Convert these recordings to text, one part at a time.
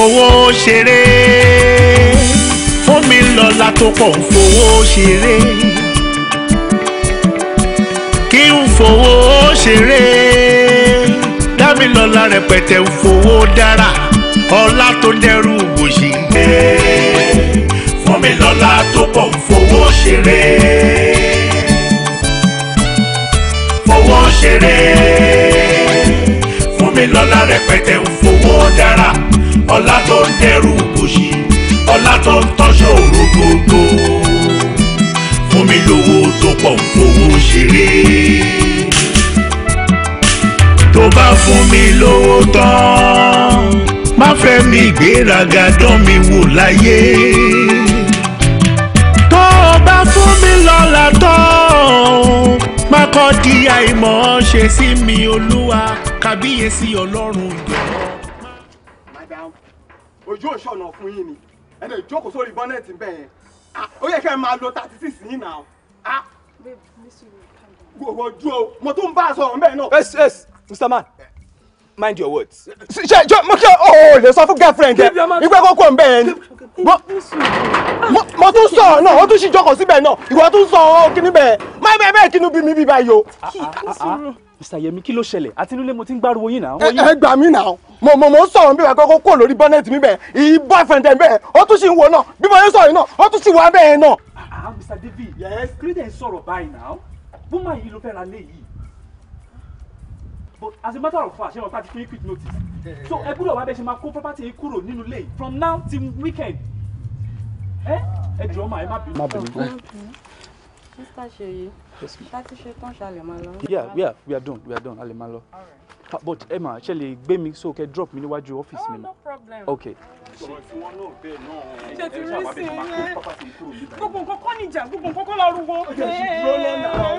fowó ṣeré fún mi lọ́lá tó pọ̀ ń fowó ṣeré kí n fowó ṣeré dámi lọ́lá rẹpẹtẹ ń fowó dára ọlá tó dẹrù òṣì fún mi lọ́lá tó pọ̀ ń fowó ṣeré fowó ṣeré fún mi lọ́lá rẹpẹtẹ ń fowó dára ọlá tó ń dẹrù bòṣì ọlá tó ń tọ́ṣọ òrógbòdò fún mi lówó tó pọ̀ fowó ṣeré tó bá fún mi lówó tán má fẹ́ mi ìgbéraga dán mi wò láyé tó bá fún mi lọ́lá tán má kọ́ di àìmọ̀ ṣe sí mi olúwa kàbíyèsí ọlọ́run ojú òṣọ̀nà fún yín ni ẹ̀dẹ̀ ìjókòó sórí bọ́nẹ̀tì bẹ́ẹ̀ yẹn ah, ó yẹ kẹ́ ẹ máa lo thirty six yín náà. gbogbo ah, ojú o mo tún bá a sọ̀rọ̀ bẹ́ẹ̀ náà. yes yes mr man mind your words. ṣe jọ mo kí o oh, oh, lè sọ fún girlfriend yẹn ìgbẹ́ kókó ń bẹ̀ yẹn ni mo tún sọ náà ó tún ṣì jókòó síbẹ̀ náà ìwọ tún sọ ọ́ kíní bẹ́ẹ̀ má bẹ́ẹ̀ bẹ́ẹ̀ kínú bí mi bí báyìí o. Ah, mr yemi kí ló ṣẹlẹ̀ àti nílé mo ti ń gbárùwò yín náà. ẹ gbà mí náà mo mo mo sọ̀rọ̀ bí wàá kọ́kọ́ kó lórí bọ́nẹ́ẹ̀tì mi bẹ́ẹ̀ ìyí boyfriend ẹ̀ bẹ́ẹ̀ ó tún sì ń wo náà bí mo yẹ sọ̀rọ̀ yìí náà ó tún sì wá bẹ́ẹ̀ náà. Ah, ah mr david yes kílódé ń sọ̀rọ̀ báyìí náà bùnmá yìí ló fẹ́ ra lé yìí but as a matter of fact ṣé wọn pa ti fún quick notice eh, eh, so eh. ẹ gbúdọ̀ wá bẹ́ẹ̀ ṣe máa kó property yìí kúrò nínú lẹ́yìn from now till weekend ẹ ẹ jọ̀ọ́ máa ẹ má bínú. mr ṣèyí Yeah, we are. we are done we are done a lè máa but Emma actually, lè gbé mi so kẹ drop mi níwájú ọ́fíìsì mi. Oh, no problem. okay. ṣe ti rí sí i gbogbo nǹkan kọ́ níjà gbogbo nǹkan kọ́ lọ́ọ́ rúwọ́. ẹ̀ẹ́dẹ̀ẹ́dẹ́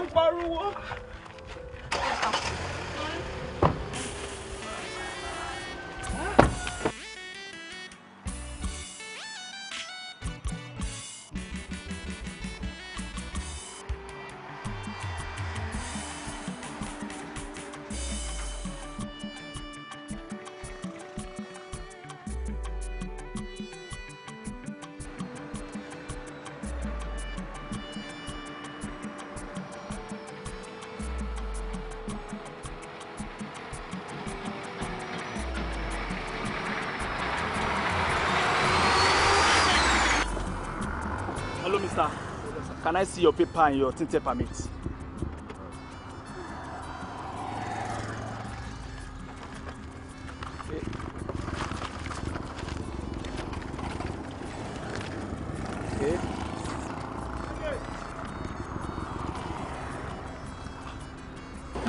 see your paper and your tinted permit. Okay. Okay.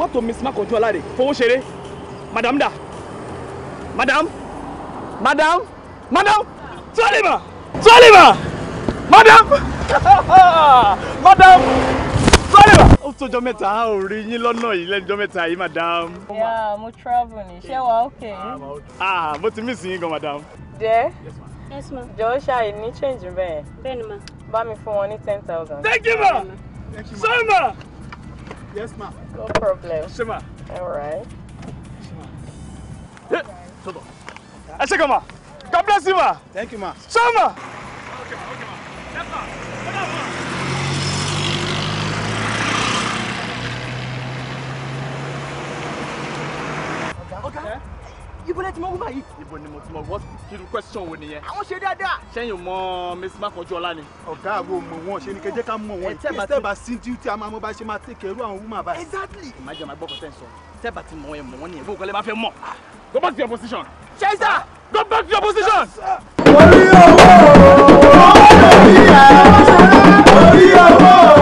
mọ́tò miss makojú aláde fowó ṣeré madam da madam madam madam tọ́lìmọ̀ tọ́lìmọ̀ madam madam sorry ma. ó tọjọ́ mẹ́ta a ò rí yín lọ́nà yìí lẹ́jọ́ mẹ́ta yìí madam. ya mo travel ni ṣé wàá ah, okay. ah mo ti miss yín gan madam. jẹ́ jọ̀ọ́ ṣáà ní change bẹ́ẹ̀. bẹ́ẹ̀ni ma. bá mi fún wọn ní ten thousand. thank you ma. sorry ma. yes ma. no problem. ṣe ma. all right. ṣe ma. ẹ ṣe kàn ma. God bless you ma. thank you ma. ṣe ma. okay okay ma ibo lẹ ti mọ wúbà yìí. ibo ni mo ti mọ what kiri question wo nìyẹn. àwọn ṣe dáadáa. sẹ́yìn mọ miss makojola ni. ọ̀gá àgbo mọ̀ wọn ṣe ni kẹjẹ ká mọ̀ wọn kí sẹ́ẹ̀bà sí duty a máa mọ bá ṣe máa tẹ̀kẹ̀ irú àwọn woman báyìí. exactly. ìmájà máa gbọ́ kọ́ sẹ́yìn sọ sẹ́ẹ̀bà ti mọ̀ wọn yẹn mọ̀ wọn nìyẹn bó kọ́lẹ́ máa fẹ́ mọ̀. go back to your position. ṣe é sá. go back to your position. orí owó orí ọwọ́.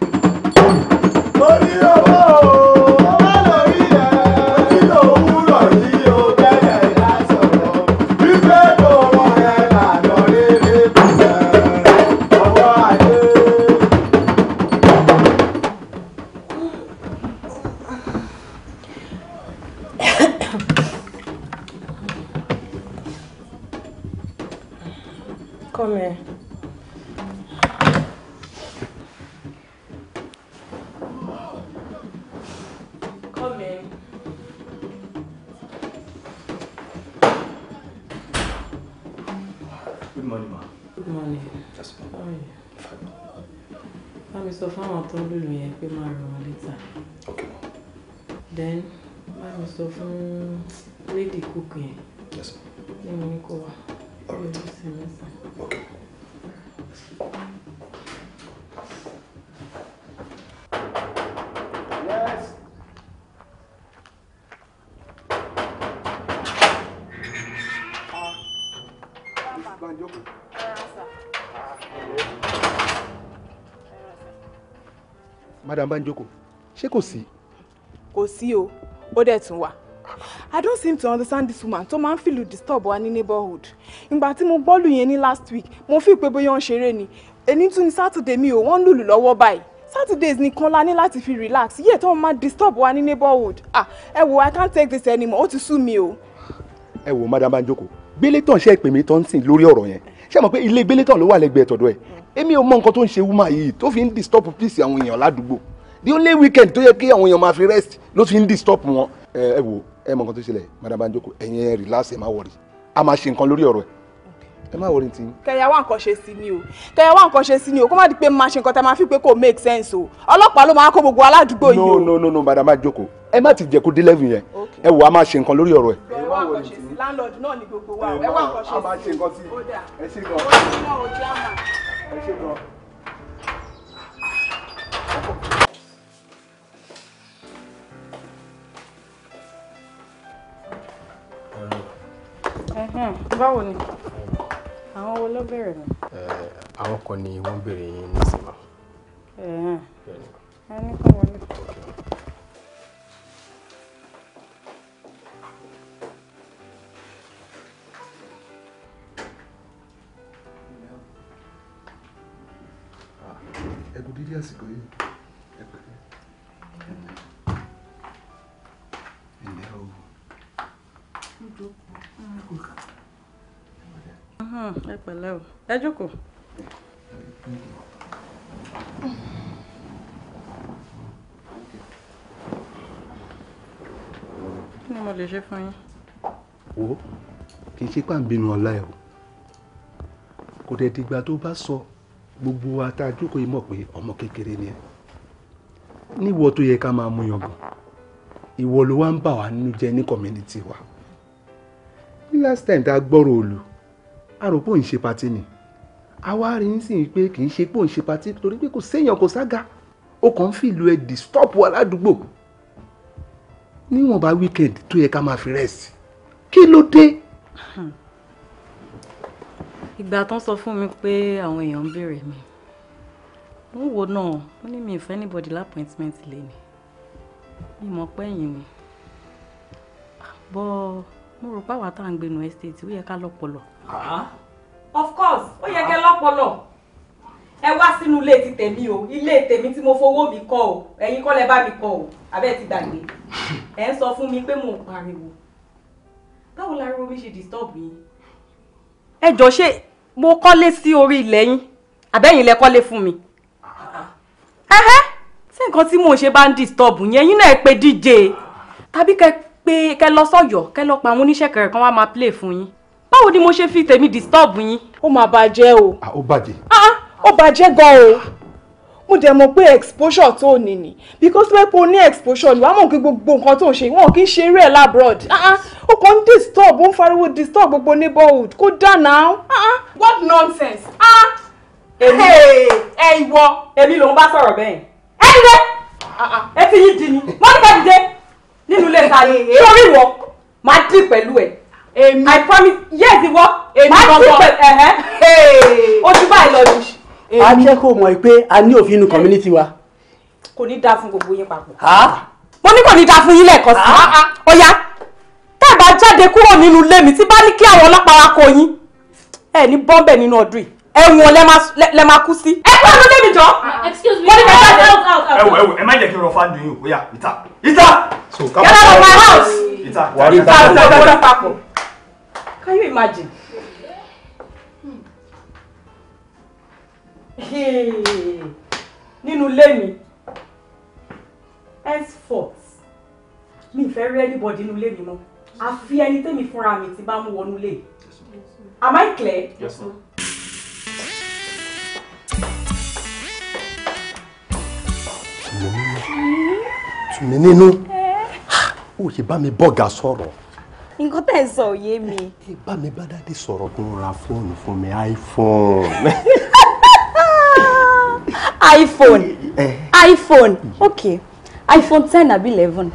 ṣé kò sí. kò sí o ó dẹ̀ tún wà i don't seem to understand this woman tó máa ń fìlù disturb wa ní neighborhood ìgbà tí mo bọ́ọ̀lù yẹn ní last week mo fi pé bóyá ó ń ṣeré ni èní tún ní saturday mi ò wọ́n ń lùlù lọ́wọ́ báyìí saturdays nìkan la ní láti fi relax yíyẹ tó máa disturb wa ní neighborhood ah ẹ wo i can't take this anymore ó ti sú mi o. ẹ wo madam banjoko gbélétàn ṣe ìpè mi tó ń sìn lórí ọ̀rọ̀ yẹn ṣé mo pé ilé gbélétàn ló wà lẹ́gbẹ̀ẹ́ tọ̀dọ̀ ẹ̀ èmi ò mọ nǹkan tó ń ṣe wúmà yìí tó fi ń disturb peace àwọn èèyàn ládùúgbò the only weekend tó yẹ kí àwọn èèyàn máa fi rest ló fi ń disturb wọn. ẹ ẹ wo ẹ mọ nǹkan tó ṣẹlẹ̀ madam banjoko ẹ̀yin ẹ relax ẹ má worry a máa ṣe nǹkan lórí ọ̀rọ̀ ẹ ẹ má worry tí. kẹyà nǹkan ṣe sí ni o kẹyà nǹkan ṣe sí ni o kó má di pé máa ṣe nǹkan tá a máa fi pé kò make sense o ọlọ́pàá ló máa kó gbogbo aládùúgbò yìí o. no no no no madam banjoko ẹ má ti jẹ kó dé level yẹn ẹ wò a máa ṣe nǹkan lórí ọ̀rọ̀ ẹ. ẹ nǹkan ṣe sí báwo ni àwọn wo ló bèrè mi. àwọn kan ni wọ́n bèrè yín nísìnyí. ẹ ní kí wọ́n lè. Ah, dídí àsìkò yìí. ẹ pẹ̀lẹ́ o ẹ jókòó. kí ni mo lè ṣe fún yín. wo kì í ṣe pàǹbínú ọlá ẹ o kò dẹ̀ dìgbà tó bá sọ gbogbo wa tá a jókòó yìí mọ̀ pé ọmọ kékeré ni ẹ níwọ tó yẹ ká máa mú yangàn ìwọ ló wá ń bà wá nínú jẹ́ ní community wa last time tá a gbọ́rọ̀ òòlù a rò pé òun ṣe patí ni àwa rí i sì pé kì í ṣe pé òun ṣe patí torí pé kò séèyàn kò sága ó kàn ń fìlú ẹ disturb wa ládùúgbò níwọ̀nba weekend tó yẹ ká máa fi rest kí ló dé. ìgbà tán sọ fún mi pé àwọn èèyàn ń béèrè mi ń wo náà ó ní mi ìfẹ́ anybody lápọ́ìntmẹ́ǹtì lé ní mi pẹ́yìn ni bọ́ọ̀ mo rò pé àwa tá à ń gbénu estate ó yẹ ká lọ́pọlọ. Ah, of course ó yẹ kẹ́ lọ́pọlọ ẹ wá sínú ilé ti tèmi o ilé tèmi tí mo fowó mi kọ́ o ẹ̀yin kọ́ lẹ bá mi kọ́ o abẹ́ ti gbàgbé ẹ̀ ń sọ fún mi pé mò ń pariwo báwo la ríro mi ṣe disturb yín. ẹ jọ ṣé mo kọ́lé sí orí ilẹ̀ yín àbẹ́yìn lẹ kọ́lé fún mi. ẹ̀hẹ́ tí nǹkan tí mò ṣe bá ń disturb yẹn yín náà ẹ pe DJ tàbí kẹ́ pé kẹ lọ sọ́yọ́ kẹ lọ pa àwọn oníṣẹ́ kẹrẹ kan wá máa play fún yín báwo ni mo ṣe fi tèmi disturb yín. ó máa bàjẹ́ o. ó bàjẹ́. Ah, ah. ó bàjẹ́ gan-an o mo dẹ̀ mọ̀ pé exposure tó ní ni because pé o ní exposure ni wàá mọ̀ pé gbogbo nǹkan tó ń ṣe wọn kì í ṣe eré ẹ̀ labroad ó ah, kàn ń disturb ó ń fariwo disturb gbogbo neighborhood kó dáná. what nonsense. èmi ẹ ìwọ èmi lòún bá sọ̀rọ̀ bẹ́ẹ̀ ẹ ìwé ẹ ti yí di ni wọ́n ti bá dìde nínú ilé ta ni sórí wọ máa dì pẹ̀lú ẹ̀ èmi i promise yes ìwọ máa dì pẹ̀lú ẹ̀hẹ́ o ti báyìí lọ jù. a jẹ́ kó mọ̀ pé a ní òfin inú community wa. kò ní dáa fún gbogbo yín papọ̀. mo ní kò ní dáa fún yín lẹ́ẹ̀kan sí i ó yá tá a bá jáde kúrò nínú ilé mi tí bá ní kí àwọn ọlọ́pàá wa kò yín ẹ ní bọ́m̀bẹ̀ nínú ọdún yìí ẹ̀wọ̀n lẹ máa kú sí. ẹ kúrò lóde mi jọ. Ah, ah. excuse me wọ́n ní bẹ́ẹ̀ jáde. ẹwọ ẹwọ ẹ má jẹ́ kí n rọ fáńdù yín òkúyà ìta ìta. get out of my house. ìta wàá rí ìta ìta ìta ìta papọ̀. can you imagine. Hmm. nínú ilé mi henceforth mi fẹ́ rí anybody nínú ilé mi mọ́ àfi ẹni tẹ́mi fúnra mi ti bá mú wọnú ilé am I clear. Yes, Tu mí nínú ó ṣe ba mi bọ́gà sọ̀rọ̀. nǹkan tẹ̀ ń sọ ò mi. ẹ ba mi bá dáadé sọ̀rọ̀ kí wọ́n ra fóònù fún mi iphone. iphone iphone Okay. iphone ten àbí eleven.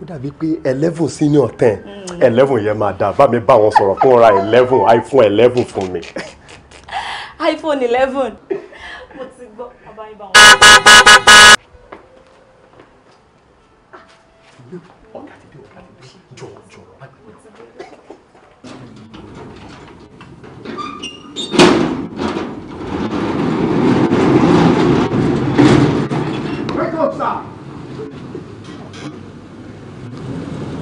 ó dàbí pé eleven senior ten eleven yẹn máa da. bá mi bá wọn sọ̀rọ̀ kí wọ́n ra eleven iphone eleven fún mi. iphone eleven. òòsà.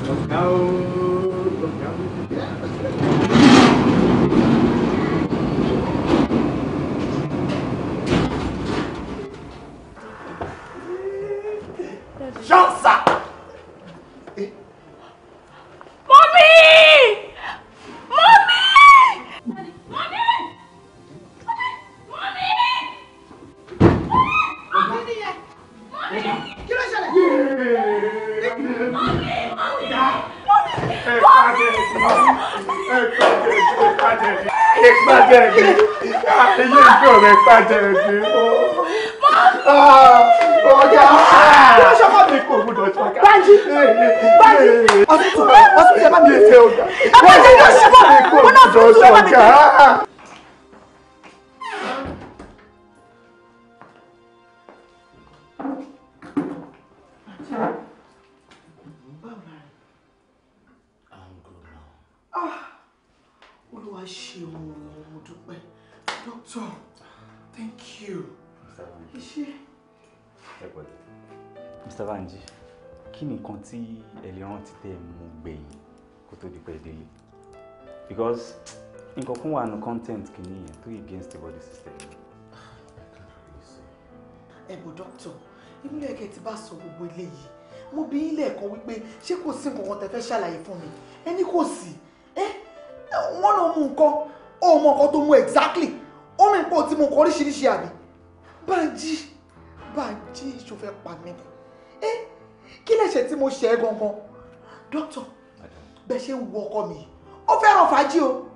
ọ̀gá Mommy! ìpàdéèdè Ah olúwa ṣeun mo dúpẹ́ doctor thank you ẹ ṣé. ẹ pẹ̀lú mr banji kí ni nǹkan tí ẹ lè tẹ́ mú gbẹ̀yìn kó tó di pẹ́ délé because nǹkan kún wà nù content kìíní yẹn tó against the body system. ẹ doctor ìmúlẹ̀ ẹ̀kẹ́ ti bá sọ gbogbo eléyìí mo bi ilé ẹ̀kọ́ wípé ṣé kò sí nǹkan kan tẹ́ fẹ́ ṣàlàyé fún mi ẹ kò sí wọ́n ló mú nǹkan ó mọ nǹkan tó mú exactly ó mú nǹkan tí mo kọ oríṣiríṣi àbí Bánjí Bánjí ìṣó fẹ́ pa mí ni ẹ kí lẹ̀ṣẹ̀ tí mo ṣe é gangan Doctor, bẹ́ẹ̀ ṣe ń wọ ọkọ mi ó fẹ́ràn fàájì o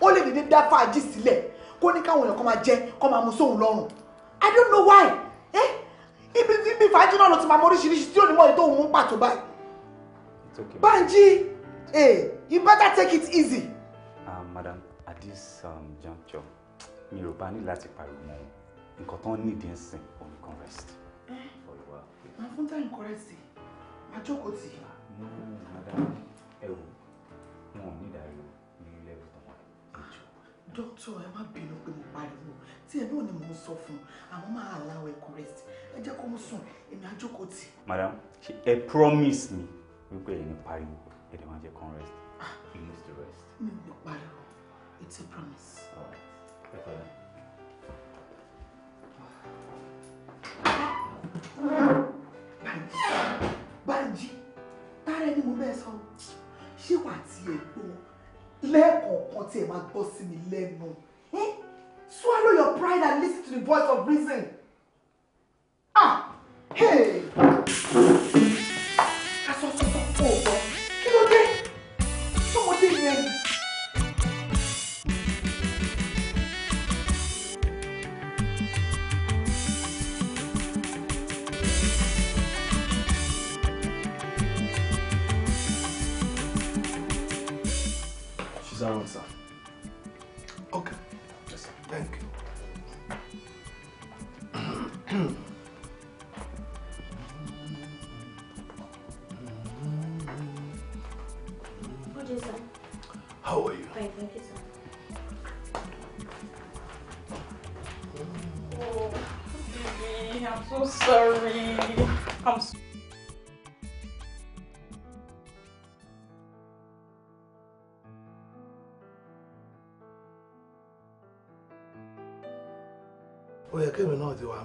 ó lè dédé dá fàájì sílẹ̀ kó ní káwọn èèyàn kan máa jẹ kó máa mú sóhun lọ́rùn I don't know why ẹ ibi ibi fàájì náà ló ti máa mọ oríṣiríṣi tí ò ní mọ èyí tó ń mú pàtó báyìí Bánjí eh you better take it easy this um, juncture mi ò bá ní láti pariwo mọ́ wọn nǹkan tó ń nídìí ń sìn òun kan rest. Eh? màá fún time correct màá jókòó tì í. Ah, no madam ẹ wò wọn ò ní ìdáríwò ní ilé ìwé tán ìjọ. dókítà ẹ má bínú pé mo pariwo tí ẹ náà ni mò ń sọ fún àwọn máa allow ẹ correct ẹ jẹ́ kó mo sùn èmi á jókòó tì. madam ẹ promise mi wípé ẹ ní pariwo ẹ lè má jẹ kó rest. Ah. he needs to rest. mi ò pariwo. It's a promise. All right. Okay. Bánjí, tára ẹni mo bẹ́ẹ̀ sọ, ṣé wà tí ẹ gbọ́ lẹ́ẹ̀kọ̀ọ̀kan tí ẹ máa gbọ́ sí mi lẹ́nu? Swallow your pride and listen to the voice of reason. Ah! Hey!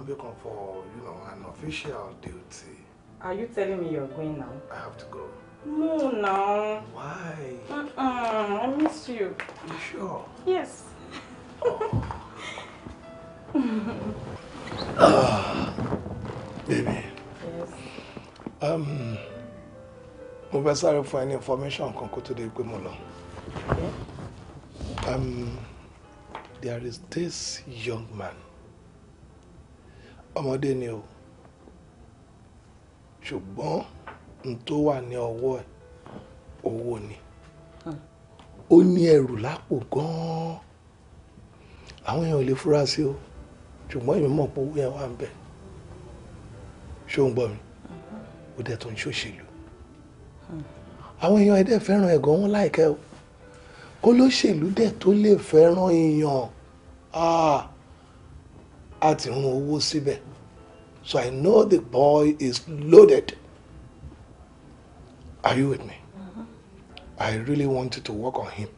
be come for, you know, an official duty. Are you telling me you're going now? I have to go. No, no. Why? Uh-uh, I miss you. You sure? Yes. Oh. ah, baby. Yes. Um, mo fẹ́ sáré fún ẹ information kan kó tó dé pé mo lọ. Um, there is this young man ọmọdé ni o ṣùgbọ́n n tó wà ní ọwọ́ ẹ̀ owó ni hmm. ó ní ẹrù lápò gan-an àwọn èèyàn ò lè fura sí o ṣùgbọ́n èmi mọ̀ pé owó yẹn wà ń bẹ̀ ṣó ń gbọ́ mi hmm. ó dẹ̀ tó ń ṣòṣèlú hmm. àwọn èèyàn ẹ̀dẹ̀ fẹ́ràn ẹ̀ gan-an wọn láìkẹ́ o olóṣèlú dẹ̀ tó lè fẹ́ràn èèyàn ah! a ti rún owó síbẹ̀. Si So I know the boy is loaded. Are you with me? Mm-hmm. I really wanted to work on him.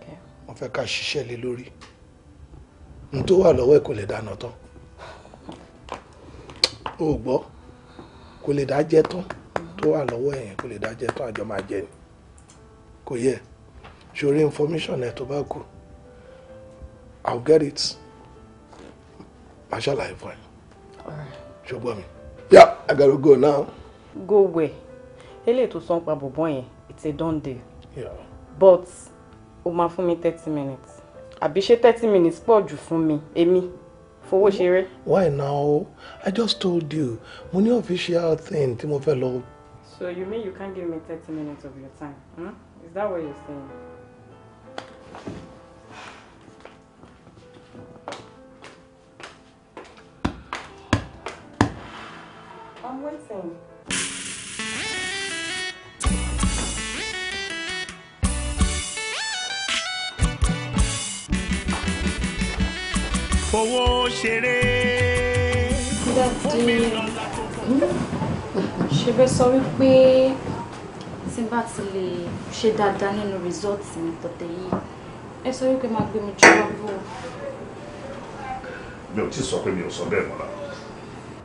Okay. fẹ́ ká ṣiṣẹ́ lé lórí. N tó wà lọ́wọ́ ẹ̀ kò lè dáná tán. O gbọ́, kò lè dá jẹ tán. Uh-huh. Tó wà lọ́wọ́ ẹ̀yẹn kò lè dá jẹ tán àjọ máa jẹ ni. Kò yẹ. Ṣorí information ẹ̀ tó bá kù. I'll get it. Màá ṣàlàyé fún ẹ ṣùgbọ́n mi yeah I gotta go now. go where eléyìí tó sanpa bọ̀bọ̀ yẹn it's a done deal yeah. but o máa fún mi thirty minutes àbí ṣé thirty minutes pọ̀ jù fún mi èmi fowó ṣeré. why now I just told you mo ní official thing tí mo fẹ́ lọ. so you mean you can't give me thirty minutes of your time hmm? is that what you're saying. I'm waiting. Fowó ṣeré. Dádì, ṣe bẹ́ sọ wípé tí bá ti lè ṣe dáadáa nínú rìsọ́ọ̀tì mi tọ̀tẹ̀ yìí, ẹ sọ wípé máa gbé mi jọba bò. Mi ò tí ì sọ pé mi ò sọ bẹ́ẹ̀ mọ́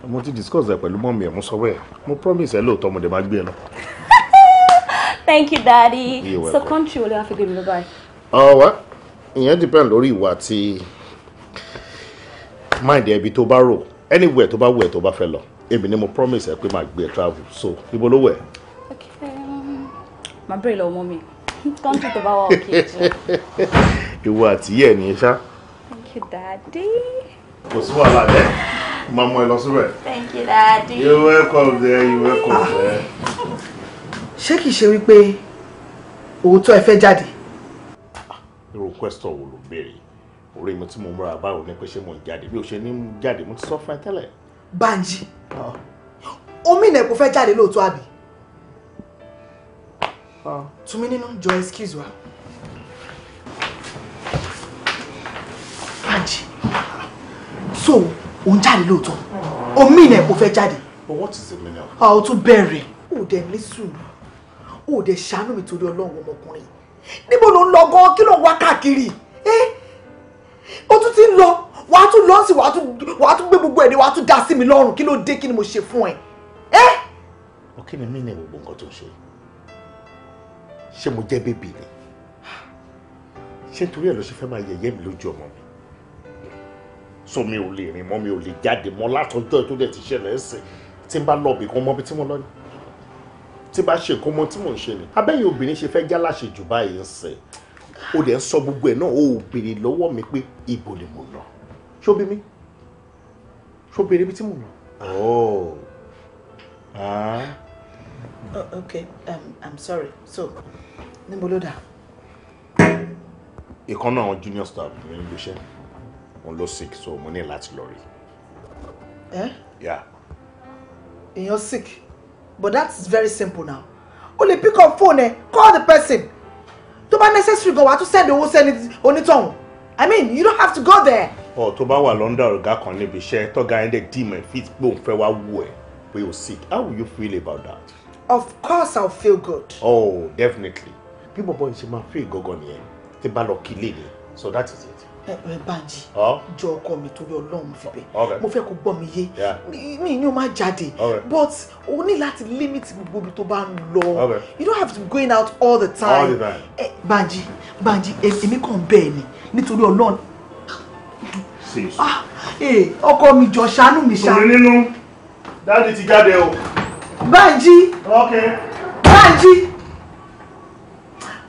mo ti discuss ẹ pẹ̀lú mọ́mí ẹ̀ mo sọ bẹ́ẹ̀ mo promise ẹ lóòótọ́ mo dẹ̀ gbé ẹ lọ. thank you daddy so country wo lè wá fi gbé mi lọ báyìí. ọwọ́ uh, ìyẹn depend lórí ìwà àti mind ẹbí tó bá rò anywhere tó bá wù ẹ tó bá fẹ́ lọ èmi ni mo promise ẹ pé máa gbé ẹ travel so ibo ló wẹ̀. Um, màá bèrè lọ́wọ́ mọ́mí country tó bá wà òkè jù. ìwà àtìyẹ ni ṣá. thank you daddy. kò sí wàhálà bẹ́ẹ̀ máa mú lọ síbẹ̀. thank you daddy. you welcome there you welcome there. Ah. ṣé kìí ṣe wípé òótọ́ ẹ fẹ́ jáde. irú question wo ló béèrè orí mi tí mo múra báwo ni pé ṣé mo ń jáde bí o ṣe ní jáde mo ti sọ fún ẹ tẹ́lẹ̀. Banji omi ìnà ẹ̀kọ́ fẹ́ jáde lóòótọ́ àbí. Ah. Túnmí nínú jọ excuse wa. Banji so òun jáde lóòótọ́ omi ìnà ẹ̀kọ́ fẹ́ jáde. but what is the meaning of it. ọ̀ tún bẹ̀rẹ̀ ó dẹ̀ ní sùúrù ó dẹ̀ ṣàánú mi torí ọlọ́run ọmọkùnrin níbo ló ń lọ gan kí ló ń wá káàkiri ó tún ti ń lọ wà á tún lọ sí wà á tún gbé gbogbo ẹ̀ ní wà á tún dá sí mi lọ́rùn kí ló dé kí ni mo ṣe fún ẹ. ọkẹ́ mi mí ní gbogbo nǹkan tó ń ṣe ṣé mo jẹ́ bébì ni ṣé nítorí ẹ̀ ló ṣe fẹ́ máa yẹ̀yẹ́ mi lójú ọmọ mi so mi ò lè rìn mọ́ mi ò lè jáde mọ́ látọjọ́ tó dẹ̀ ti ṣẹlẹ̀ ẹ̀sìn tí n bá lọ bìkan mọ́ bí tí mo lọ ní tí n bá ṣe nǹkan mọ́ tí mò ń ṣe ni abẹ́yìn obìnrin ṣe fẹ́ já láṣejù báyìí ń sìn o dẹ̀ ń sọ gbogbo ẹ̀ náà o ò béèrè lọ́wọ́ mi pé ibo ni mo lọ ṣó bí mi ṣó béèrè bí tí mo lọ. oh ah. oh okay um, i'm sorry so níbo ló dà. ìkan náà àwọn junior staff ní ilé iṣẹ́ mi òun ló sick so mo ní láti lọ rí. ẹ. Eh? yeah. èèyàn sick but that is very simple now o lè pick up phone ẹ call the person tó bá necessary gan wàá tún send owó sẹ́ni onítọ̀hún i mean you don't have to go there. ọ tó bá wà lọ́ndà ọ̀gá kan níbi iṣẹ́ tọ́gá ẹ̀ ń dẹ̀ dì mọ̀ fit gbóhùn fẹ́ wá wú ẹ̀ pé o sick how will you feel about that. of course i'll feel good. oh definitely bí bọ̀bọ̀ yìí ṣe máa feel gangan nìyẹn tí bá lọ kí lè ní so that is it. Banji jọ ọkọ mi torí Ọlọ́run mo fi bẹ̀ mo fẹ́ kó gbọ́ mi yé mi ni o máa jáde but o ní láti limit gbogbo ibi tó bá ń lọ you don't have to be going out all the time Banji Banji e, èmi kàn bẹ́ẹ̀ ni nítorí Ọlọ́run ah, e, ọkọ mi jọ ṣàánú mi ṣá. tòun nínú dáàdi ti jáde o. Banji. ok. Banji.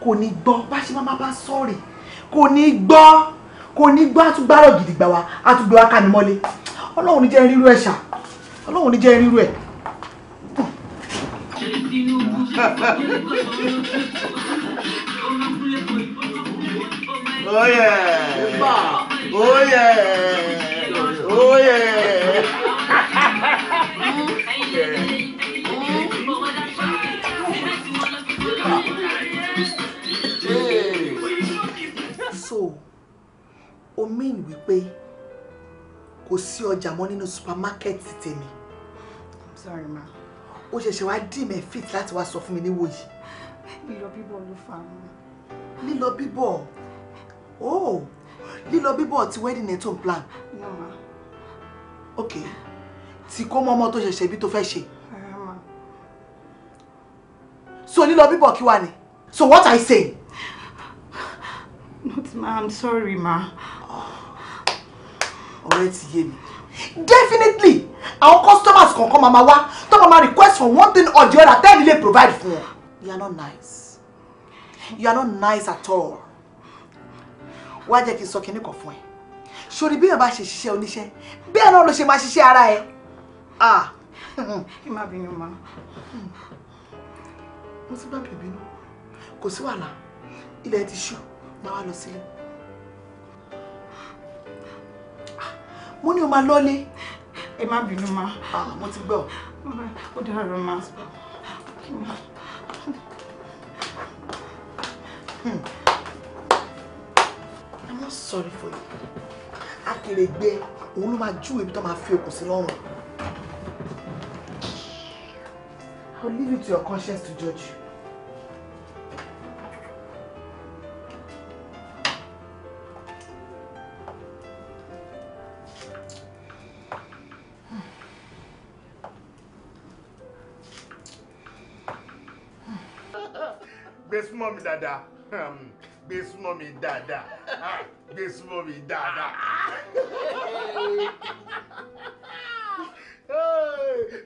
kò ní gbọ́ bá ṣe máa bá sọ̀rì kò ní gbọ́ kò ní gbá tún gbárọ̀ gidi gbà wá á tún gbé wá ká mi mọ́lé ọlọ́run ní jẹ́ rírú ẹ̀ ṣá ọlọ́run ní jẹ́ rírú ẹ̀. Oh yeah. Oh yeah. Oh yeah. so o mean wípé kò sí ọjà mọ́ nínú supermarket tèmi. I'm sorry ma. o ṣẹ̀ṣẹ̀ wá dì mẹ́ fit láti wá sọ fún mi níwò yìí. lílọ bíbọ̀ ló fà á lílọ bíbọ̀ oh lílọ bíbọ̀ ti wedding ẹ̀ tó ń plan. no ma. ok tí kò mọ ọmọ tó ṣẹ̀ṣẹ̀ bí tó fẹ́ ṣe. so lílọ bíbọ̀ kí wá ni so what I say. Not ma, I'm sorry ma. Ọ̀rẹ́ ti yé mi. Definitely! Our customers kankan máa ma wá tó máa ma request for one thing or the other tẹ́lẹ̀ lè provide for. You are not nice. You are not nice at all. Why did you suck sọ kinní kan fún ẹ. Sori bí èèyàn bá Be ṣiṣẹ́ oníṣẹ́, bẹ́ẹ̀ náà ló ṣe máa ṣiṣẹ́ ara ẹ. Ah! Ẹ má ma. Hmm. Mo ti bá bèbí nù. Kò sí wàhálà. Ilẹ̀ máa wá lọ sílé mo ní o máa lọ́lé. ẹ má bínú ma. Ah, mo ti gbọ́. ó dára ma. Hmm. I'm not sorry for you. Akèrègbè òun ló máa júwe ibi tó máa fi okùn sí lọ́rùn. I'll leave it to your conscience to judge you. gbé súnmọ́ mi dáadáa hmm. gbé súnmọ́ mi dáadáa ah, gbé súnmọ́ mi dáadáa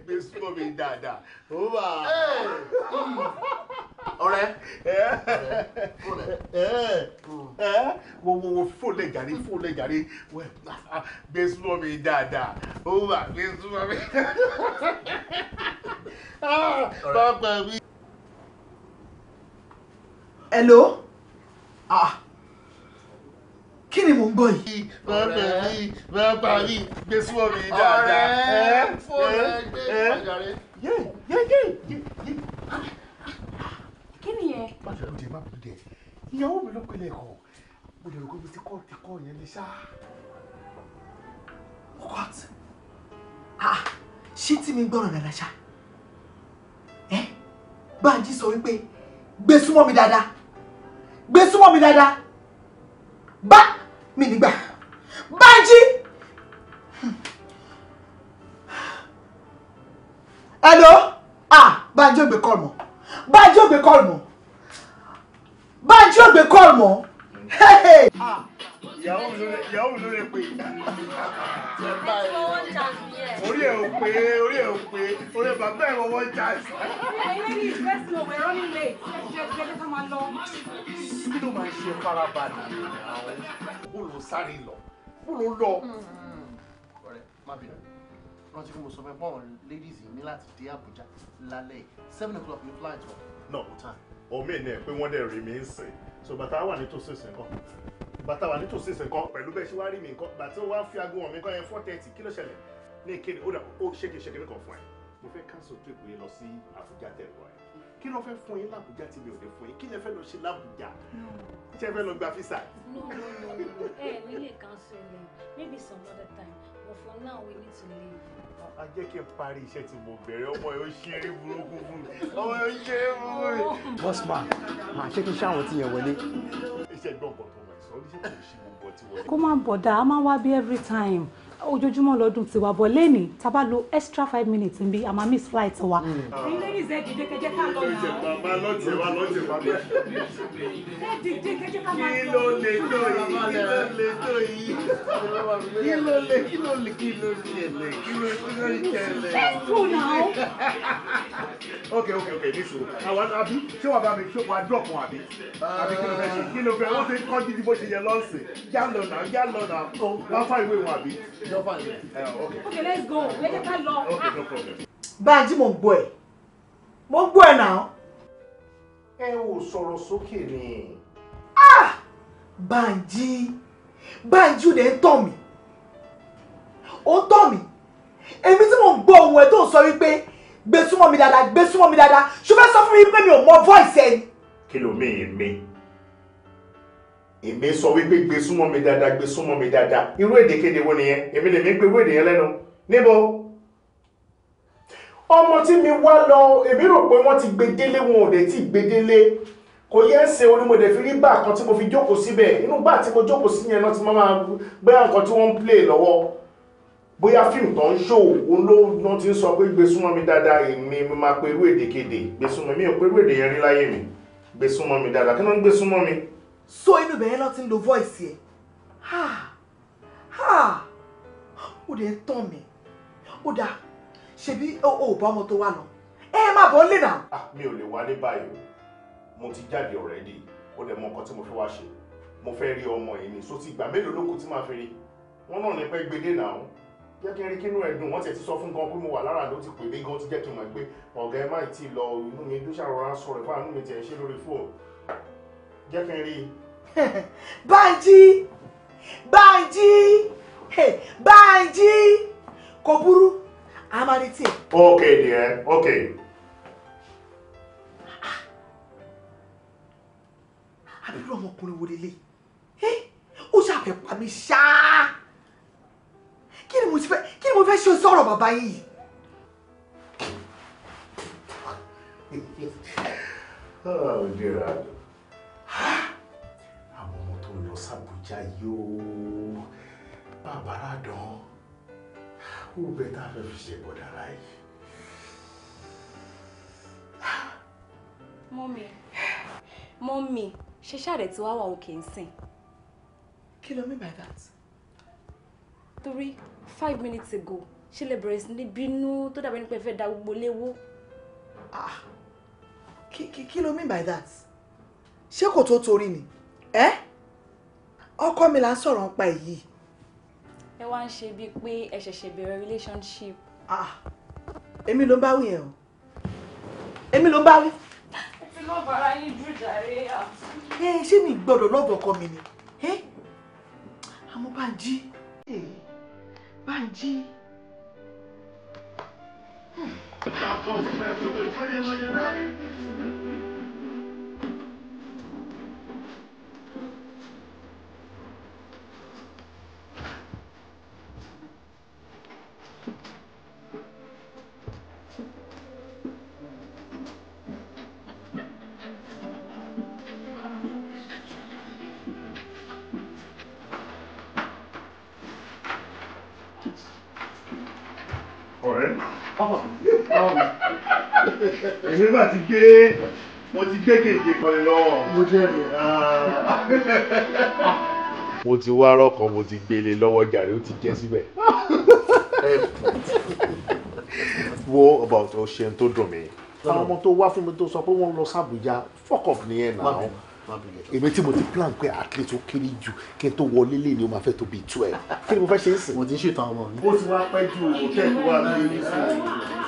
gbé súnmọ́ mi dáadáa ó bà hmm. ọ̀rẹ́ eh, wo wo wo fò lè jàre fò lè jàre ah, gbé súnmọ́ mi dáadáa ó bà gbé súnmọ́ mi. Ah, bàbá mi hello ah kí ni mò ń gbọ́ yìí. ọ̀rẹ́ mi bàbá mi gbé súnmọ́ mi dáadáa. ọ̀rẹ́ fóònù ẹgbẹ́ ìpàjáre. kí ni yẹn. má bẹ̀rù dé má bẹ̀rù dé ìyàwó mi ló pẹ̀lẹ́ ẹ̀kọ́ mo lè kọ́ ti ní sá. what ah ṣé tí mi gbọ́ràn dáadáa ṣá ẹ Bánjí sọ wípé gbé súnmọ́ dáadáa gbé súnmọ́ mi dáadáa bá mi nígbà Bánjí hello ah Bánjí ògbé kọ́ọ̀lù mọ́ Bánjí ògbé kọ́ọ̀lù mọ́ Bánjí ògbé kọ́ọ̀lù mọ́ hey hey. Ah ìyàwó ló lè pè orí ẹ̀ ò pé orí ẹ̀ ò pé orí bàbá ẹ̀ wọ́n já sí. kí ló máa ń ṣe farabalẹ̀ bó ló sáré lọ bó ló lọ. ọ̀rẹ́ má bínú rántí fún mo sọ fẹ́ bọ́ọ̀n ladies yìí ní láti dé Àbújá lálẹ́ seven o'clock ní flight wọn. náà mo ta omi ẹ̀ náà pé wọ́n dẹ̀ rí mi ń sìn so bàtà wà nítòsí ìsìn bàtà wà nítòsí ìsìnkọ́ pẹ̀lú bẹ́ẹ̀ ṣe wá rí mi nǹkan bàtà wà fi aago wọn mi kọ́ yẹn four thirty kí ló ṣẹlẹ̀ ní ìkéde ó dà ó ṣèké ṣèké nìkan fún ẹ mo fẹ́ cancel trip yẹn lọ sí Àbújá tẹ̀lọ́ ẹ kí ló fẹ́ fún yín l'Àbújá tí mi ò lè fún yín kí lè fẹ́ lọ ṣe l'Àbújá ṣé ẹ fẹ́ lọ gba fisa. no no no no ẹ mi lè cancel ẹ maybe some other time but for now we need to leave. a jẹ́ kí n parí iṣẹ́ tí mo bẹ̀rẹ̀ ọmọ yóò ṣeré burúkú fún mi ọmọ yóò ṣeré burúkú fún mi. boss man màá ṣe kí n ṣáwọn tí yẹn wọlé. iṣẹ́ gbọ̀ngàn tó Come on, bother! I'm a wabi every time ojoojúmọ́ lọ́dún ti wà bọ̀ lẹ́nìí tá a bá lo extra five minutes níbi àmà miss flight wa. Hmm. ẹ̀yin ṣe dìde kẹjẹ ká lọ yàrá. màmá lọ́tì wa lọ́tì wa bẹ́ẹ̀. ṣé dìde kẹjẹ ká máa lọ. kí ló lè tó yìí kí ló lè tó yìí kí ló lè kí ló lè kí ló ṣẹlẹ̀ kí ló ṣẹlẹ̀. let's go now. ok ok ok ní àwọn àbí ṣé wàá bá mi ṣé wàá drop àbí àbí kí ló fẹ́ ṣe kí ló fẹ́ wọ́n ti kọ́ dídí bó ṣe yẹ lọ́ọ̀sì okay let's go lẹ́jẹ̀ ká lọ. Bánjí mo ń gbọ́ ẹ̀ mo ń gbọ́ ẹ̀ náà. ẹ ò sọ̀rọ̀ sókè ni. Ah! Bánjí Bánjí ò dẹ̀ ń tàn mí ó ń tàn mí èmi tí mo ń gbọ́ ohun ẹ̀ tó ń sọ wípé gbé súnmọ́ mi dáadáa gbé súnmọ́ mi dáadáa ṣùgbọ́n sọ fún mi pé mi ò mọ voice ẹ̀ ni. mi mi èmi sọ wípé gbé súnmọ́ mi dáadáa gbé súnmọ́ mi dáadáa irú èdèkéde wo nìyẹn èmi mi gbé wéde yẹn lẹ́nu níbo ọmọ tí mi wá lọ èmi rò pé wọ́n ti gbé délé wọn ò dé tí gbé délé kò yẹ ṣe onímọ̀dé fi rí bá kan tí mo fi jókòó síbẹ̀ inú bá tí mo jókòó sí yẹn náà ti máa gbé nǹkan tí wọ́n ń play lọ́wọ́ bóyá fíìmù tó ń ṣò òun ló ná ti ń sọ pé gbé súnmọ́ mi dáadáa èmi mo máa pe irú èdèkéde gbé súnmọ́ mi ò pe irú èdè yẹn rí láyé mi gbé súnmọ́ mi dáadáa kí ló ń gbé súnmọ́ mi so inú ibẹ̀ yẹn náà ti ń lo voice yẹ ha ha ó dẹ̀ tán mi ó dáa ṣebí ó ò bá ọmọ tó wà lọ ẹ má bọ́ lè nà. mi ò lè wálé báyìí mo ti jáde already ó dẹ̀ mọ nǹkan tí mo fẹ́ wá ṣe mo fẹ́ rí ọmọ yìí ni so ti ìgbà mélòó ló kù tí màá fi rí wọn náà ní pẹ́ gbédè náà o jẹ́ kí n rí kínú ẹ̀ dùn wọ́n ti ẹ̀ ti sọ fún gan pé mo wà lára ló ti pè mí gan ti jẹ́ kí n mọ̀ pé ọ̀gá ẹ̀ má ti lọ inú mi ló ṣàrọ̀rá sọ̀rọ̀ fún àánú mi tiẹ̀ ṣe lórí fóònù jẹ́ kí n rí i. Bánjí Bánjí Bánjí kò burú a máa retí ẹ. ok dear ok. àbúrò ọmọkùnrin wo lélẹ̀ ó ṣàfẹ́ pa mí ṣáá kí ni mo fẹ́ kí ni mo fẹ́ ṣe sọ̀rọ̀ bàbá yìí. Oh, dear sàbújá yóò bàbá ràdán ó bẹ tá a fẹ́ fi ṣe bọ̀dà láyé. mọ́mì mọ́mì ṣe ṣáà tí wàá wà òkè ń kí ló mean by that. Three, five minutes ago ṣe lè bẹ̀rẹ̀ sí ní bínú tó dàbí nípa ẹ̀fẹ́ da gbogbo léwó. Ah, kí ló mean by that ṣé kò tó torí ni. Eh? ọkọ mi là ń sọ̀rọ̀ ń pa èyí. ẹ wá ń ṣe bíi pé ẹ ṣẹ̀ṣẹ̀ bẹ̀rẹ̀ relationship. Ah, èmi ló ń bá wí yẹn o èmi ló ń bá wí. ẹ ti lọ́ọ́ bàrá yín jù jàre yà. ẹ ṣé mi gbọ́dọ̀ lọ́ọ̀bù ọkọ mi ni àmọ́ Bánjí Bánjí. Hmm. èmi bá ti gbé mo ti gbé kéde kan lọ. mo jẹ́ mi ah. mo ti wá rọ́ọ̀kan mo ti gbélé lọ́wọ́ jàre ó ti jẹ́ síbẹ̀ wo about o ṣeun tó dùn mí. àwọn ọmọ tó wá fún mi tó sọ pé wọ́n lọ sàbújá fuck off nìyẹn náà èmi tí mo ti plan pé at least ó kéré jù kí n tó wọlé lé ni ó máa fẹ́ tó bíi twelve kí ni mo fẹ́ ṣe é sìn. mo ti ń ṣètò àwọn ọmọ mi. ó ti wá pẹ́ ju òkè tó wà ní ìlú sí i.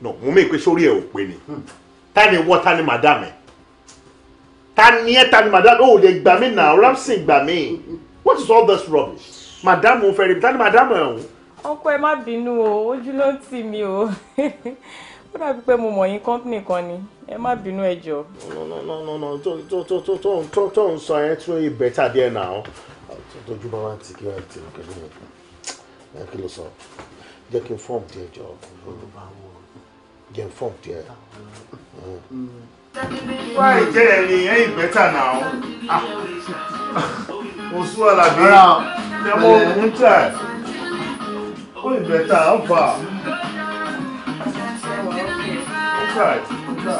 no mo mẹ́ pé sórí ẹ̀ oh, ò pé ni hmm. ta ni wọ́ ta ni madam ẹ̀ ta ni ẹ̀ ta ni madam ẹ̀ oh, ò lè gbà mí nà ramsey gbà mí what is all this rubbish madam ò oh, fẹ́rẹ̀ ta ni madam ẹ̀ o. ọkọ ẹ má bínú o ojú ló ń tì mí o ó dàbí pé mo mọ̀ yín company kan ni ẹ má bínú ẹ jọ. no no no no no tó tó tó tó tó tó ń sọ ẹ tún yìí bẹ́tà díẹ̀ náà tójú bá wà tí kí wà tí kí ló sọ jẹ́ kí n fọ́ọ̀mù díẹ̀ jọ jẹ́ n fọ́ọ̀n tiẹ̀. wá ìjẹ́ ẹ̀ ni ẹ̀ ìbẹ́tà náà mo sún àlàbí ẹ̀ mo ń tà ó ìbẹ́tà ó fà ó tà ó tà.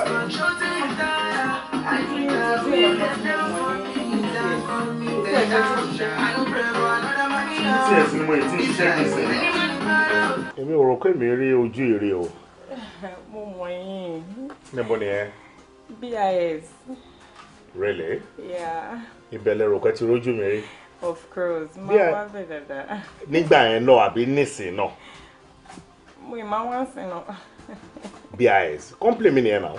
èmi ò rò pé mi rí ojú ire o mo mọ̀ yín. níbo ni ẹ. bis. really. yeah. ìbẹ̀lẹ̀ rò kẹ́ ti rójú mi rí. of course máa wá bẹ̀ dáadáa. nígbà yẹn náà àbí nísìn náà. mo ì máa wá sí náà. bis complain mi nìyẹn náà.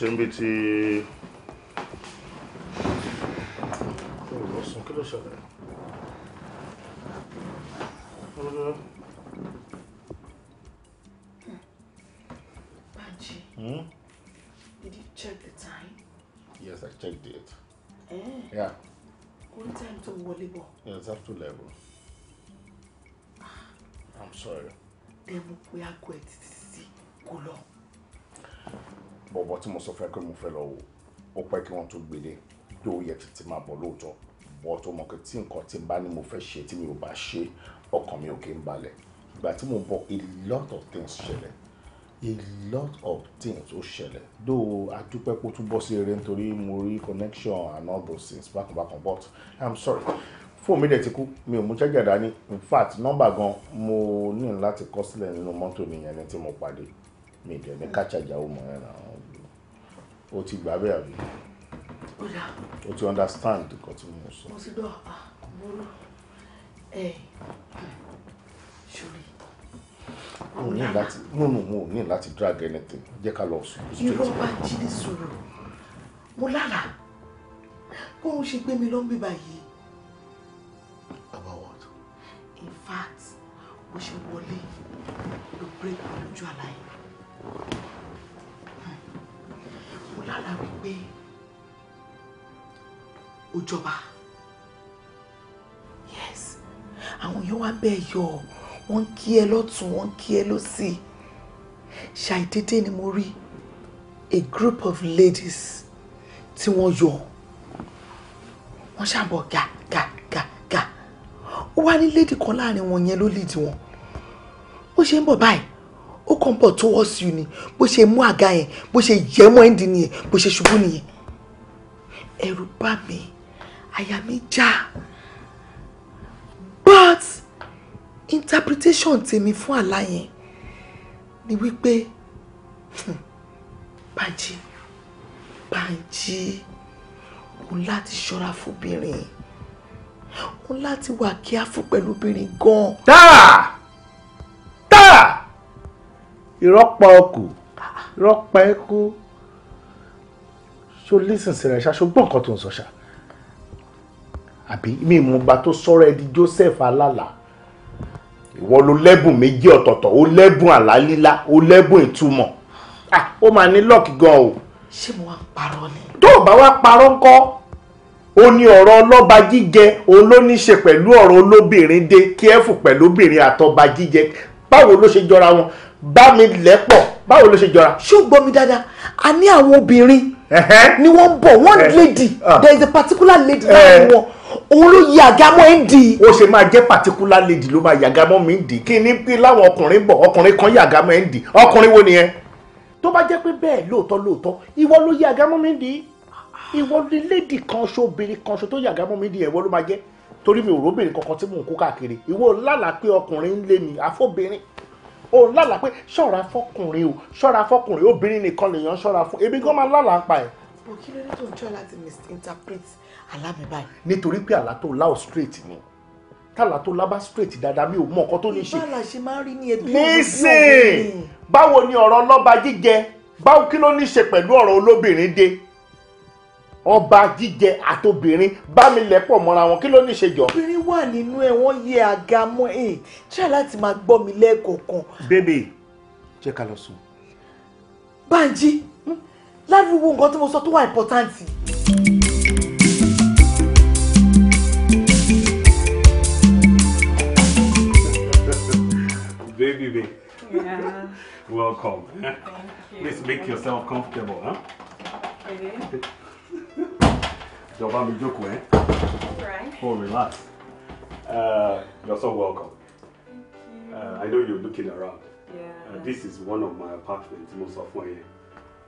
ṣe ń bí ti. ọ̀sán kí ló ṣẹlẹ̀? Banji, hmm? did you check the time? Yes, I checked it. Eh? Yeah. What time to wọlé Yes, after level. Ah. I'm sorry. Dẹ́mu pé aago ẹ̀ tí mo sọ fẹ́ pé mo fẹ́ lọ wò ó pẹ́ kí wọ́n tó gbélé tó yẹ kí máa bọ̀ lóòótọ́ bọ́ tó mọ̀ pé tí nǹkan ti bá ní mo fẹ́ ṣe tí mi ò bá ṣe ọkàn mi ò kí ń balẹ̀ ìgbà tí mo bọ̀ a lot of things ṣẹlẹ̀ a lot of things ó ṣẹlẹ̀ though adúpẹ́ kó tún bọ́ sí eré nítorí mo rí connection and all those things bákan bákan but i'm sorry fóònù mi dẹ̀ ti kú mi ò mú jẹ́jẹ̀ dání in fact nọ́mbà gan mo ní láti kọ́ sílẹ̀ nínú mọ́tò nìyẹn ní tí mo pàdé mi dẹ̀ ní kájà ìjà ó mọ̀ ẹ́ náà o ti gbà bẹ́ẹ̀ àbí o ti understand nǹkan tí mo sọ. mo ti gbọ́ àmúrò ah, ẹ̀ ṣòrí. mo ní láti no no mo ní láti drag anything jẹ́ ká lọ sùn. irọ́ bá jí ní sòrò mo lára bóun ṣe gbé mi lọ ń báyìí. about what. in fact bó ṣe wọlé ló break lójú àlàyé kù lára wípé ó yes àwọn èèyàn wá bẹ́ẹ̀ yọ wọ́n ń kí ẹ lọ́tún wọ́n ń kí ẹ lọ́sì ṣàìdédé ni mo rí a group of ladies tí wọ́n yọ wọ́n ṣàbọ̀ gà gà gà gà ó wá ní lady kan láàrin wọn yẹn ló lead wọn ó ṣe ń bọ̀ báyìí ó kàn bọ̀ towards you ni bó ṣe mú àga yẹn bó ṣe yẹ mọ́ ẹ́ndì nìyẹn bó ṣe ṣubú nìyẹn ẹ̀rù bá mi àyà mi já but interpretation tèmi fún àlá yẹn ni wípé Bánjí Bánjí o láti ṣọ́ra fún obìnrin o láti wà kíá fún pẹ̀lú obìnrin gan dáa ìrọ́pọ̀ ọkù ìrọ́pọ̀ ẹ̀kú ṣó lísìn sí rẹ̀ ṣá ṣùgbọ́n nǹkan tó ń sọ ṣá àbí mi mú gba tó sọ̀rọ̀ ẹ di Joseph alala. ìwọ ló lẹ́bùn méjì ọ̀tọ̀ọ̀tọ̀ ó lẹ́bùn àlálílá ó lẹ́bùn ìtumọ̀ ó máa ní lọ́ọ̀kì gan o. ṣé mo wá parọ́ ni. tó o bá wá parọ́ ńkọ́ ó ní ọ̀rọ̀ ọlọ́ba jíjẹ òun ló ní í ṣe pẹ̀lú ọ̀rọ̀ olóbìnrin dé kí ẹ fù pẹ̀lú obìnrin àtọba jíjẹ báwo ló ṣe jọra wọn bá mi lẹ́pọ̀ báwo ló ṣe jọra. ṣùgbọ́n mi dáadáa a ní àwọn obìnrin ni wọ́n ń bọ̀ one lady ah. there is a particular lady láàrin wọn òun ló yà gámọ́ ẹ̀ ń di. ó ṣe máa jẹ́ particular lady ló máa yà gámọ́ mi ń di kí ni bí láwọn ọkùnrin bọ̀ ọkùnrin kan yà gámọ́ ẹ̀ ń di ọkùnrin wo nìyẹn. tó bá jẹ́ pé bẹ́ẹ̀ lóòótọ́ lóòótọ́ ìwọ ló yà gámọ́ mi ń di ìwọ ni lady kan ṣo obìnrin kan ṣo tó yà gámọ́ mi ń di ẹ̀wọ́ ló máa jẹ́ torí mi ò róbìnrin kankan tí mò ń kó káàkiri ìwọ lálàá pé ọkùnrin ń lé mi àfọ́bìnrin òun lálàá pé ṣọ́ra fọkùnrin o ṣọ́ra fọkùnrin obìnrin nìkan lèèyàn ṣọ́ra fún ebi gan máa lálàá pa ẹ̀. bò kí ló dé tó ń tọ́ láti misinterpret alábẹ́ báyìí. nítorí pé àlá tó láò straight ni tàlà tó lábá straight dáadáa mi ò mọ nǹkan tó ní ṣe. ìbára ṣe máa ń rí ní ẹbí òun. nísìn báwo ni ọ̀rọ̀ ọlọ́ba jíjẹ báwo kí ló ní ṣe pẹ̀lú ọ̀rọ̀ olóbìnrin dé ọba jíjẹ àtobìnrin bá mi lẹ̀ mọ́ra wọn kí ló ní ṣe jọ. obìnrin wà nínú ẹ wọn yẹ àga mọ ẹ ṣáà láti máa gbọ́ mi lẹ́ẹ̀kọ̀ọ̀kan. bébè jẹ́ ká lọ sùn. Bánjí hmm? láriwo nǹkan tí mo sọ tó wà ìpọ́táǹtì. baby baby yeah. welcome please make yourself comfortable huh? Okay jọba mi jókòó ẹ kó o relax uh, you're so welcome uh, I know you're looking around yeah. uh, this is one of my apartments Most of my ẹ yẹn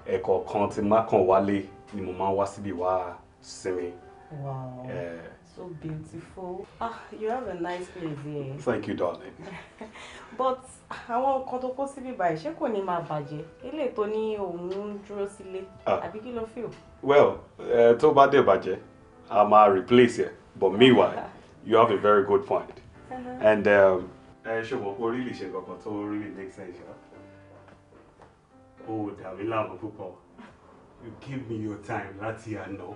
eh, ẹ̀kọ̀ọ̀kan tí má kàn wálé semi. Wow. Uh, So beautiful. Ah, you have a nice place here. Thank you, darling. But àwọn nǹkan tó kó síbí báyìí ṣé kò ní máa bàjẹ́? Ilé tó ní òun ń dúró sílé. Ah. Àbí kí ló feel? Well, uh, tó bá dé bàjẹ́, a máa replace it. But meanwhile, you have a very good point. Uh -huh. And um, ẹ ṣe mọ̀ pé orílẹ̀ ìṣe kankan tó really make sense. O dàbí láàmú púpọ̀. You give me your time láti àná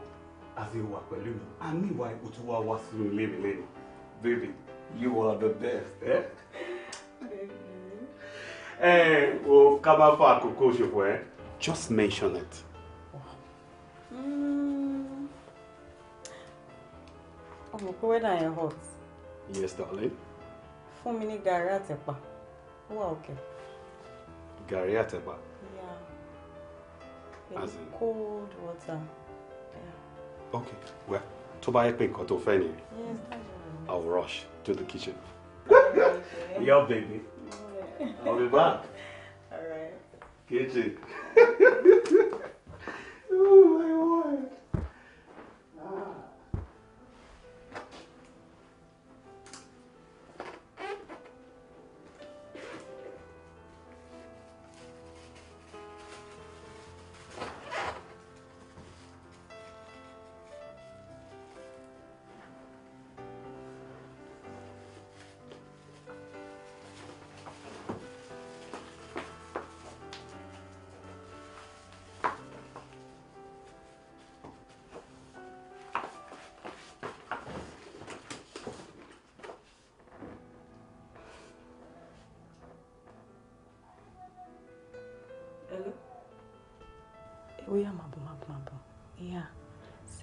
àti ìwà pẹ̀lú mi a ní ìwà ipò tí wàá wá sínú ilé mi lẹ́yìn baby you are the best. Eh? ẹ o ká bá fa àkókò ṣòfò ẹ eh? just mention it. Hmm. ọmọ pé weather yẹn hot. yes darling. fún mi ní gàrí àtẹ̀pà ó wà òkè. gàrí àtẹ̀pà. yeah. cold water. okay well tó buy a pink or tó find it? i will rush to the kitchen. Yeah, baby i will be back. All right. kitchen.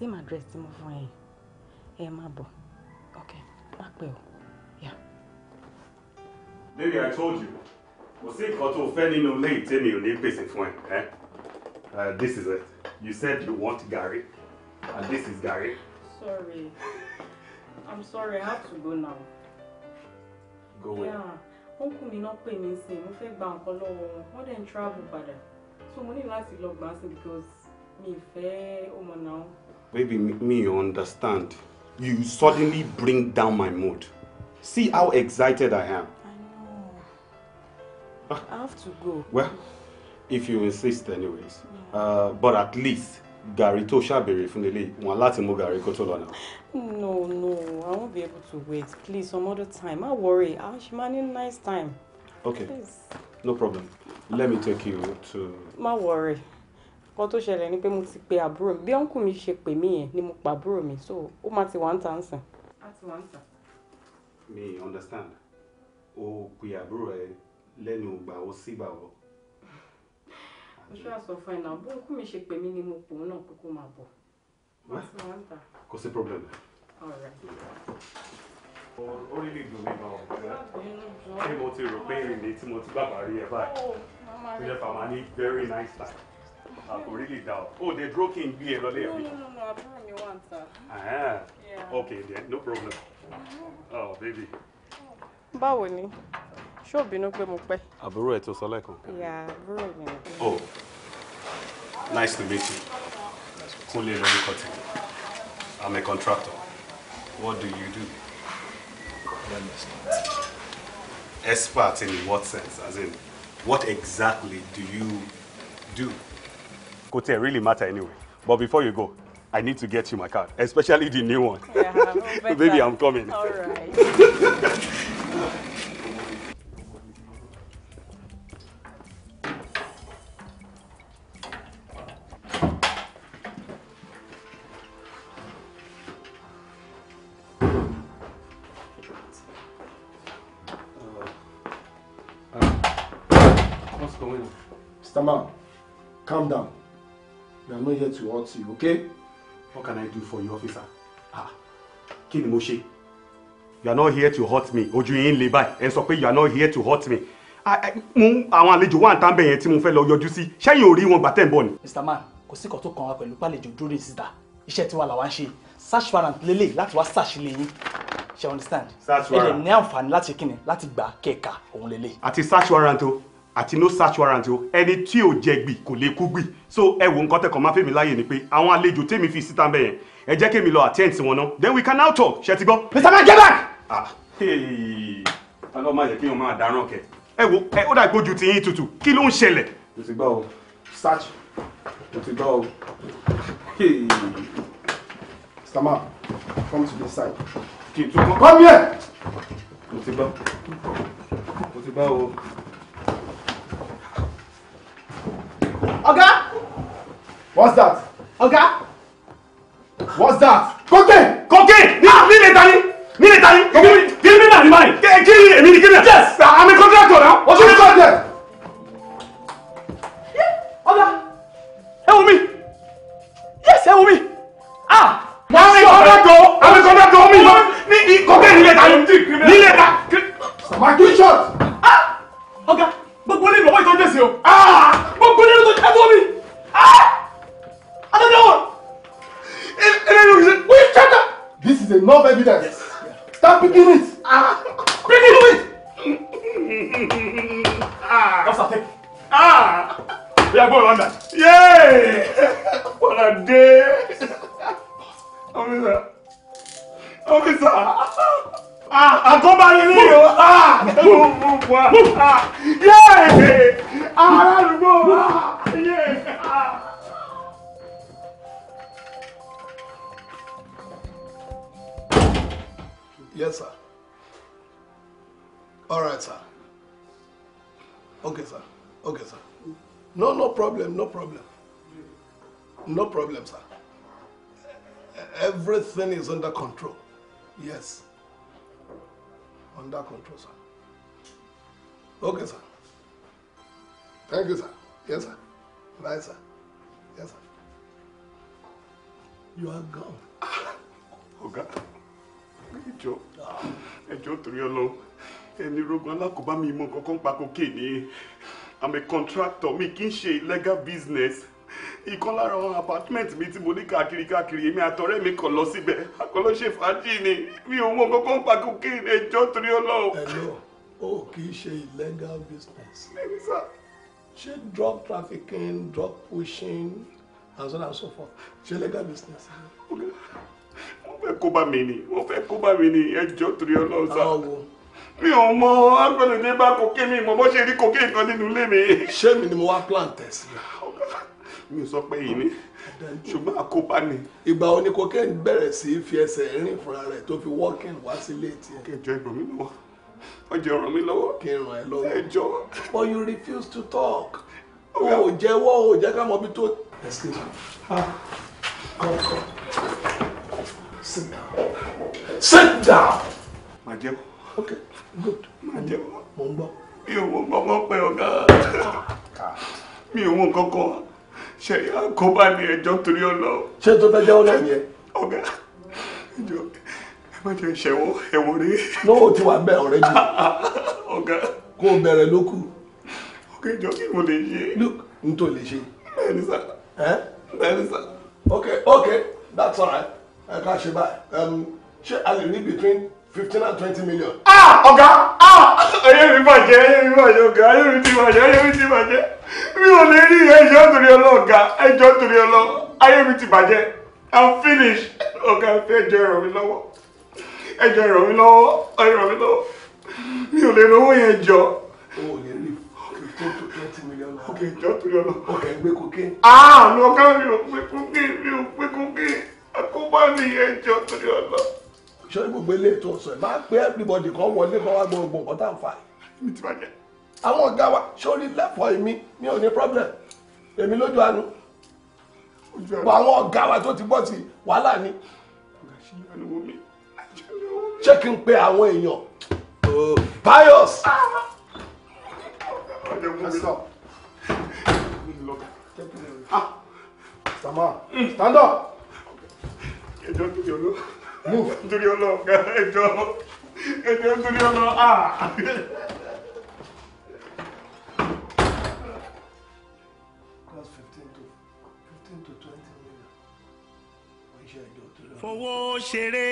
same address tí mo fún ẹ ẹ má bọ̀ ok má pẹ́ o yà. baby i told you kò sí nǹkan tó fẹ́ nínú ilé ìtẹ́ni ò ní pèsè fún ẹ uh, this is it you said you want garri and this is garri. sorry i'm sorry i have to go now. go away. Yeah ó kù mí náà pè mí sí mo fẹ́ gba nǹkan lọ́wọ́ wọn wọ́n dẹ̀ ń travel padà so mo ní láti lọ gbà sí because mi ì fẹ́ ọmọ náà Baby, me, you understand. You suddenly bring down my mood. See how excited I am. I know. Ah. I have to go. Well, if you insist anyways. Uh, but at least gàrí tó ṣàbẹ̀rẹ̀ fún ilé wọn láti mú gàrí kó tó lọ́nà. no no i won't be able to wait please some other time ma worry ah she ma nice time. okay please. no problem let me take you to. ma worry kan tó ṣẹlẹ̀ ni pé mo ti pe àbúrò mi bí ọ̀nkù mi ṣe pè mí yẹn ni mo pa àbúrò mi so ó máa ti wà ń ta sàn. a ti wà ń tà. mi understand o pe àbúrò ẹ lẹ́nu ìgbà ó sígbà ó. mo ṣe àsọ fún ẹ bí ọ̀nkù mi ṣe pè mí ni mo pò ó náà pé kó máa bọ̀. kò sí problem. all right ó rí lè dùn mí gan ọ̀gá ṣé mo ti rò pé ìrìn tí mo ti bàbá rí ẹ báyìí oh, ó jẹ́ pàmò ní very nice time. I rí lè dà oh they dúró kí n gbé ẹ lọlé ẹ no no no àbúrò mi wà ń ta. okay then no problem oh baby. báwo ni ṣé ò bínú pé mo pẹ́. àbúrò ẹ tó sọ lẹ́ẹ̀kan. ìyá àbúrò mi. oh nice to meet you Kúnlé lórúkọ tèmi i'm a contractor what do you do. expert in what sense as in what exactly do you do kò really matter anyway but before you go I need to get you my card especially the new one yeah, baby I'm coming. All right. To hurt you okay. What can I do for you, officer? Ah, kí ni You are not here to hurt me. Ojuin libai, le báyìí. you are not here to hurt me. Ah, eh, mo àwọn àlejò wà níta bẹ̀yẹn tí mo fẹ́ lọ yọjú sí. Ṣẹ́yìn ò rí wọn gbà tẹ̀ ń Mr. Man, kò sí kan tó kàn wá pẹ̀lú pàlejò dúró síta. Iṣẹ́ tiwa làwa ń ṣe. Search warrant lélẹ̀ láti wá ṣàṣìlẹyìn. Ṣé understand? Search warrant. Ẹ lè ní àǹfààní láti kíni láti gbà kẹ̀ka òun lélẹ̀. Àti search warrant o àti no search warrant o ẹni tí ò jẹ̀bi kò lè kú gbì so ẹ wo nǹkan tẹ̀kọ́ máa fẹ́ mi láàyè ni pé àwọn àlejò tèmi fi síta bẹ́ẹ̀ yẹn ẹ jẹ́ kémi lọ attend sí wọn náà then we can now talk ṣe ti gbọ́. mr man get back. ah ọlọ́run máa yẹ kí n máa dáràn kẹ. ẹ wo ẹ ó dàgbò ju ti yín tutù kí ló ń ṣẹlẹ̀. o ti gbọ́ o search o ti gbọ́ o. mr man come to this side. kì í tún kọ́. come here. o ti ti gbọ́ o. Ọ̀gá! What's that? Ọ̀gá! What's that? Cocaine! Cocaine! Ah! Ni ni le tani! Ni le tani! me ni mímà ni báyìí? Kí ni èmi ni kí ni? Yes! Ah, I'm a contractor now! What's your contract? Ọ̀gá! Ẹ wò mí! Yes, ẹ wò mí! Ah! Àwọn ìkọ́dọ̀dọ̀ àwọn ìkọ́dọ̀dọ̀ mi lọ ní ìkọ́dọ̀ ìlẹ̀ta ní ìlẹ̀ta. Màá kí short. Ọ̀gá! gbogbo ní ìbọ̀wọ́ ìtọ́jú èsì o ah! gbogbo ní ìlú tó jẹ́ tó mi adájọ́ wọn ilé ìlú yìí wí ṣẹ́ta. this is enough evidence yes. yeah. start picking it ah! picking it. ọ̀sà tẹ́kì. ya gbọ́ ọ̀nà yéé ọ̀nà dé ọ̀fíìsà ọ̀fíìsà. Ah, Ah, ní ìyó yé ara àdúgbò yé. Yes, sir. All right, sir. Okay, sir. Okay, sir. No, no problem, no problem. No problem, sir. Everything is under control. Yes under control, sir. Okay, sir. Thank you, sir. Yes, sir. Bye, sir. Yes, sir. You are gone. Ọ̀gá, ẹjọ́, ẹjọ́ torí ọlọ́run, ẹni rogun alákòóbá mi mọ nǹkan kan pa kókè ni. I'm a contractor, mi kì í ṣe illegal business ìkan lára àwọn apartment mi tí mo ní káàkiri káàkiri èmi àtọ̀rẹ́ mi kàn lọ síbẹ̀ akọ́lọ́ ṣe fàájì ni mi ò mọ kókó ń pa cocaine ẹjọ́ torí ọlọ́run. ẹ̀lọ́ o kì í ṣe illegal business. ṣé drug trafficking drug pushing and so on and so forth ṣe legal business. wọ́n fẹ́ kó bá mi ni wọ́n fẹ́ kó bá mi ni ẹjọ́ torí ọlọ́run sá. àwọn wo mi ò mọ agbẹ̀lẹ̀ ní bá cocaine mi mọ̀ bó ṣe rí cocaine kan nínú ilé mi. ṣé mi ni mo wá plant ẹ̀ sílẹ̀ mi sọ pé yìí ni ṣùgbọ́n àkóbá ni. ìgbà wo ni cocaine bẹ̀rẹ̀ sí í fi ẹsẹ̀ rìn fúnra rẹ̀ tó fi walking wá sílé tiẹ̀. kẹjọ ẹgbọn mi lọ́wọ́ ọjọ ràn mí lọ́wọ́. kí n ràn ẹ́ lọ́wọ́. ẹjọ. but you refuse to talk. o ò jẹ́wọ́ o ò jẹ́ ká mọ ibi tó. excuse me. Ah. come come sit down sit down. màá jẹ́wọ́. ok good. màá jẹ́wọ́. mo ń gbọ́. mi ò mọ nǹkan kan pé ọ̀gá mi ò mọ nǹkan ṣe àkóbá ni ẹjọ́ torí ọlọ́run. ṣé tó fẹ́ jẹ́wọ́ náà yẹn. ọ̀gá ìjọ ẹ má jẹ́ ìṣẹ̀wọ́ ẹ̀wọ̀n rí. lọ́wọ́ tí wàá bẹ̀ ọ̀rẹ́ jù. ọ̀gá. kó o bẹ̀rẹ̀ ló kù. ọ̀gá ìjọ kí mo lè ṣe. n tó lè ṣe. bẹ́ẹ̀ni sà. bẹ́ẹ̀ni sà. ok ok that's all right ẹ ká ṣe báyìí um, ṣé a lè rí between fifteen and twenty million. ah ọ̀gá ayé mi bàjẹ́ ayé mi bàjẹ́ ọ̀gá ayé mi ti bàjẹ́ ayé mi ti bàjẹ́ mi ò lè rí ẹjọ́ torí ọlọ́ọ̀gá ẹjọ́ torí ọlọ́ ayé mi ti bàjẹ́ i'm finished ọ̀gá fẹ́ ẹjọ́ ẹ̀rọ mi lọ́wọ́ ẹjọ́ ẹ̀rọ mi lọ́wọ́ ẹ̀rọ mi lọ́wọ́ mi ò lè rówó yẹn jọ. o ò lè rí twenty million naira. ok jọ torí ọlọ́. ok gbé kókè. ah ọ̀gá mi ò gbé kókè mi ò gbé kókè àkóbá mi yẹn jọ torí ọlọ́ ṣé gbogbo ilé ètò ọ̀sán ẹ̀ máa pé everybody kan wọlé kan wá gbogbo nǹkan tá à ń fà yìí. àwọn ọ̀gá wa ṣé o ní lẹ́fọ̀ọ́ èmi mi ò ní problem èmi lójú àánú àwọn ọ̀gá wa tó ti bọ́ sí wàhálà ni ṣé kí n pe àwọn èèyàn oh. Pius. Ah! Sama, ah! mm. stand up. Ẹjọ́ kìí olú move. nítorí ọlọ́ọ̀gá ẹjọ́ ẹjọ́ nítorí ọlọ́ọ̀gá. Ah! fowó ṣeré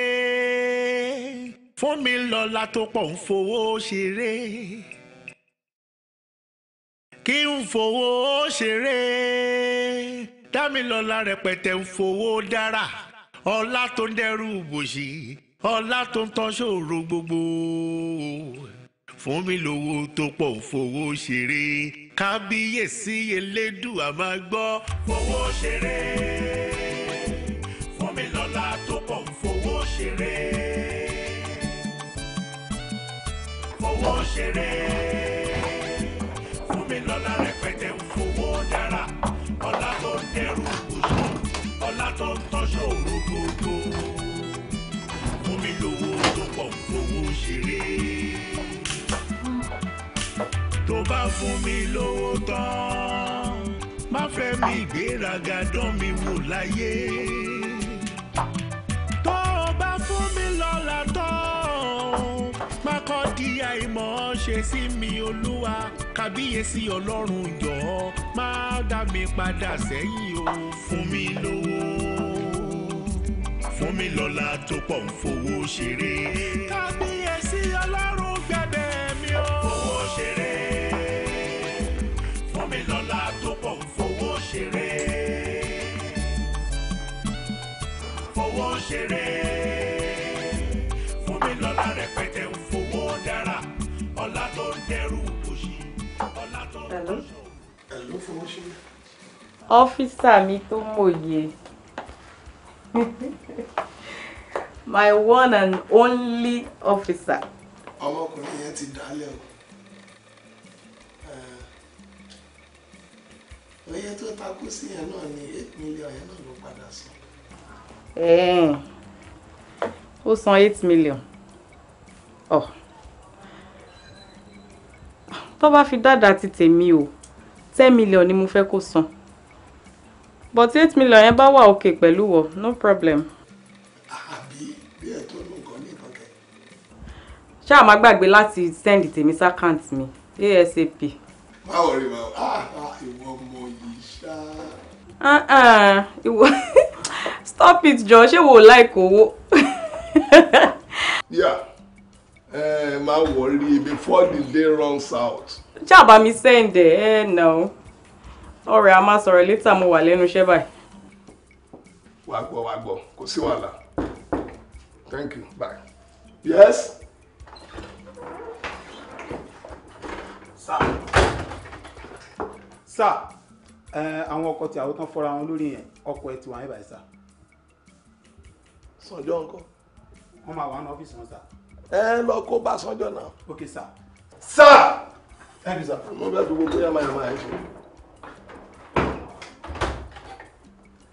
fún mi lọ́la tó pọ̀ ń fowó ṣeré kí n fowó ṣeré dá rẹpẹtẹ ń fowó dára ọlá tó ń dẹrù bòṣì ọlá tó ń tán ṣòro gbogbo fún mi lówó tó pọ̀ fowó ṣeré kábíyèsí elédùà máa gbọ́ fowó ṣeré fún mi lọ́lá tó pọ̀ fowó ṣeré fowó ṣeré fún mi lọ́lá rẹpẹtẹ fowó dára ọlá tó ń dẹrù bòṣì ọlá tó ń tán ti rí. tó bá fún mi lówó tán má fẹ́ mi ìgbéraga dán mi wò láyé. tó bá fún mi lọ́lá tán má kọ́ di àìmọ̀ ṣe sí mi olúwa kábíyèsí ọlọ́run jọ̀ọ́ má dá mi padà sẹ́yìn o fún mi lówó fún mi lọ́lá tó pọ̀ ń fowó ṣeré. kábíyèsí. ṣeré fún mi lọ́lá rẹpẹtẹ ń fowó dára ọlá tó ń dẹrù òṣì ọlá tó ń tọ́ṣọ. ọ́fíìsà mi tó mòye my one and only officer. ọmọkùnrin yẹn ti dálẹ̀ o. oyè tó takú sí yẹn náà ni eight million yẹn náà ló ó san eight million oh. tó bá fi dáadáa ti tèmi o ten million ni mo fẹ́ kó san but eight million yẹn bá wà òkè pẹ̀lú wọ no problem. àbí bí ẹ̀tọ́ ló ń kọ́ ní ìbọ̀kẹ́. ṣáà má gbàgbé láti send tèmi sákàǹt mi asap. báwo rí báwo ìwọ ọmọ yìí ṣáá. Uh-uh. ìwọ. stop it jọ ṣé wo like owó. yà ẹ máa before the day runs out. ṣáàbà mi send ẹ ẹ nà ó ọ̀rẹ́ a máa sọ̀rọ̀ létà mo wà lẹ́nu iṣẹ́ báyìí. wàá gbọ́ wàá gbọ́ kò sí wàhálà thank you bye. yes. sir sir eh, àwọn ọkọ̀ tí àwọn tán fọ́ra wọn lórí yẹn ọkọ̀ ẹ̀ tí wọ́n á yẹ báyìí sir. Sànjọ́ ńkọ́. wọ́n máa wà ní ọ́fíìsì wọn sà. ẹ lọ kó bá Sànjọ́ náà. ok sà. sà. ẹ bí sà. mo bẹ dùn gbogbo yàrá yàrá yẹn ṣe.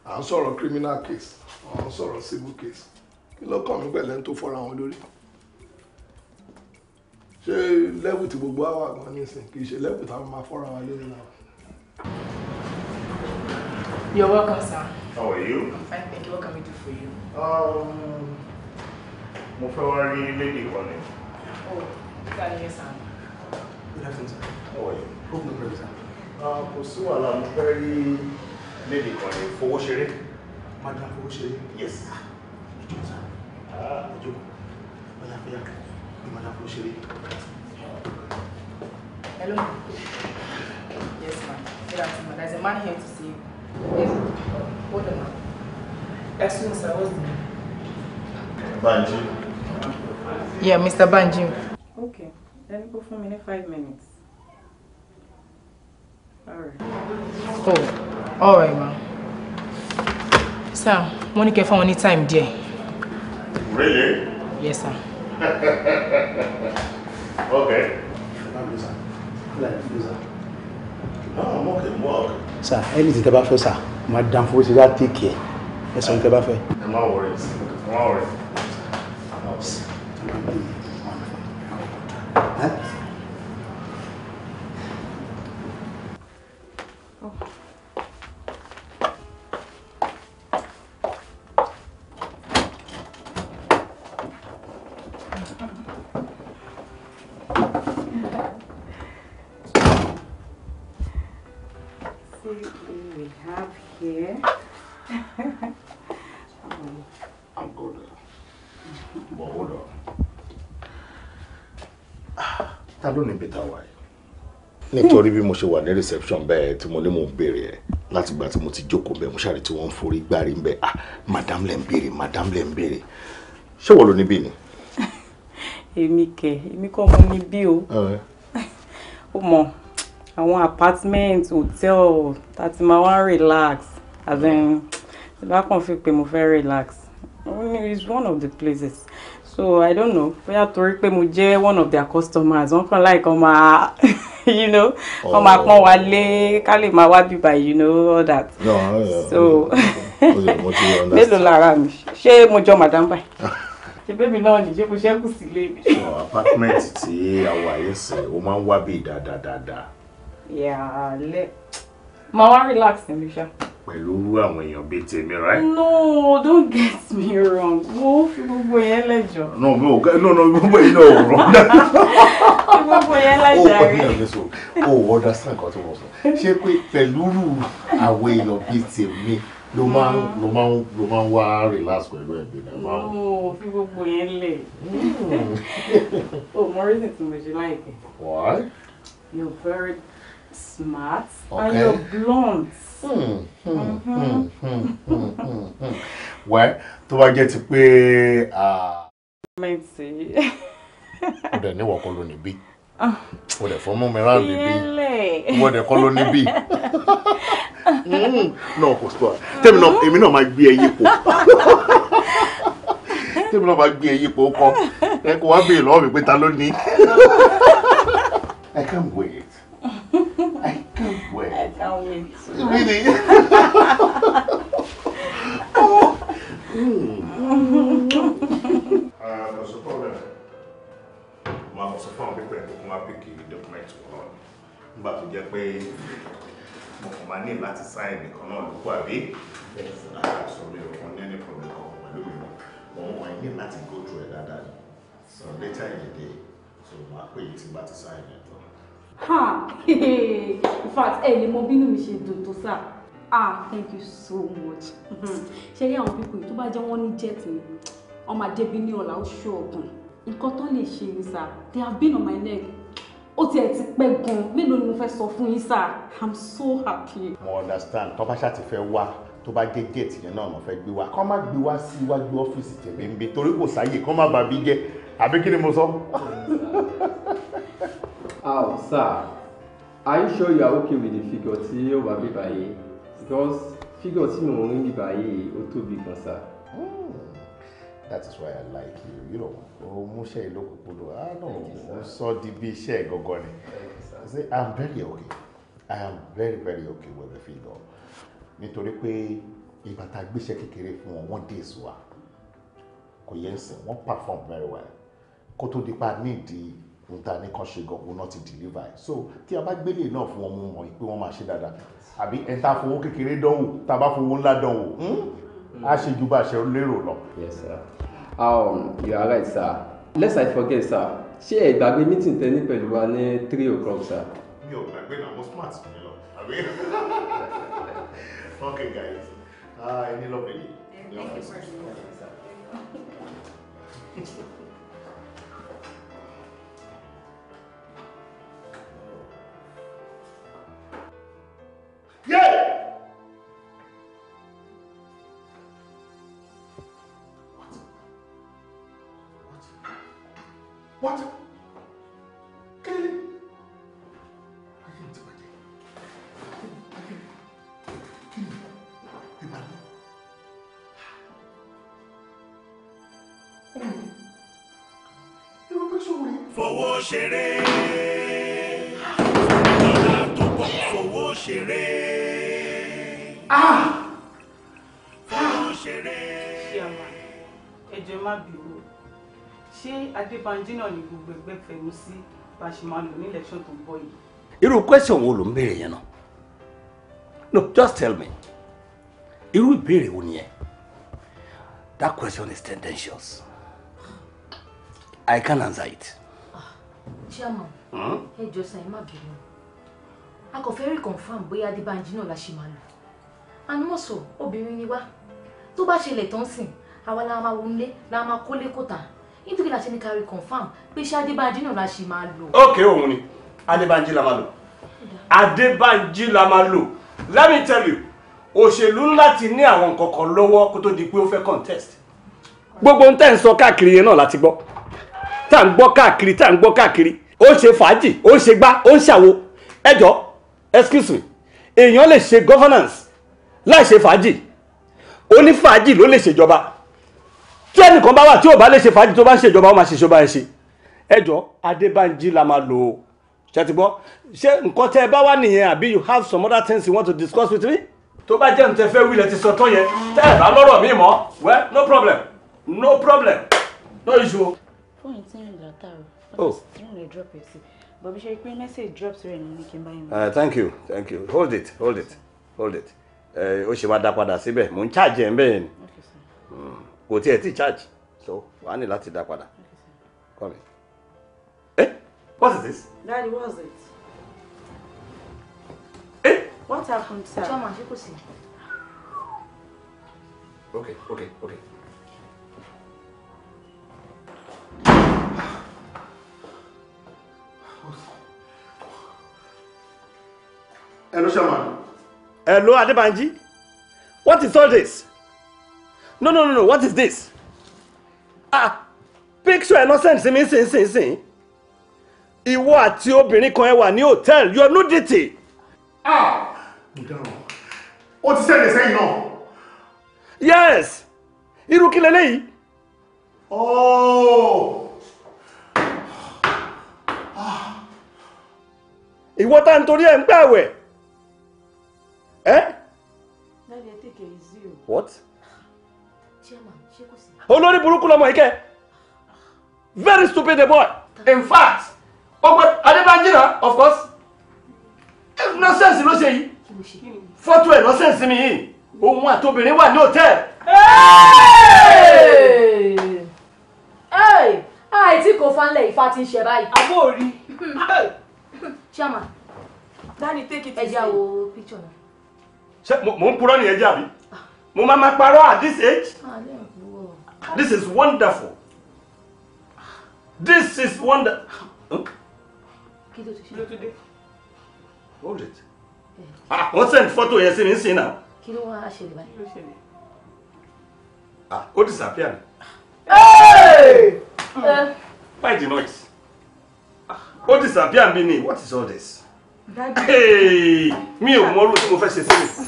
à ń sọ̀rọ̀ criminal case à ń sọ̀rọ̀ civil case kí ló kàn mí pẹ̀lẹ́ tó fọ́ra wọn lórí. ṣé lẹ́bù tí gbogbo àwọn àgbọn nísìn kì í ṣe lẹ́bù táwọn máa fọ́ra wa lórí náà. You're welcome, sir. How are you? I'm fine, thank you. What can we do for you? Um, mo fẹ́ wá rí lady kan ni. oh good afternoon sir. good afternoon sir. how are you. hope no problem sir. Uh, kò sí wàhálà mo fẹ́ rí lady kan ni fowó ṣeré. madam fowó ṣeré. yes. ìjọba sá ìjọba hello. yes ma'am. good afternoon there's a man here to see you. yes. hold on ma'am. Excellent, Banji. Yeah, Mr. Banji. Okay. let me go for me in five minutes. Alright. Oh, alright, ma. Sir, mo ní kẹ́ fún wọn time dear? Really? Yes, sir. okay. Oh, I'm okay, I'm okay. Sir, anything about for sir, my damn food is that take care ẹ sọ nǹkan bá fẹ́. ẹ má wọrẹ ẹ ta ló ní ibi tá a wà yìí. nítorí bí mo ṣe wà ní reception bẹ́ẹ̀ tí mo ní mò ń béèrè ẹ̀ láti ìgbà tí mo ti jókòó bẹ́ẹ̀ mo ṣàrètí wọn ń forí gbárí ń bẹ́ ah madam lẹ́ ń béèrè madam lẹ́ ń béèrè ṣé wọ́n ló níbí ni. èmi kẹ èmi kọ́ mo níbí o ah, eh. ó mọ àwọn apartment hotel tá a ti máa wá relax as in bá kàn fi pé mo fẹ́ relax it's one of the places so i don't know bóyá torí pé mo jẹ́ one of their customers wọ́n kàn láì kan máa you know wọ́n máa pọ́n wa lé ká lè máa wá bíbá you know all that no, no, so mélòó lára mi ṣé mo jọ madam báyìí ṣebémi náà nìyí mo ṣẹ́kù sílé mi. so apartment tí a wà yẹn sẹ o máa ń wá bí dáadáa dáadáa. yàrá lẹ màá wá relax ní mi ṣá pẹ̀lú àwọn èèyàn bíi tèmi right. no don't get me wrong wo fi gbogbo yẹn lẹ́jọ́. no no no no gbogbo yẹn náà wrong. fi gbogbo yẹn lẹ́jọ́ rẹ. ó wọ́n ní ó understand nǹkan tí mo sọ ṣé pé pẹ̀lú àwọn èèyàn bíi tèmi ló máa ń ló máa ń ló máa ń wá relax pẹ̀lú ẹ̀gbẹ́ náà. no fi gbogbo yẹn lẹ̀. Hmm. o oh, mo rí sì tún mo ṣe láìpẹ́. why. you're very smart okay. and you're blunt. Hmm, hmm, uh-huh. hmm, hmm, hmm, hmm, hmm. Well, tó bá jẹ́ ti pé. Mẹ́tì. Ó dẹ̀ níwọ̀ kọ́ ló níbí. Ah. Ó dẹ̀ fọ́ mú mi rán níbí. Ìwọ dẹ̀ kọ́ ló níbí. Náà kò sọ, tẹ́mi náà èmi náà máa gbé ẹ yípo. Tẹ́mi náà máa gbé ẹ yípo kọ́. Ẹ kò wá béèrè lọ́wọ́ mi pé ta ló ní. I can't wait. I'll wait. Really? oh. mm. uh, there's a problem. Màá sọ fún àwọn pípẹ́ tó kún wá pèkì dọ́kúmẹ́ntì wọn nígbà tó jẹ́ pé mo kàn máa ní láti sáìn nìkan náà ló kú àbí sọ̀rọ̀ ìrọ̀kan ní ẹni pọ̀lú ọkọ̀ go through ẹ̀ so later in the day so màá pè é tí bá ti sáìn ha in fact eh, lè mọ bínú mi ṣe dùn tó ah thank you so much mm-hmm. ṣe rí àwọn pípọ̀ yìí tó bá jẹ́ wọ́n ní jet ni ọmọ adébí ní ọ̀la ó ṣó ọ̀gùn nǹkan tó lè ṣe ni sà they have been on my neck ó tiẹ̀ ti pẹ́ gan mélòó ni mo fẹ́ sọ fún yín sà i'm so happy. mo understand tọ́pá ṣáà ti fẹ́ wá tó bá dé géètì yẹn náà mo fẹ́ gbé wá kọ́ má gbé wá sí iwájú ọ́fíìsì tẹ̀mí ń bẹ torí kò sáyè kọ́ má bàbí jẹ́ àbí kí ni mo sọ. How, sir? Are you sure you are okay with the figure tí ó wà bí báyìí? Because figure tí mò ń rí bí báyìí ó tóbi gan sir. Hmm, that is why I like you. You know, o múṣẹ́ ìlú òpópónà. I know, o sọ di bí iṣẹ́ gangan ni. Say, I'm very okay. I am very very okay with the figure. Nítorí pé ìgbà tá a gbéṣẹ́ kékeré fún wọn, wọ́n dé èso wa. Kò yẹ sìn, wọ́n perform very well. Kó tó di pa nídìí ohun tá ní kàn gan òun náà ti deliver ẹ̀ so tí a bá gbélé náà fún wọn mo mọ̀ pé wọ́n máa ṣe dáadáa àbí ẹ̀ ta fowó kékeré dánwò tá bá fowó ńlá dánwò á hmm? ṣe ju bá a ṣe lérò lọ. yes sir um, you are right sir lest i forget sir ṣé ẹ gbàgbé meeting tẹ ní pẹ̀lú wa ní three o'clock sir. mi ò gbàgbé náà mo smart mi lọ àbí okay guys ah uh, any lovely day. thank you very ṣeré lọ́la tó bọ̀ fowó ṣeré ah! fowó ṣeré. ẹ̀jẹ̀ má bìrù ṣé adébánjí náà ni gbogbo ẹgbẹ́ fẹ̀mú sí bá a ṣe máa lò ní election tó ń bọ̀ yìí. irú question wo ló ń béèrè yẹn náà no just tell me irú ìbéèrè wo nìyẹn that question is tendentious i can't answer it chairman ẹ jọ sàn ẹ má bínú a kò fẹ́ rí confam bóyá adébánjí náà la ṣe máa lò ànímọ̀sọ̀ obìnrin ni wá tó bá ṣẹlẹ̀ tán sìn àwa la máa wọlé la máa kólé kòtà nítorí la ṣe ní kárí confam pé ṣé adébánjí náà la ṣe máa lò. ókè òun ni adébánjí la máa lò adébánjí la máa lò let me tell you òṣèlú ńlá ti ní àwọn nǹkan kan lọ́wọ́ kó tó di pé ó fẹ́ contest gbogbo ń tẹ̀ ń sọ káàkiri yẹn náà láti gbọ́ tá à ń gbọ́ káàkiri tá ń gbọ́ káàkiri ó ṣe fàájì ó ṣe gbá ó ń ṣàwo ẹjọ́ excuse me èèyàn lè ṣe governance láì ṣe fàájì onífàájì ló lè ṣèjọba tí ẹnìkan bá wà tí ò bá lè ṣe fàájì tó bá ń ṣèjọba ó máa ṣèjọba ẹ̀ ṣe ẹjọ́ adébánjí la máa lò ó ṣètìgbọ́ ṣé nǹkan tẹ́ ẹ bá wà nìyẹn àbí you have some other things you want to discuss with me. tó bá jẹ́ nǹkan fẹ́ wílẹ̀ ti sọ tán yẹn tẹ́ ẹ̀ bá lọ́rọ̀ mi mọ́ well no problem no problem no issue fóònù tí oh. ṣe pé message drop rẹ̀ ní ní kí n bá yín. Eh, thank you thank you hold it hold it hold it eh, ó ṣe wá dá padà síbẹ̀ mò ń charge ẹ̀ ń bẹ́ẹ̀ ni hmm. kò tiẹ̀ tí charge so wàá ní láti dá padà come in. eh what is this. daddy what is it. eh what happened sir. chairman ṣé kò sí. okay okay okay. Hello, Shaman. Hello, Adebanji. What is all this? No, no, no, no. What is this? Ah, picture innocent sí mi sí sí sí. Ìwọ àti obìnrin kan ẹ wà ní hòtẹ́ẹ̀lì your nudity. Ah! Ó ti ṣẹlẹ̀ sẹ́yìn náà. Yes! Irú kí leléyìí? Oh! Ìwọ tá ń torí ẹ̀ ń gbàwẹ̀ ẹ. Eh? what. olórí burúkú lọmọ very stupid the boy. in fact ọgbẹ adébánjìnà of course nonsense ló ṣe yìí me. Oh nonsense to yìí one àtobìnrin wà hey, hòtẹ́ẹ̀lì. àìtí kò fanlẹ̀ ìfà ti ń ṣe báyìí. àbó rí. chairman Danny, take it easy. ẹ picture ṣé mò ń purọ́ nìyẹn jàbí mo máa ma parọ́ at this age ah, this is wonderful this is wonder. hold it eh. ah wọ́n send photo yẹn sí mi sí náà. kí ló wá ṣẹlẹ̀ báyìí. ah ó disappear ni. Hey! Why the noise? Ah, ó disappear mi ni what is all this? mi ò mọ orú tí mo fẹ́ ṣe fún mi.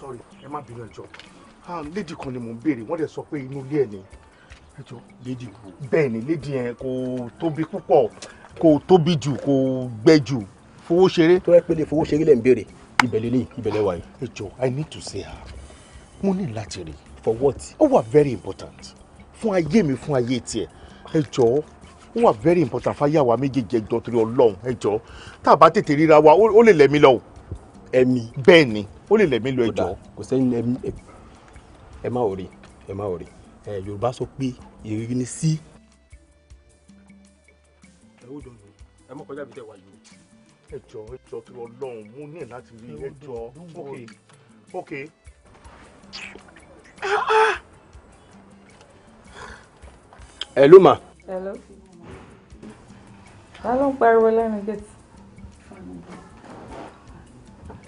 sorry ẹ má bínú ẹjọ́ ah, lady kan ni mò ń béèrè wọ́n dẹ̀ sọ pé inú ilé ẹ̀ ni lédi kù. bẹ́ẹ̀ ni lédi yẹn kò tóbi púpọ̀ kò tóbi jù kò gbẹ jù fowó ṣeré. tó yẹ pé lè fowó ṣeré lẹ́ ń béèrè ìbẹ̀lẹ̀ ní ìbẹ̀lẹ̀ wa yìí. ẹ jọ i need to see her mo ní láti rí for what ó wà very important fún ayé mi fún ayé tiẹ̀ ẹ jọ ó wà very important fáyàwá méjèèjì ẹjọ torí Ọlọ́run ẹ jọ tá a bá tètè ríra wa ó lè lẹ̀mí lọ. ẹ̀mí bẹ́ẹ̀ ni ó lè lẹ̀mí lọ ẹjọ. kò sẹ́yìn ẹ̀mí ẹ má ò rí ẹ má ò rí yorùbá sọ pé ìrírí ni sí. ẹ ó dọ̀nù ẹ mọ̀ kọjá bí tẹ̀ wá yìí. ẹ jọ ẹ jọ tó lọ lọhùn ní láti rí ẹ jọ ok ok. hello ma. hello. ta ló ń pariwo lẹ́nu gẹ̀ẹ́tì.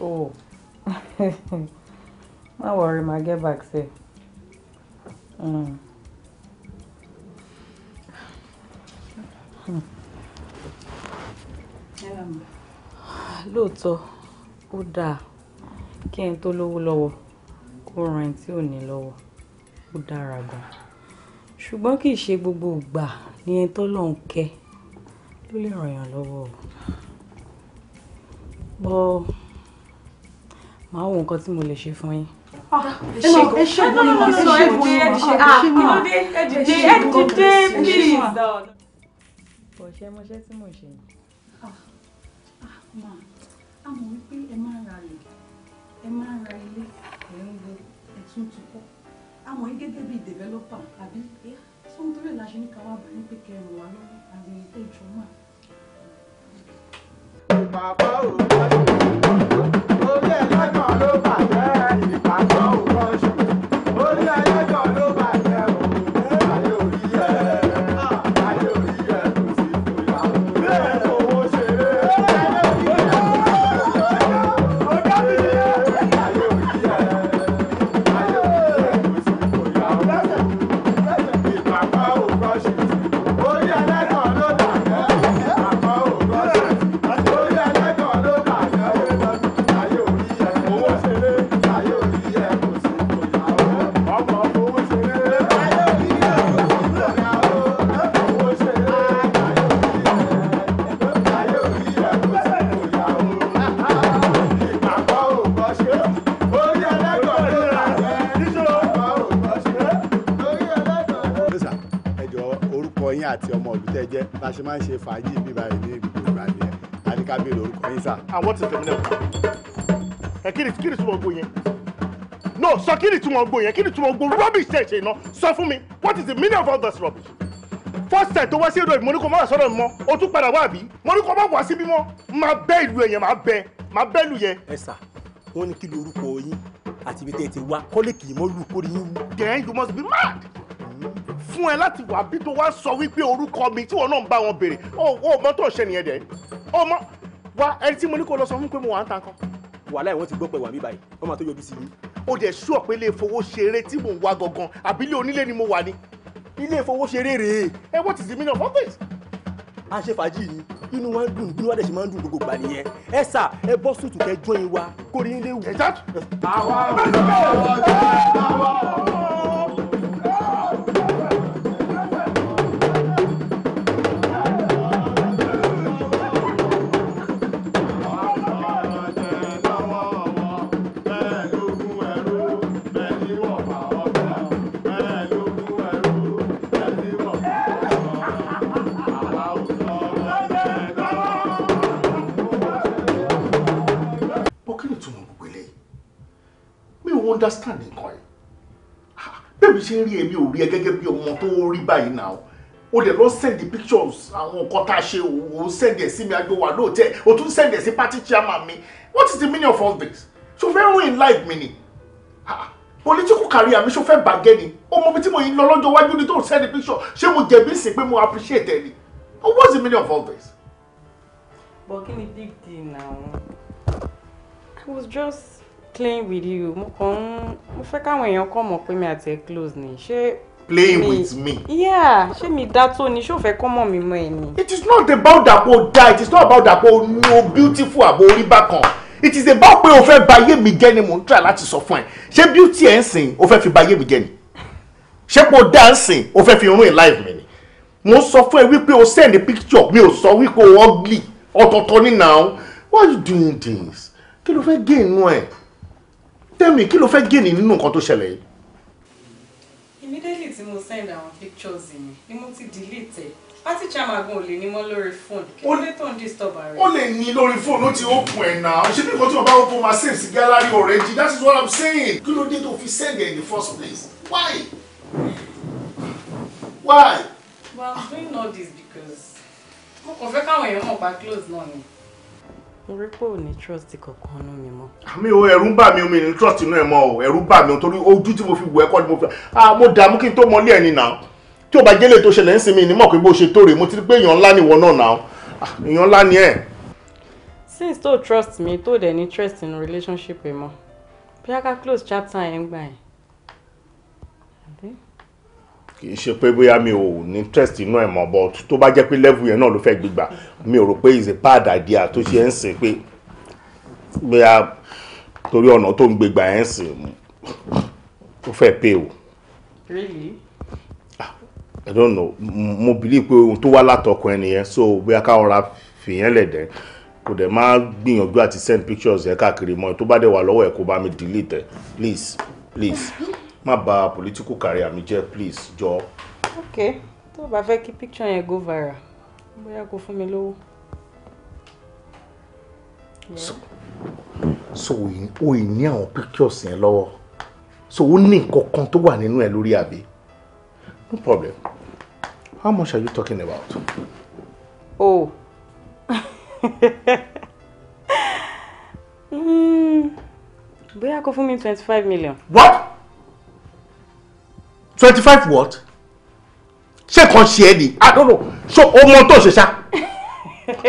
oh. má worry ma get back safe. Hmm. lóòótọ́ ó dáa kí ẹni tó lówó lọ́wọ́ kó ran ẹni tí ò ní lọ́wọ́ ó dára gan ṣùgbọ́n kì í ṣe gbogbo ìgbà ni ẹni tó lọ́n kẹ́ ló lè ràn yàn lọ́wọ́ o bọ́ màá wo nǹkan tí mo lè ṣe fún yín. Ah, ẹ ṣe ẹ ṣe bóyá ẹ ṣe bóyá ẹ ṣe bóyá ẹ ṣe bóyá ẹ ṣe bóyá ẹ ṣe bóyá. ọ̀ṣẹ́ mọṣẹ́ tí mò ń ṣe. Ah, máa a mọ̀ wípé ẹ máa ń ra ilé ẹ máa ń ra ilé ẹ̀ ń wo ẹ̀tún tún kọ́ a mọ̀ yín gẹ́gẹ́ bíi developer àbí tó ń torí ìlàṣẹ ní káwá bá ní pé kẹrin wà lọ́wọ́ àgbèrè tó jọ máa. bàbá o. ṣe máa ń ṣe fàájì bí báyìí ní gbogbo ìgbà nìyẹn a ní ká béèrè orúkọ yín àwọn ti tẹ̀mí náà ẹ kí ni tí wọ́n gbó yẹn no sọ kiri ni tí wọ́n gbó yẹn kí ni tí wọ́n gbó rubbish ṣe ṣe iná sọ fún mi what is the meaning of all this rubbish first time tó wá sí ìlú mo ní kó má sọ̀rọ̀ mọ́ o tún padà wá àbí mo ní kó má wá síbí mọ́ máa bẹ́ ìlú ẹ̀yẹn máa bẹ́ máa bẹ́ ìlú yẹn. ẹ sà wọn ní kí lorúkọ yín àti ibi tẹ́ ẹ ti wá kọ́lé kì í mọ́ lù kórìí yín. then you must be mad fún ẹ láti wà bí tó wá sọ wípé orúkọ mi tí wọn náà ń bá wọn béèrè ó mọ tó ń ṣe nìyẹn dẹ ó wa ẹni tí mo ní kó lọ sọ fún pé mo wà ń tan kan. wàhálà ìwọ́n ti gbọ́ pé wà mí báyìí wọ́n máa tó yọjú sí ó dẹ̀ sú ọ̀pẹ ilé ìfowóṣeré tí mò ń wá gangan àbílẹ̀ onílé ni mo wà ní. ilé ìfowóṣeré rèé ẹ what is the meaning of all this. a ṣe fàájì ni inú wa ń dùn inú wa dẹ̀ ṣe máa ń dùn gbogbo gbà nìyẹn ẹ sà ẹ bọ́ sùtù kẹ jọyìn wa kórìí ń léwu. ẹ jáde. àwa ò understand nǹkan yìí ah, bẹ́ẹ̀ni ṣe ń rí èmi ò rí ẹ gẹ́gẹ́ bí ọmọ tó rí báyìí náà o dẹ̀ lọ send pictures àwọn nǹkan tá a ṣe o send ẹ̀ sí mi àjọ wà lóòótẹ́ o tún send ẹ̀ sí party chairman mi what is the meaning of all this So, fẹ́ ruin life mi ni ah, political career mi ṣo fẹ́ bàjẹ́ ni ọmọ mi tí mo yìn lọ lọ́jọ́ iwájú ni tó send picture ṣé mo jẹ̀bi sí pé mo appreciate ẹ ni is the meaning of all this. but kí ni big deal now i was just playing with you mo kàn ń mo fẹ́ káwọn èèyàn kàn mọ̀ pé mi àti ẹ close ni ṣé. playing mi, with me. yeah ṣé mi dá tó ni ṣé o fẹ́ kọ́ mọ̀ mi mọ́ ẹ ni. it is not about àpò da it is not about àpò no beautiful àbò orí bákan it is about pé o fẹ́ bà ayé mi jẹ́ ni mo ń try láti sọ fún ẹ ṣé beauty ẹ̀ ń sìn o fẹ́ fi bà ayé mi jẹ́ ni ṣé kò dá ń sìn o fẹ́ fi run in life mi ni mo sọ fún ẹ wípé o send a picture mi ò sọ wípé o ugly ọ̀tọ̀ọ̀tọ̀ ni now why you doing this kí ló fẹ́ gé inú ẹ̀ tẹ́mi kí ló fẹ́ gèèní nínú nǹkan tó ṣẹlẹ̀ yìí. immediately tí mo send àwọn pictures mi ni mo ti delete ẹ pátí chamagun ò lè ní mọ́ lórí fóònù kí ló dé tó ń disturb rẹ. ó lè ní lórí fóònù ó ti open ẹ̀ náà ṣé bí nǹkan tí bàbá open ma save sí gallery already that is what i'm saying kí ló dé tó fi send in the first place why why. well i'm doing all this because mo kàn fẹ́ káwọn èèyàn mọ̀ pa close náà ni rí pé ah, ò ní trust kankan nú mi mọ́. àmì o ẹ̀rù ń bà mí omi ní trust inú ẹ̀ mọ́ o ẹ̀rù bà mí torí ojú tí mo fi wọ ẹ̀kọ́ ni mo fi ah mo dààmú kí n tó mọlé ẹni náà tí o bá jẹ́lẹ̀ tó ṣẹlẹ̀ ń sinmi ní mọ̀ pé bó ṣe tó rè mo ti rí pé èèyàn ńlá nìwọ náà náà ah, èèyàn ńlá ni ẹ̀. since tó trust me tó dẹ̀ ní trust in relationship ẹ̀ mọ́ bí a ká close chapter yẹn gbà yẹn kì í ṣe pé bóyá mi ò ní interest inú ẹ̀ mọ́ but tó bá jẹ́ pé level yẹn náà ló fẹ́ gbégbà mi ò rò pé is a bad idea tó ṣe ń sìn pé bóyá torí ọ̀nà tó ń gbégbà yẹn sìn ó fẹ́ pay o. really? Ah, I don't know mo believe pé ohun tó wá látọkùn ẹnìyẹn so bóyá káwọn ra fìyẹn lẹ̀ dẹ́ kò dẹ̀ máa gbìyànjú àti send pictures yẹn káàkiri mọ́ tó bá dẹ̀ wà lọ́wọ́ ẹ̀ kó bá mi delete ẹ̀ please please má bà political career mi jẹ́ please jọ. ok tó o bá fẹ́ kí picture yẹn go viral bóyá kó fún mi lówó. so o ì ní àwọn pictures yẹn lọ́wọ́ so o ní nǹkan kan tó wà nínú ẹ lórí àbí no problem how much are you talking about. oh mm, bóyá kó fún mi twenty five million. what twenty five what ṣé kan ṣe ẹ ni i don't know so o mọ tó ṣe ṣá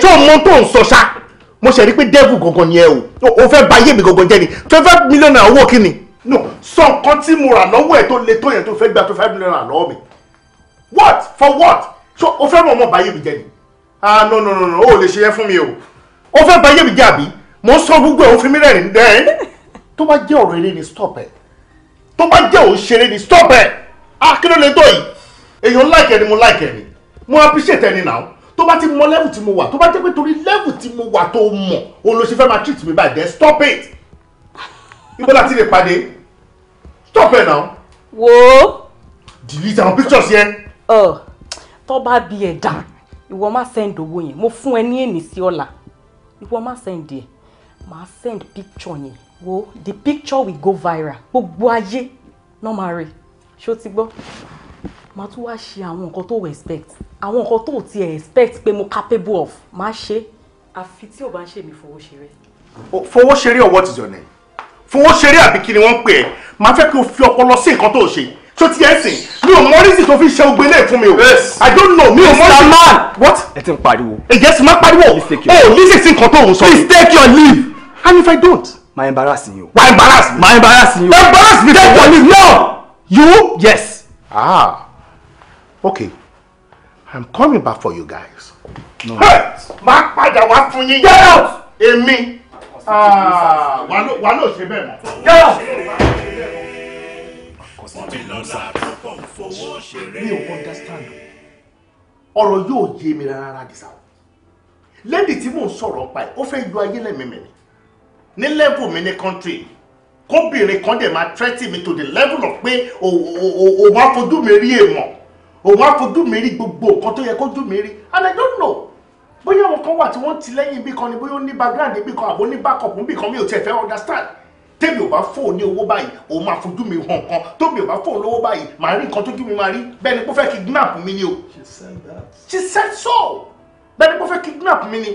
so o mọ tó ń sọ ṣá mo ṣe rí pé devil gangan ni ẹ o o fẹ́ bà ayé mi gangan jẹ́ ni twenty million naira owó kí no sọ nǹkan tí mo rà lọ́wọ́ ẹ̀ tó le tó yẹn tó fẹ́ gba twenty five million naira lọ́wọ́ mi what for what so o fẹ́ mọ̀ mọ̀ bà ayé mi jẹ́ ni ah no no no no o lè ṣe yẹn fún mi o o fẹ́ bà ayé mi jẹ́ àbí mo sọ gbogbo ẹ̀ o fi mi rẹ̀ ní tó bá jẹ́ ọ̀rọ̀ eré ni stop ẹ̀ tó bá jẹ́ òṣèré ni stop ẹ̀ ah kí ló lè tó yìí èèyàn láìkẹ́ ni mo láìkẹ́ ni mo appreciate ẹni náà tó bá ti mọ level tí mo wà tó bá jẹ́ pé torí level tí mo wà tó mọ̀ òun ló ṣe fẹ́ máa treat me báyìí then stop it ibo láti lè pàdé stop it now. wo. delete àwọn pictures yẹn. ọ tó bá bí ẹ dà ìwọ má send owó yẹn mo fún ẹ ní èní sí ọ̀la ìwọ má send ẹ máa send picture yẹn wo the picture will go viral gbogbo ayé náà máa rí ṣó ti gbọ́ màá tún wá ṣe àwọn nǹkan tó expect àwọn nǹkan tó ti expect pé mo capable of máa ṣe àfi tí ò bá ń ṣe mi fowó ṣeré. fowó ṣeré or what is your name fowó ṣeré àbí kí ni wọ́n ń pè ẹ́ màá fẹ́ kí o fi ọpọlọ sí nǹkan tó ṣe tó ti ẹ̀ sìn mi ò mọ rísì tó fi ṣe ogbe ilé fún mi o i don't know mi ò mọ rísì. mr man what. ẹ ti ń pariwo. èyí sì máa pariwo o ní sísìn kan tó ń sọ. please take your leave and if i don't. my embarrass you. my embarrass me. my embarrass you. embarrass me. take your leave now. You? Yes. Ah. Okay. I'm coming back for you guys. No. Hey! Má padà wá for you. Get out! Amy. Ah, why not? Why not ṣe Get out! Mi understand. Ọ̀rọ̀ yóò yé mi rárá dìsá o. Lẹ́dí tí mò ń sọ̀rọ̀ pa ẹ̀, ó fẹ́ yọ ayé lẹ́mìí mi ni. Ní kóbìnrin kan dẹ̀ máa threaten mi to the level of pé òun afojú mi rí èèmọ̀ òun afojú mi rí gbogbo nǹkan tó yẹ kójú mi rí and I don't know bóyá àwọn kan wà tí wọ́n ti lẹ́yìn ibì kan ni bóyá ó ní background ibì kan àbó ní backup ibì kan mi ò tiẹ̀ fẹ́ understand tèmi ò bá fóun ní owó báyìí òun máa fojú mi hàn kan tómi ò bá fóun lówó báyìí màá rí nǹkan tójú mi máa rí bẹ́ẹ̀ ni kó fẹ́ kidnap mi ni o she said that she said so bẹ́ẹ̀ ni kó fẹ́ kidnap mi ni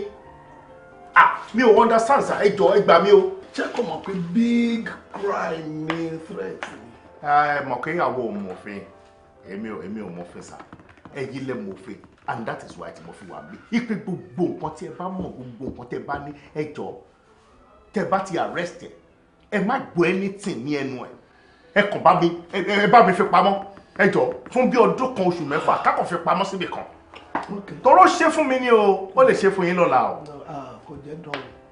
ah mi ò understand sa ẹ jọ ẹ gbà mí o ṣé kò mọ̀ pé big crime ni threat ni. ẹ mọ̀ pé ìyàwó ò mọ̀ òfin èmi ò èmi ò mọ̀ òfin sà ẹ̀yin lẹ mọ̀ òfin and that is why tí mo fi wà mí ipe gbogbo nǹkan tí ẹ bá mọ̀ gbogbo nǹkan tí ẹ bá ní ẹ jọ tẹ bá ti arrest ẹ ẹ má gbọ́ anything ní ẹnu ẹ ẹ kàn bá mi ẹ bá mi fi pamọ́ ẹ jọ fún bí ọdún kan oṣù mẹ́fà kákan fi pamọ́ síbì kan tọrọ ṣe fún mi ni o ó lè ṣe fún yín lọ́la o. Ah, kò jẹ́ dán o.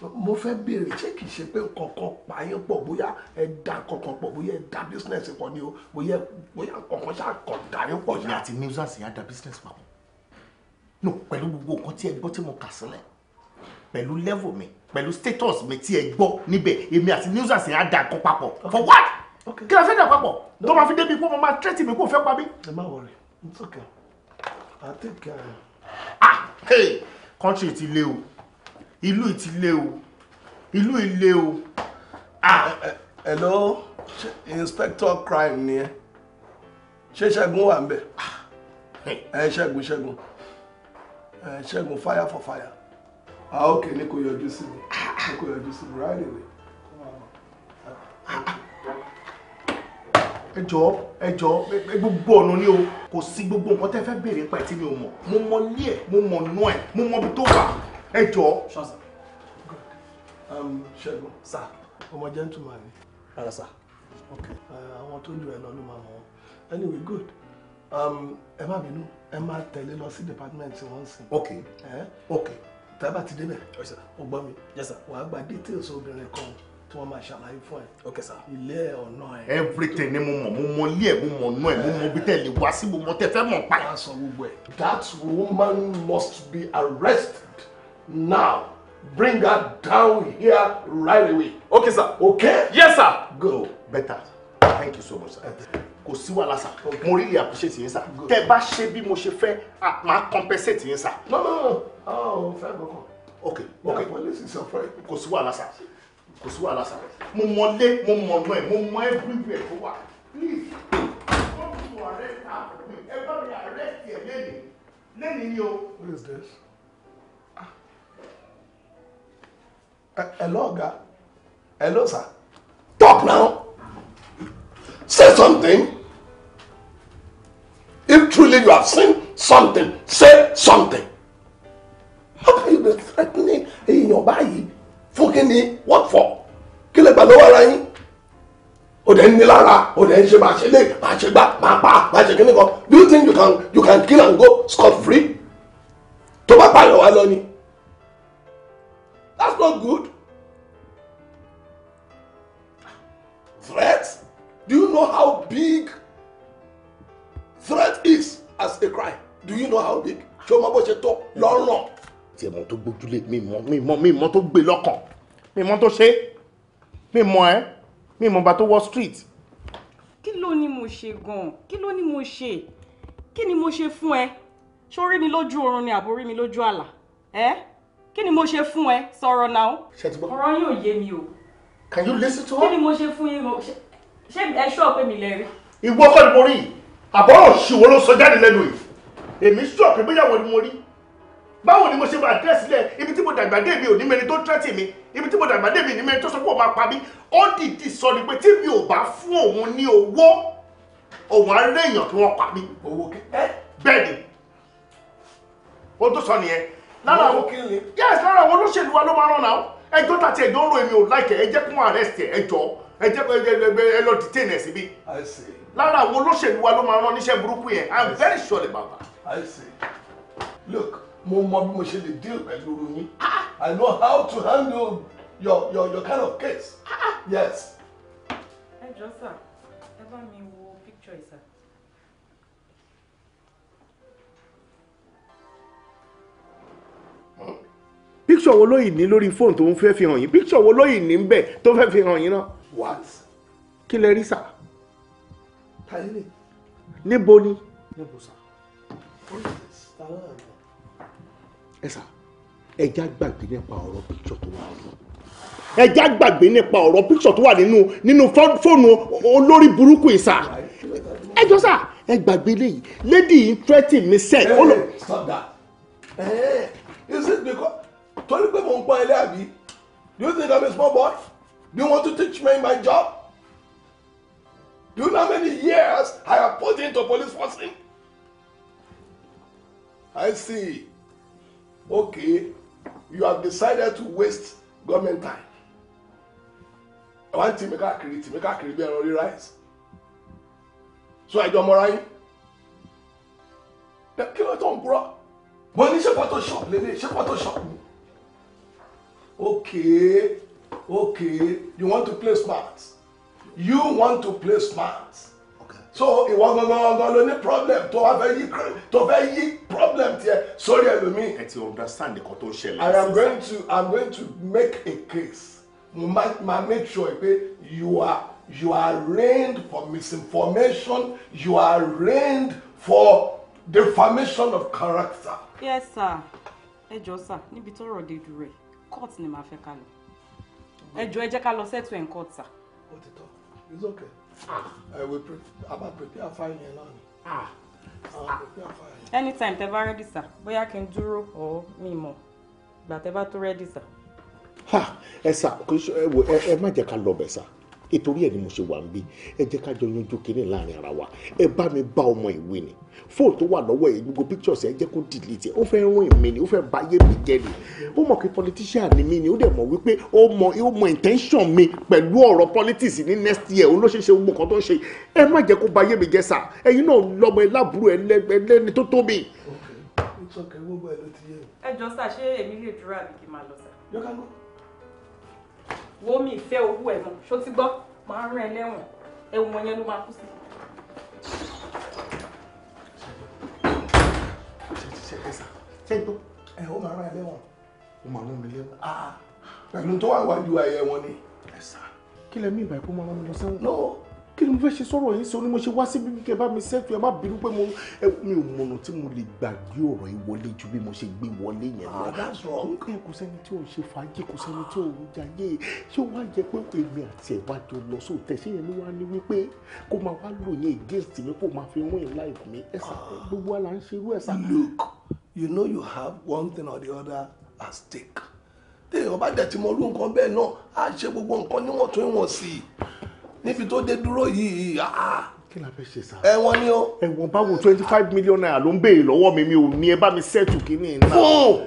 mo fẹ́ béèrè ṣé kìí ṣe pé kankan pààyàn pọ̀ bóyá ẹ da kankan pọ̀ bóyá ẹ da business pọ̀ ni o bóyá bóyá kankan ṣáà kàn dàrín pọ̀ ni. àti newsans yẹn á da business papọ̀ no pẹ̀lú gbogbo nǹkan tí ẹ gbọ́ tí mo kà sílẹ̀ pẹ̀lú level mi pẹ̀lú status mi tí ẹ gbọ́ níbẹ̀ èmi àti newsans yẹn á da nǹkan papọ̀ for what kí la fẹ́ da papọ̀ tó máa fi débi pé mo máa tẹ́tì mi kó fẹ́ pa mí. it's okay i take ah hey country ti ìlú ìtìlẹ̀ o ìlú ilé o. Ah! hello inspector crime ni ẹ ṣé ṣẹ́gun wà ń bẹ̀ ah! ẹ ṣẹ́gun ṣẹ́gun ẹ ṣẹ́gun fire for fire ah ok ní kò yọjú sí mi ní kò yọjú sí mi right away. ẹ jọ̀ọ́ ẹ jọ̀ọ́ gbogbo ọ̀nà ni o kò sí gbogbo nǹkan tẹ́ fẹ́ béèrè pa ẹ̀ tí mi ò mọ̀ mo mọ ilé ẹ̀ mo mọ̀ nú ẹ̀ mo mọ ibi tó wà ẹ jọ. Um, ṣẹ́gun sá ọmọ gentleman ni. rárá sá. ok uh, àwọn tó jù ẹ lọ ló máa mọ̀ ọ́ anyway good um, ẹ má bínú ẹ máa tẹ̀lé lọ sí department tí wọ́n ń sìn. ok eh? ok tábà ti débẹ̀ o gbọ́ mi wàá gba details obìnrin kan tí wọ́n máa ṣàlàyé fún ẹ. ok sir. ilé ọ̀nà ẹ. everything ni mo mọ̀ mo mọ ilé ẹ̀ mo mọ̀ ọ̀nà ẹ̀ mo mọ ibi tẹ́ ẹ lè wá sí mo mọ tẹ́ fẹ́ mọ̀ pa. wọ́n á sọ gbogbo ẹ̀. that woman must be arrested now. Bring her down here right away. Okay, sir. Okay? Yes, sir. Go. Better. Thank you so much, sir. Kò sí wàhálà sá. Mo really appreciate yín sá. Tẹ́ bá ṣe bí mo ṣe fẹ́, màá compensate yín sá. No, no, no. Oh, fẹ́ gbọ́kàn. Okay, okay. Yeah, police is your friend. Kò sí wàhálà sá. Kò sí wàhálà sá. Mo mọ lé, mo mọ ọ̀nà ẹ̀, mo mọ everywhere tó wà. Please, come to arrest her. Ẹ bá mi arrest ẹ̀ lẹ́nu. Lẹ́nu ni o. What is this? Eh, hello ọ̀gá hello sir talk now say something if truly you have seen something say something how can you be threatening èèyàn báyìí fún kí ni what for kí lè gbà lọ́wọ́ ara yín o dẹ̀ ń ní lára o dẹ̀ ń ṣe máa ṣe lé máa ṣe gbá máa pa máa ṣe kíní kan do you think you can you can kill and go scot free tó bá pààyàn wá lọ ni. That's not good. Threat? Do you know how big threat is as a crime? Do you know how big? Ṣé o máa bó ṣe tó lọ́rùn? Tí ẹ̀mọ́ tó gbójúlé mi mọ mi mọ mi mọ tó gbé lọ́kàn mi mọ tó ṣe mi mọ ẹ mi mọ bá tó wọ street. Kí ló ní mo ṣe gan-an? Kí ló ní mo ṣe? Kí ni mo ṣe fún ẹ? Ṣó rí mi lójú oorun ni àbórí mi lójú àlá? Ẹ́ eh? kí ni mo ṣe fún ẹ sọ̀rọ̀ náà. ṣètìgbọ́ ọ̀rọ̀ yóò yé mi o. can you listen to her. kí ni mo ṣe fún yín o ṣé ẹ ṣọ́ pé mi lẹ́rìí. ìwọ kọ́ ni mo rí àbọ̀rọ̀ ṣìwò ló sọ jáde lẹ́nu yìí èmi ṣọ́ pé bóyáwó ni mo rí báwo ni mo ṣe máa dẹ́sí lẹ̀ ibi tí mo dàgbà dé mi ò ní mẹni tó tẹ́tì mi ibi tí mo dàgbà dé mi ní mẹni tó sọ pé òun máa pa mí ó dìdì sọ ni pé tí mi ò bá fún òun ní owó òun á réèyàn kí wọ́n pa mí owó kẹ́ bẹ́ẹ̀ ni ohun tó sọ nìyẹn lára àwọn yes lára àwọn olóṣèlú wa ló máa ràn náà ẹjọ́ tàti ẹjọ́ ń ro èmi ò láìkẹ́ ẹ jẹ́ kún arrest ẹ ẹjọ́ ẹ jẹ́ ẹ lọ detain ẹ síbí lára àwọn olóṣèlú wa ló máa ràn níṣẹ́ burúkú yẹn i'm very sure about that. I see. look mo mọ bí mo ṣe lè deal pẹ̀lú yín i know how to handle your your your kind of case ah, ah. yes. ẹ jọ sir. picture wo lóyìn ní lórí fóònù tó ń fẹ́ fi hàn yín picture wo lóyìn ní bẹ́ẹ̀ tó fẹ́ fi hàn yín náà. what. kí lẹ rí sà. tàyé ni. níbo ni. níbo sà. ẹ sà ẹja gbàgbé nípa ọ̀rọ̀ picture tó wà nínú ẹja gbàgbé nípa ọ̀rọ̀ picture tó wà nínú nínú fóònù olórí burúkú yìí sà ẹ jọ sà ẹ gbàgbé léyìí lady yìí threatening me sẹ. ẹ ẹ stop that. Eh, is it because torí pé mò ń pọ́n ẹlẹ́ àbí do you think I'm a small boy do you want to teach me my job do you know how many years I have put into police forcing I see okay you have decided to waste government time I wọ́n ti mi káàkiri ti mi káàkiri bí ẹran rírà ẹ̀sìn so ẹjọ́ mọ́ra yín kí ló tó ń purọ́ mo ní ṣe photoshop lélẹ̀ ṣe photoshop ni Okay, okay, you want to play smart. You want to play smart. Okay. So ìwọ gangan gangan ló ní problem tó wá fẹ́ yí tó fẹ́ yí problem tiẹ̀ sórí ẹlòmíì. Ẹ ti understand nǹkan tó ń ṣẹlẹ̀. I am going to I am going to make a case. Mo ma make sure pé you are you are arraigned for misinformation. You are arraigned for defamation of character. Yes sir, ẹ jọ sá níbi tọ́rọ̀ dé dúró court ni màá fẹ́ ká lọ ẹ jọ̀ọ́ ẹ jẹ́ ká lọ settle ẹ̀ ń court sà. ó ti tọ́ it's okay ẹ wí pé àbá prepare fáyín yẹn náà ah. ni anytime tẹ bá rẹ́dí sà bóyá kí n dúró ọ̀ mi mọ̀ gbà tẹ bá tó rẹ́dí sà. ẹ sà ẹ má jẹ́ ká lọ bẹ̀ sà ìtorí ẹ̀ ni mo ṣe wà ń bí ẹ jẹ́ ká jọ yanjú kinní láàrin ara wa ẹ bá mi bá ọmọ ìwé ni fóònù tó wà lọ́wọ́ ẹ̀ gbogbo pictures ẹ jẹ́ kó delete ẹ̀ ó fẹ́ rún èmi ni ó fẹ́ báyé mi jẹ́ ni ó mọ̀ pé politician ni mí ni ó dẹ̀ mọ̀ wípé ó mọ ó mọ intention mi pẹ̀lú ọ̀rọ̀ politics ní next year olóṣèṣe gbogbo kan tó ń ṣe ẹ má jẹ́ kó báyé mi jẹ́ sà ẹ̀yin náà lọ́mọ ẹ lábúrò ẹ lẹ́ni tó tó mi. ẹ jọ sà ṣé èmi lè dúró àbí kí n máa lọ sà wo mi ìfẹ́ owó ẹ̀ mọ́ ṣó ti gbọ́ máa rán ẹ lẹ́wọ̀n ẹ̀wọ̀n yẹn ló máa kú sí. ṣé o ẹ ó máa rán ẹ lẹ́wọ̀n. ó máa ah mi lẹ́wọ̀n. Ah. pẹ̀lú tó wà wájú ayẹwo ni. kí lẹ mí ìgbà ìkó máa rán mi lọ sẹ́wọ̀n. lọ́wọ́ kí ni mo fẹ́ ṣe sọ̀rọ̀ yìí sọ ni mo ṣe wá sí bíbí kẹ bá mi sẹ́tù ẹ má bínú pé mo mi ò mọ̀nà tí mo lè gbàgbé ọ̀rọ̀ yìí wọlé ju bí mo ṣe gbé wọlé yẹn lọ. Ah, kò sẹ́ni tí ò ṣe fàájì kò sẹ́ni tí ò ń jayé ṣé wàá jẹ pé èmi àti ẹ̀ wájú lọ sóò tẹ̀sí yẹn ló wá ní wípé kó máa wá lò yẹn against mi kó máa fi wọ́n life mi ẹ̀sà ah. gbogbo wa là ń ṣe irú ẹ̀sà. look you know you have one thing or the other at stake téèyàn bá dẹ̀ ti mọ orú nǹkan bẹ́ẹ̀ náà á ṣe gbogbo nǹkan níwọ̀ntúnwọ̀nsì níbi tó dé dúró yìí ah. kí la fẹ́ ṣe sá. ẹ̀wọ̀n ni o. ẹ̀wọ̀n báwo twenty five million naira ló ń béèrè lọ́wọ́ mi mi ò ní ẹ bá mi ṣẹ́ẹ̀tù kínní náà. fún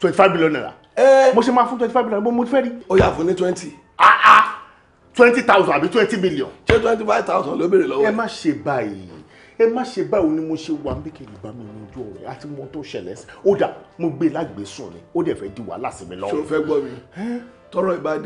twenty five million naira. ẹ mo ṣe máa fún twenty five million naira mo fẹ́ rí. ó yá fún ní twenty. ah ah twenty thousand àbí twenty million. ṣé twenty five thousand ló béèrè lọ́wọ́. ẹ má ṣe báyìí ẹ má ṣe báyìí ni mo ṣe wà níbi bá mi ní ojú ọ̀rẹ́ àti mo tó ṣẹlẹ̀ sí ó dà mo gbé e lágbè sùn ni ó dẹ̀ fẹ́ di wàhálà sí mi lọ́wọ́. ṣé o fẹ́ gbọ́ mi tọrọ ìbá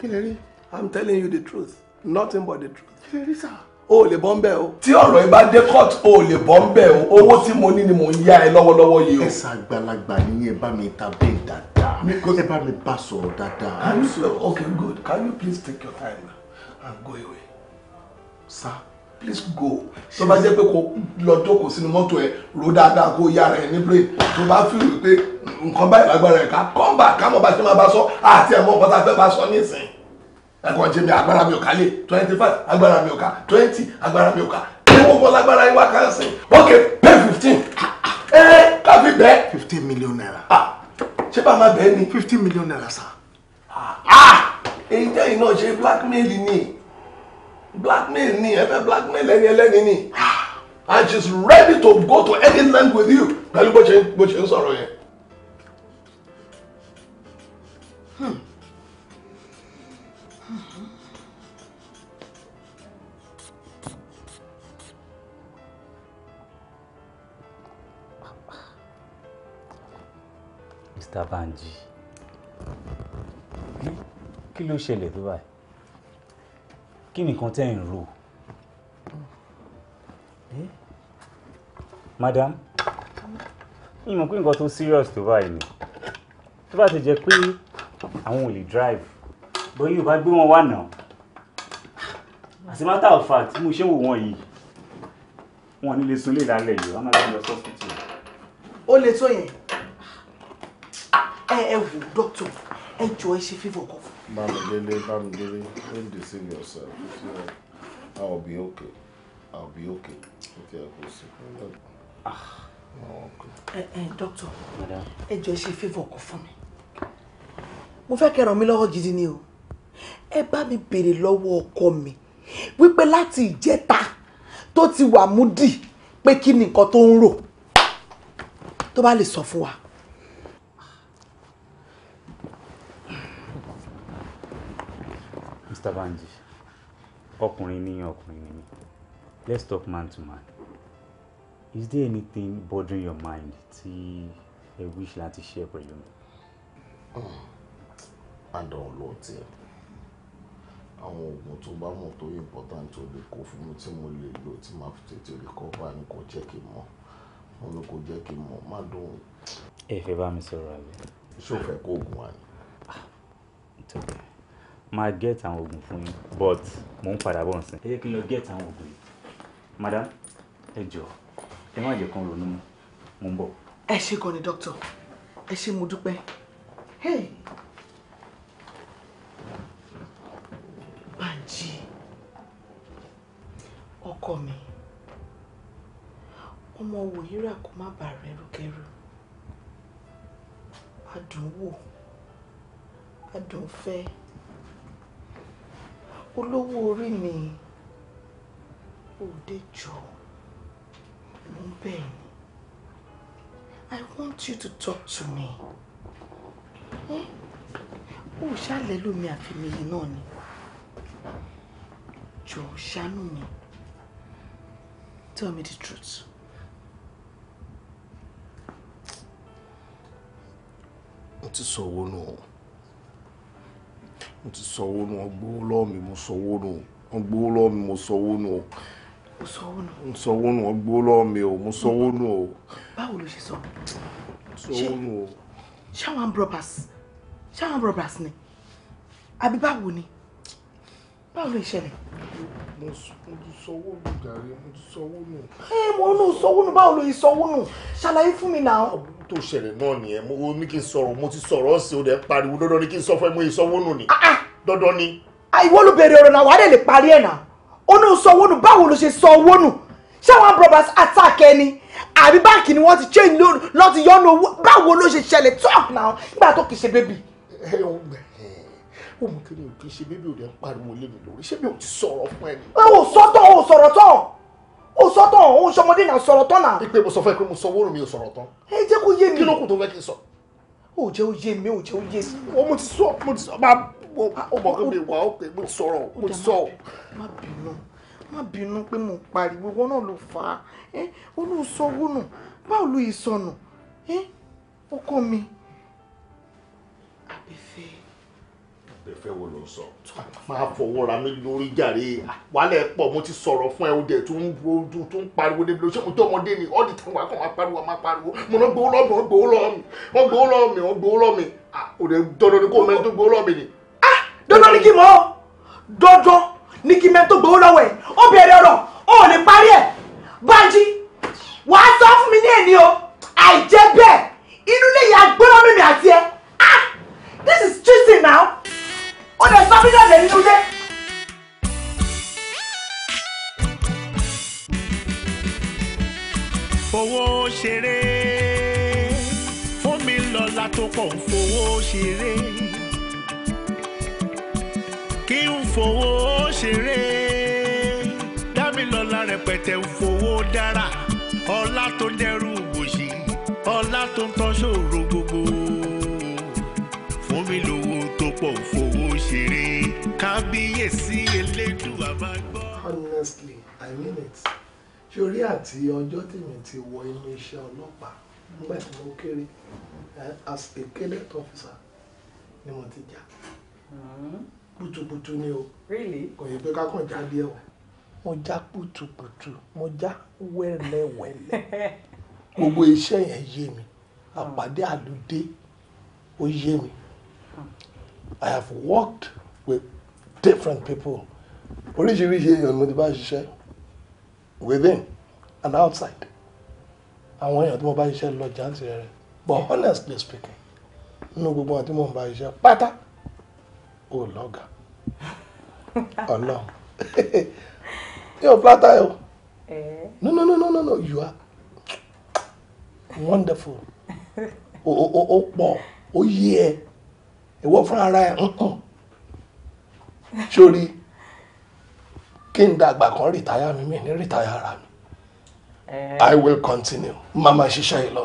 kí i'm telling you the truth nothing but the truth. kí sir. rí sá. o ò lè bọ́ ń bẹ̀ o. tí ọ̀rọ̀ yìí bá dé court o ò lè bọ́ ń bẹ̀ o owó tí mo ní ni mò ń yá ẹ lọ́wọ́lọ́wọ́ yìí o. ẹ̀sà àgbàlagbà ni ẹ bá mi ta bẹ́ẹ̀ dáadáa ẹ bá mi bá sọ̀rọ̀ dáadáa. i'm so okay good can you please take your time now and go away. sir please go tó bá jẹ́ pé kò lọ jókòó sínú mọ́tò ẹ̀ ro dáadáa kó yára ẹ̀ ní brain tó bá fìlù pé nǹkan báyìí lágbára ẹ̀ ká come back ká mọ̀ bá ṣe máa bá sọ àti ẹ̀mọ́ bọ́tà fẹ́ bá sọ nísìn ẹ̀kọ́ jẹ́ mi agbára mi ò ká lè twenty five agbára mi ò ká twenty agbára mi ò ká owó bọ́ lágbára yín wá ká sìn ok pay fifteen ẹ káfí bẹ́ẹ̀. fifteen million naira. Ah, ṣé bá a máa bẹ́ẹ̀ ni. fifteen million naira sa. Ah, ah, èyí jẹ́ iná ṣe blackmail ni blackmail ni ẹ fẹ́ blackmail ẹni ẹlẹ́ni ni and she is ready to go to any length with you pẹ̀lú bó ṣe bó ṣe ń sọ̀rọ̀ yẹn. Mr. Banji kí ló ṣẹlẹ̀ tó báyìí kí nìkan tẹ́ ẹ̀ ń rò eh? madam yín mọ̀ pé nǹkan tó serious tó báyìí ni tó bá ti jẹ́ pé àwọn ò lè drive bóyá ò bá gbé wọn wà náà as a matter of fact mo ṣe wò wọ́n yìí wọn nílé sunlé lálẹ́ yìí wọn máa lọ sọ́fìtì. ó lè tó yẹn ẹ ẹ wò dókítà ẹ jọ ẹ ṣe fífọ kọ. Bámidélé Bámidélé don't deceive yourself I will be okay I be okay ah. okay I go see. ẹ ẹ dókítà ẹ jọ ẹ ṣe fífọ kọ fún mi mo fẹ́ kẹ́ ràn mí gidi ni o ẹ bá mi béèrè lọ́wọ́ ọkọ mi wípé láti ìjẹta tó ti wà múdì pé kí ni nǹkan tó ń rò tó bá lè wa Mr. Banji ọkùnrin ni ọkùnrin ni let's talk man to man is there anything bothering your mind tí ẹ wish láti share pẹ̀lú mi. Hmm. àdán ọ̀lọ́ tiẹ̀ àwọn oògùn tó bá mọ̀ tó important tó lè kó fún mi tí mo lè lò tí màá fi tètè recover ni kò jẹ́ kí n mọ̀ wọn ni kò jẹ́ kí n mọ̀ má dùn. ẹ fẹ́ bá mi sọ̀rọ̀ àbí. ṣé o fẹ́ kó oògùn wa ni. ah nítorí máa get àwọn oògùn fún yín but mò ń padà bọ̀ nsìn. ẹ jẹ́ kí n lọ get àwọn oògùn yìí madam ẹ jọ̀ọ́ ẹ má jẹ́ kán ronú mò ń bọ̀. ẹ ṣe gan ni doctor ẹ ṣe mo dúpẹ́. Hey. Banji ọkọ mi ọmọ wòyíra kó má bàa rẹ rúkẹrú adùn wò adùn fẹ́ẹ́ olówó orí mi òde jọ mo ń bẹ̀ ni I want you to talk to me ó ṣàlẹ́ lómi àfihàn yìí náà ni jọ ṣàánú mi tell me the truth. mo ti sọ owó nù mo ti sanwó nù wọ́n gbowó lọ́wọ́ mi mo sanwó nù wọ́n gbowó lọ́wọ́ mi mo sanwó nù o mo sanwó nù wọ́n gbowó lọ́wọ́ mi o mo sanwó nù o. báwo ló ṣe sọ sanwó nù o. ṣáwọn brothers ṣáwọn brothers ni àbí báwo ni báwo ló ṣẹlẹ̀. mo ti sanwó nù jàre mo ti sanwó nù. ẹ mo nù sanwó nù báwo ló sanwó nù ṣàlàyé fún mi náà. ọdún tó ṣẹlẹ̀ náà nìyẹn mo ní kí n sọ̀rọ̀ mo ti sọ̀rọ̀ ọ̀sẹ̀ o dẹ̀ pariwo dandan ni kí n sọ fún ẹ mo yẹ sanwó nù ni. Ah, ah. dandan ni. Ah, ìwọ ló béèrè ọ̀rọ̀ náà wàá dẹ̀ lè parí ẹ̀ náà ó ní sanwó nù báwo ló ṣe sanwó nù ṣé àwọn brothers attack ẹni àbí báńkì ni wọ́n ti change lọ́ọ́ ti yọ́nu owó báwo ló ṣe ṣẹlẹ̀ talk now nígbà tó kì í ṣe bébì. ẹ ẹ òun kiri òkè ṣe bébí òde ń pariwo lé mi lórí ṣé mi ò ti sọ̀rọ̀ fún ẹni. o sọ́tọ̀ o sọ̀rọ̀ tán o sọ́tọ̀ o sọmọdé náà sọ̀rọ̀ tán náà. ipe mo sọ fún ẹ pé mo sọ wóró mi ò sọ̀rọ̀ tán. ẹ jẹ́ kó yé mi. kí ló kù tó fẹ́ kí n sọ. o jẹ́ o yé mi o jẹ́ o yé mi. o mo ti sọ mo ti sọ máa mo mọ pé mi wà ókè mo ti sọ̀rọ̀ mo ti sọ. má bínú má bínú pé mo pariwo wọn náà ló fà á olùsọwọ́ nù báwo ló ìsọnù ọkọ mi àbẹ̀fẹ́ ẹ fẹ́ wo ló ń sọ. máa fọwọ́ ra mi lórí jàre ah, wàhálẹ̀ pọ̀ mo ti sọ̀rọ̀ fún ẹ o dẹ̀ tó ń tó ń pariwo débi lóṣèlú tó ọmọdé ni ọ́ọ́dì tí wàá kàn máa pariwo máa pariwo mo náà gbowó lọ́ọ̀mì wọ́n gbowó lọ́ọ̀mì wọ́n gbowó lọ́ọ̀mì wọ́n gbowó lọ́ọ̀mì ah, o dẹ̀ dandan ni kò mẹ́ni tó gbowó lọ́ọ̀mì ni. Ah, dandan ni kí mọ́ dandan ni kí mẹ́ni tó gbowó lọ́wọ́ ẹ̀ ó bẹ̀rẹ̀ ọ̀rọ̀ ó lè parí ẹ̀ Bánjí wàá sọ fún mi ní èní o àìjẹ́ bẹ́ẹ̀ inú lè yà gbọ́dọ̀ mímì àti ẹ ah this is cheating now ó lè sọ mílíọ̀nù nínú ilé. fowó ṣeré fún mi lọ́la tó pọ̀ ń fowó ṣeré kí n fowó ṣeré dá mi lọ́la rẹpẹtẹ ń fowó dára ọlá tó dẹrù wòyí ọlá tó ń tọ́ṣòro gbogbo fún mi lówó tó pọ̀ ń fowó kiri kábíyèsí elédùn àbágbọ́. honestly i mean it ṣorí àti ọjọ́ tèmi ti wọ inú iṣẹ́ ọlọ́pàá nígbà tí mo kéré as a cadet officer ni mo ti jà pùtùpùtù hmm. ni o kò yẹ pé ká kàn já bí ẹwà mo já pùtùpùtù mo já wẹ́lẹ́wẹ́lẹ́ gbogbo iṣẹ́ yẹn yé mi àpàdé àlùdé ó yé mi hmm. I have worked with different people originally here in ti bá within and outside àwọn èèyàn tí mo bá ṣiṣẹ́ lọ jàǹtì rẹ̀ but honestly speaking nínú gbogbo àwọn tí mo bá ṣiṣẹ́ pátá ò lọ́gàá ọ̀nà yóò plátá yóò no no no no no no you are wonderful Oh oh oh oh o yẹ. Yeah ìwọ fúnra ara ẹ̀ nǹkan sórí kí n dàgbà kan rìtáyà mi mi ní rìtáyà ara mi eh. I will continue mama ṣiṣẹ́ ìlọ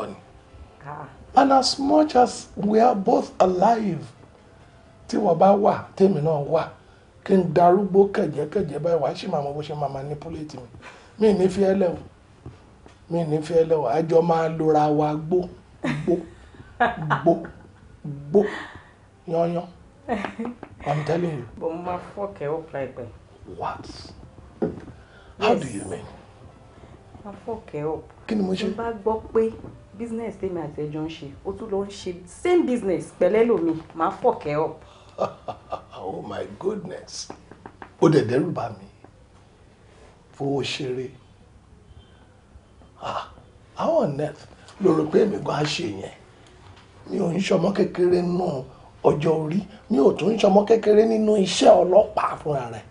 ah. and as much as we are both alive tí wọ́n bá wà tèmi náà wà kí n darúgbó kẹ̀jẹ̀kẹ̀jẹ̀ báyìí wàá ṣì máa mọ bó ṣe máa manipulate mi mi ní fi ẹlẹ́wọ̀ mi ní fi ẹlẹ́wọ̀ àjọ máa lora wa gbó gbó gbó gbó yanyan i'm telling you. But mo máa fọ́ọ̀kẹ́ ó pa ẹ̀pẹ̀. what how do you mean. máa fọ́ọ̀kẹ́ ó. kí ni mo ṣe. mo bá gbọ́ pé business tèmi àti ẹjọ́ ń ṣe ó tún lọ ṣe same business pẹ̀lẹ́ lómi máa fọ́ọ̀kẹ́ ó. oh my goodness ó dẹ̀ dẹ́rù bà mí fowó ṣeré ah how on earth ló rò pé èmi gan á ṣe yẹn mi ò ń ṣọmọ kékeré náà. No ọjọ́ orí mi ò tún ṣọmọ kékeré nínú iṣẹ́ ọlọ́pàá fúnra rẹ̀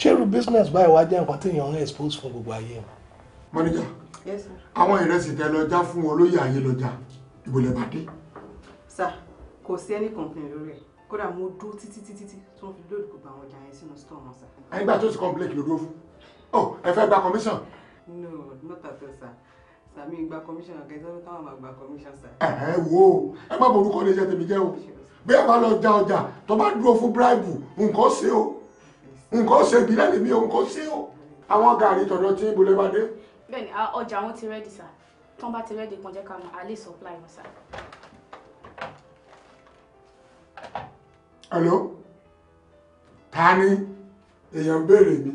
ṣé irú business báyìí wá jẹ́ nǹkan téèyàn ń expose fún gbogbo ayé wọn. mọ́níjà àwọn ìrẹsì tẹ lọ já fún olóyè ayélujá ìbòlẹ̀ bàdé. sà kò sí ẹni complain lórí ẹ kódà mo dúró títí títí tí wọn fi lóòdì gbogbo àwọn ọjà yẹn sínú store wọn sà. ẹgbẹ́ àtúnṣe complain kìló dúró fún ọ oh, ẹ fẹ́ gba commission. no not at all sir sàmì gba commission ọ̀gá ìtọ́jú táwọn máa gba commission sir. ẹ ẹ wo ẹ má borúkọ ilé iṣẹ́ tèmi jẹ́ o bí ẹ bá lọ ja ọjà tó bá dúró fún bíráìbù nǹkan ṣe o nǹkan ṣe ìbílẹ̀ lèmi o nǹkan ṣe o àwọn gàrí tọ̀dọ̀ tí ibo lè bá dé. bẹ́ẹ̀ni ọjà wọn ti rẹdí sá tán bá ti rẹdí kan jẹ ká mọ àlè supply wọn sá. hello ta ni èèyàn béèrè mi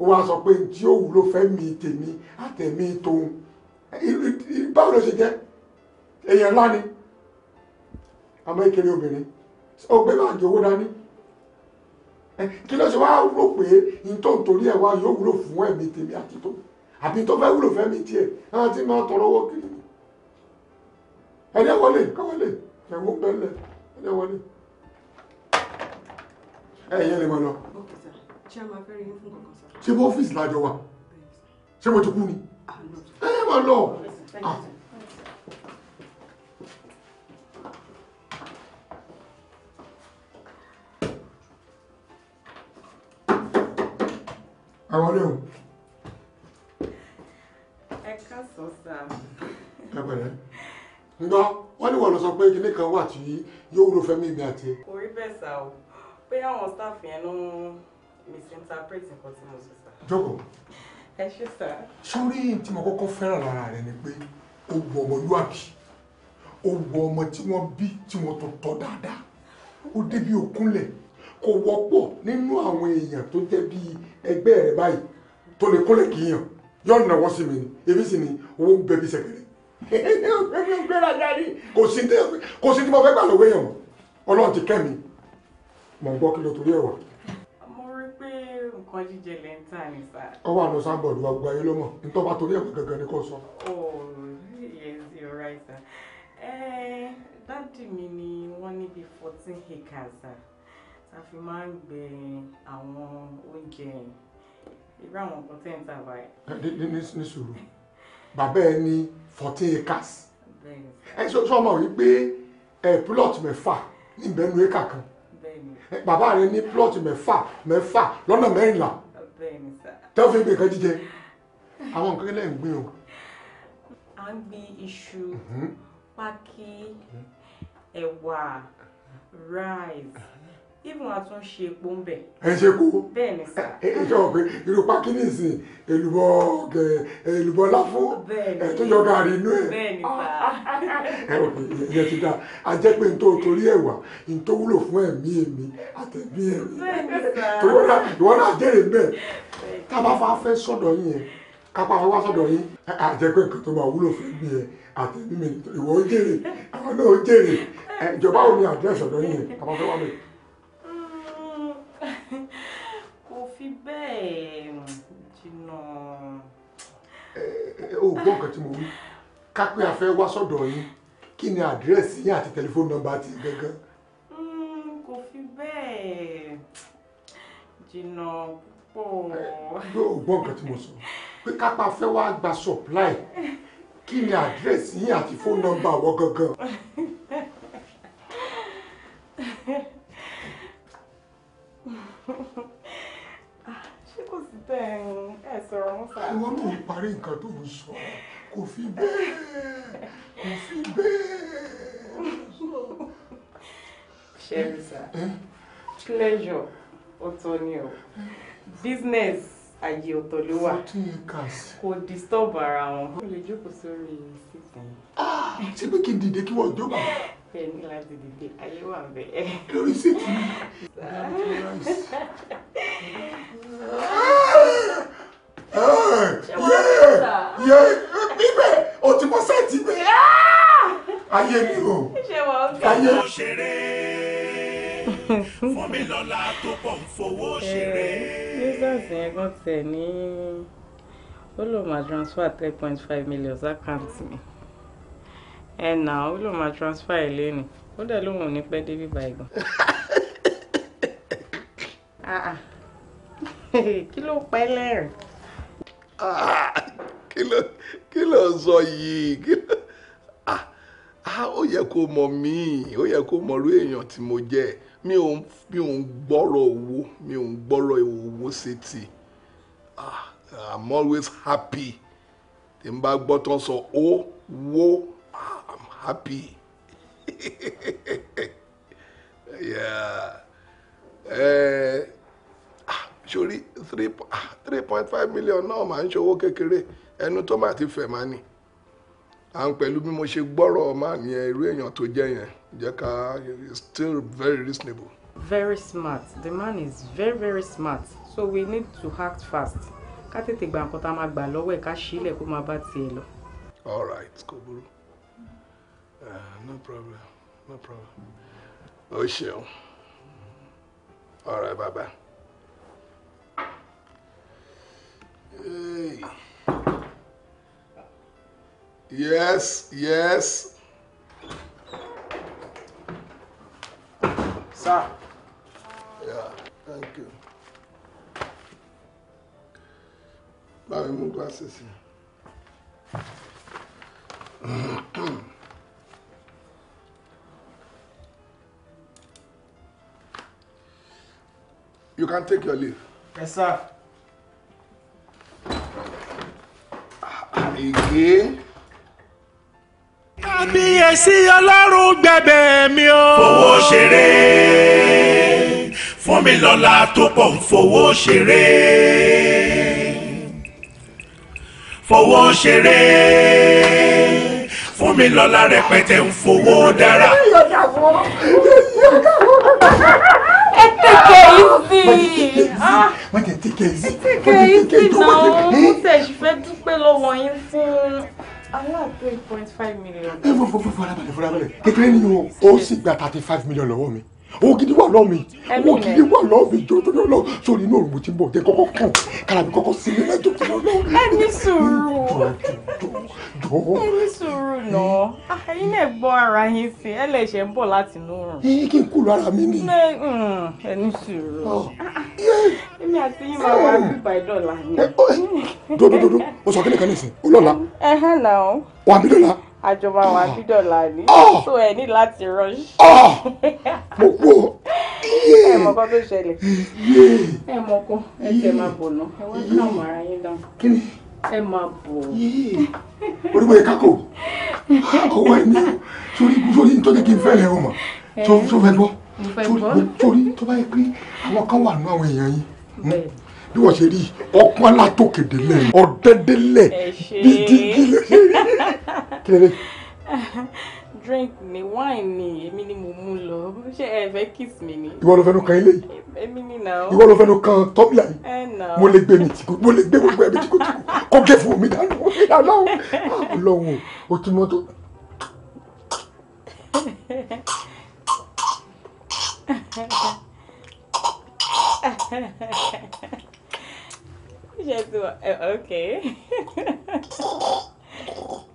ó wá sọ pé tí ó wúlò fẹ́ mi tèmi àtẹ̀mí tòun báwo ló ṣe jẹ́ èèyàn ńlá ni àmọ́ ìkéré obìnrin ó gbé báàgì owó dání kí ló ṣe wá rò pé n tó ń torí ẹ̀ wá yóò wúlò fún ẹ̀mí tèmi àti tó àbí tó fẹ́ wúlò fẹ́mi tiẹ̀ náà ti máa tọrọ owó kiri ẹni ẹ wọlé ká wọlé ẹ̀wọ̀n bẹ́ẹ̀lẹ̀ wọlé ẹ̀yẹ lè mọ̀ lọ. ṣé bó ọ́fíìsì lájọ wa ṣé mo ti kú ni ah, ẹ máa lọ. ẹ wọlé o. ẹ káàsán sá. ẹ pẹ̀lẹ́ ǹgbọ́ wọ́n ní wọ́n lọ sọ pé kinní kan wà tí yóò wúlò fẹ́mi ìgbà àti. kò rí bẹ́ẹ̀ sá o pé àwọn staff yẹn ló ń misinterpret nǹkan tí mo sọ sá. jókòó. ẹ ṣe sá. sórí tí mo kọ́kọ́ fẹ́ràn lára rẹ ni pé o wọ ọmọlúwàbí o wọ ọmọ tí wọ́n bí tí wọ́n tó tọ́ dáadáa ó débi òkúnlẹ̀ kò wọ́pọ̀ nínú àwọn èèyàn tó jẹ́ bíi ẹgbẹ́ rẹ̀ báyìí tó lè kólé kì í yàn yóò nàwọ́ sí mi sì ni owó bẹbí sẹ̀kẹ̀rẹ̀ kò sí tí mo fẹ́ gbà lówó ọlọ́run ti kẹ́ mi mọ̀ ń gbọ́ kí ló torí ẹ̀ mo rí pé nǹkan jíjẹ lè ń tà ní sá. ọwọ́ àlọ́ sábọ̀dù wa ló torí ẹ̀ gangan ni sọ. Oh, eh, mi níbi fourteen acres tá a fi máa ń gbin àwọn oúnjẹ yẹn irú àwọn nǹkan tẹ́ ń tà báyìí. ní sùúrù bàbá ẹ ní fourteen acres ẹ sọ sọ ma wípé ẹ plot mẹ́fà níbẹ̀ nu éka kan bàbá rẹ ní plot mẹ́fà mẹ́fà lọ́nà mẹ́rìnlá tẹ́ fi gbé nǹkan jíjẹ àwọn nǹkan kílẹ̀ ń gbìn o. à ń gbin iṣu mhm. pákí mhm. ẹ̀wà rice even a tún ṣe epo ń bẹ. ẹ ṣe kú. bẹ́ẹ̀ ni sá. ẹ ṣe wọ pé irú pákí nìsín èlùbọ́ èlùbọ́ láfó ẹ tó yọ gàrí inú ẹ. bẹ́ẹ̀ ni sá. ẹ rò pé ìyẹn ti dáa a jẹ́ pé n tó torí ẹ̀ wà n tó wúlò fún ẹ̀mí èmi àtẹ̀bí ẹ̀mí. bẹ́ẹ̀ sá. torí wọn náà jẹ́rìí bẹ́ẹ̀ tá a bá fa fẹ́ sọ́dọ̀ yín yẹn kápá wa wá yín a jẹ́ pé nǹkan tó máa wúlò fún mi yẹn àtẹ̀bí mi ìwọ ó jèrè àwọn náà ó jèrè ìjọba ò ní àdírẹ́sì ọ̀dọ̀ yín yẹn kápá fẹ́ wá bẹ́ẹ̀. gbọ́ nǹkan tí mo wí ká pé a fẹ́ wá sọ́dọ̀ yín kí ni àdírẹ́sì yín àti tẹlifóònù nọ́mbà ti gángan. Hmm, kò fi bẹ́ẹ̀ jìnnà púpọ̀. yóò gbọ́ nǹkan tí mo sọ pé ká pa fẹ́ wá gba supply kí ni àdírẹ́sì yín àti fóònù nọ́mbà wọ gángan. Ha ha ha. ìwọ náà parí nǹkan tó ń sọ kò fi bẹ́ẹ̀ kò fi bẹ́ẹ̀. ṣẹ́rí pleasure ọ̀tọ̀ ni o business àyè ọ̀tọ̀ ló wà kò disturb ara wọn. o lè jókòó sórí sísìn. Ah! ṣé pé kí n dìde kí wọ́n jókòó. bẹ́ẹ̀ ni láti dìde ayé wà bẹ́ẹ̀. lórí sísìn. yé yé bíbẹ̀ o ti mọ sẹ́ẹ̀tì bẹ́ẹ̀ ayé mi o ayé fún mi lọ́la tó pọ̀ ń fowó ṣeré. jesus yẹn gan tẹ̀ ní ó lò máa transfer three point five million sákàǹtì mi ẹ nà ó lò máa transfer ẹ lẹ́nu ó dẹ̀ lóun ò ní pẹ́ débi báyìí gan. kí ló pẹ́ lẹ́rìn Ah, kí ló ń sọ yìí ah, ah, ó yẹ kó mọ̀ mí ó yẹ kó irú èèyàn tí mo jẹ́ mi ò mi ò ń owó mi ò ń owó ah i'm always happy tí n bá gbọ́ tán sọ ó wó i'm happy yeah. eh, sórí ah, three point five million náà máa ń ṣòwò kékeré ẹnu tó máa ti fẹ̀ máa ní à ń pẹ̀lú bí mo ṣe gbọ́rọ̀ máa ní irú èèyàn tó jẹ́ yẹn jẹ́ ká still very reasonable. very smart the man is very very smart so we need to act fast ká tètè gba nǹkan tá a máa gbà lọ́wọ́ ẹ̀ ká sílẹ̀ kó máa bá tiẹ̀ lọ. all right kò burú eh, no problem no problem o ṣeun all right bye bye. Hey. Yes, yes. Sir. Yeah, thank you. Báwo ni mo glasses here. You can take your leave. Yes, sir. ègbé. kábíyèsí ọlọ́run gbẹ̀bẹ̀ mi o. fowó ṣeré fún mi lọ́lá tó pọ̀ ń fowó ṣeré fowó ṣeré fún mi lọ́lá rẹpẹtẹ ń fowó dára easy. wọ́n jẹ́ take easy. take easy náà mo tẹ̀ sí fẹ́ dúpẹ́ lọ́wọ́ yín fún aláà three point five million. ẹ fọwọ́ fọwọ́ fọwọ́ alábàlẹ̀ fọwọ́ alábàlẹ̀ kékeré ni o ó sì gba thirty five million lọ́wọ́ mi owó gidi wà lọ́wọ́ mi owó gidi wà lọ́wọ́ mi jọ torí ọlọ́wọ́ sórí inú òrùn mo ti ń bọ̀ jẹ́ kọ́kọ́ kàn kára mi kọ́kọ́ sí mi lẹ́jọ́ torí ọlọ́wọ́. ẹ ní sùúrù ẹ ní sùúrù náà ah, ẹ̀yin náà gbọ́ ara yín sí ẹ lè ṣe ń bọ̀ láti inú òrùn. yín kí n kúrò ara mi ni. ẹ mm, ní sùúrù ah, ah, èmi àti yín máa wà bíbá ìdọ̀la ni. dododo o sọ kí ni kan ní sè olóòlà. ẹ̀hán náà. wà á bí dọ̀la àjọba wà ah. bídọ̀là ni ah. so ẹ ní láti rush. Ah. mo kú ọ. ẹ mọ kan tó ṣẹlẹ̀ ẹ mọ kan ẹ tẹ máa bọ̀ náà ẹ wá káwọn ara yín dáhùn. kí ni ẹ máa bọ̀. oríwọ̀ ẹ̀ka kò ọwọ́ ẹ̀ ní sórí sórí tó ní kí n fẹ́ lẹ́rù mọ̀ eh. tó fẹ́ gbọ́ sórí tó bá yẹ pé àwọn kan wà nú àwọn èèyàn yín hmm, bí wọ́n ṣe rí ọpọ́n látòkèdè lẹ̀ ọ̀dẹ́dẹ́lẹ̀ bíi dígí lẹ́yìn kí drink ni wine ni èmi ni mo mú lọ ṣé ẹ fẹ́ kiss mi ni. ìwọ ló fẹnu kan ilé yìí. èmi ni na o. ìwọ ló fẹnu kan tọ́bíà yìí. ẹ mo lè gbé mi tìkú mo lè gbé gbogbo ẹbí tìkú tìkú kó gé fún mi dáná omi dáná o. Ah, ọlọ́run o tún mọ́tò. Just, okay.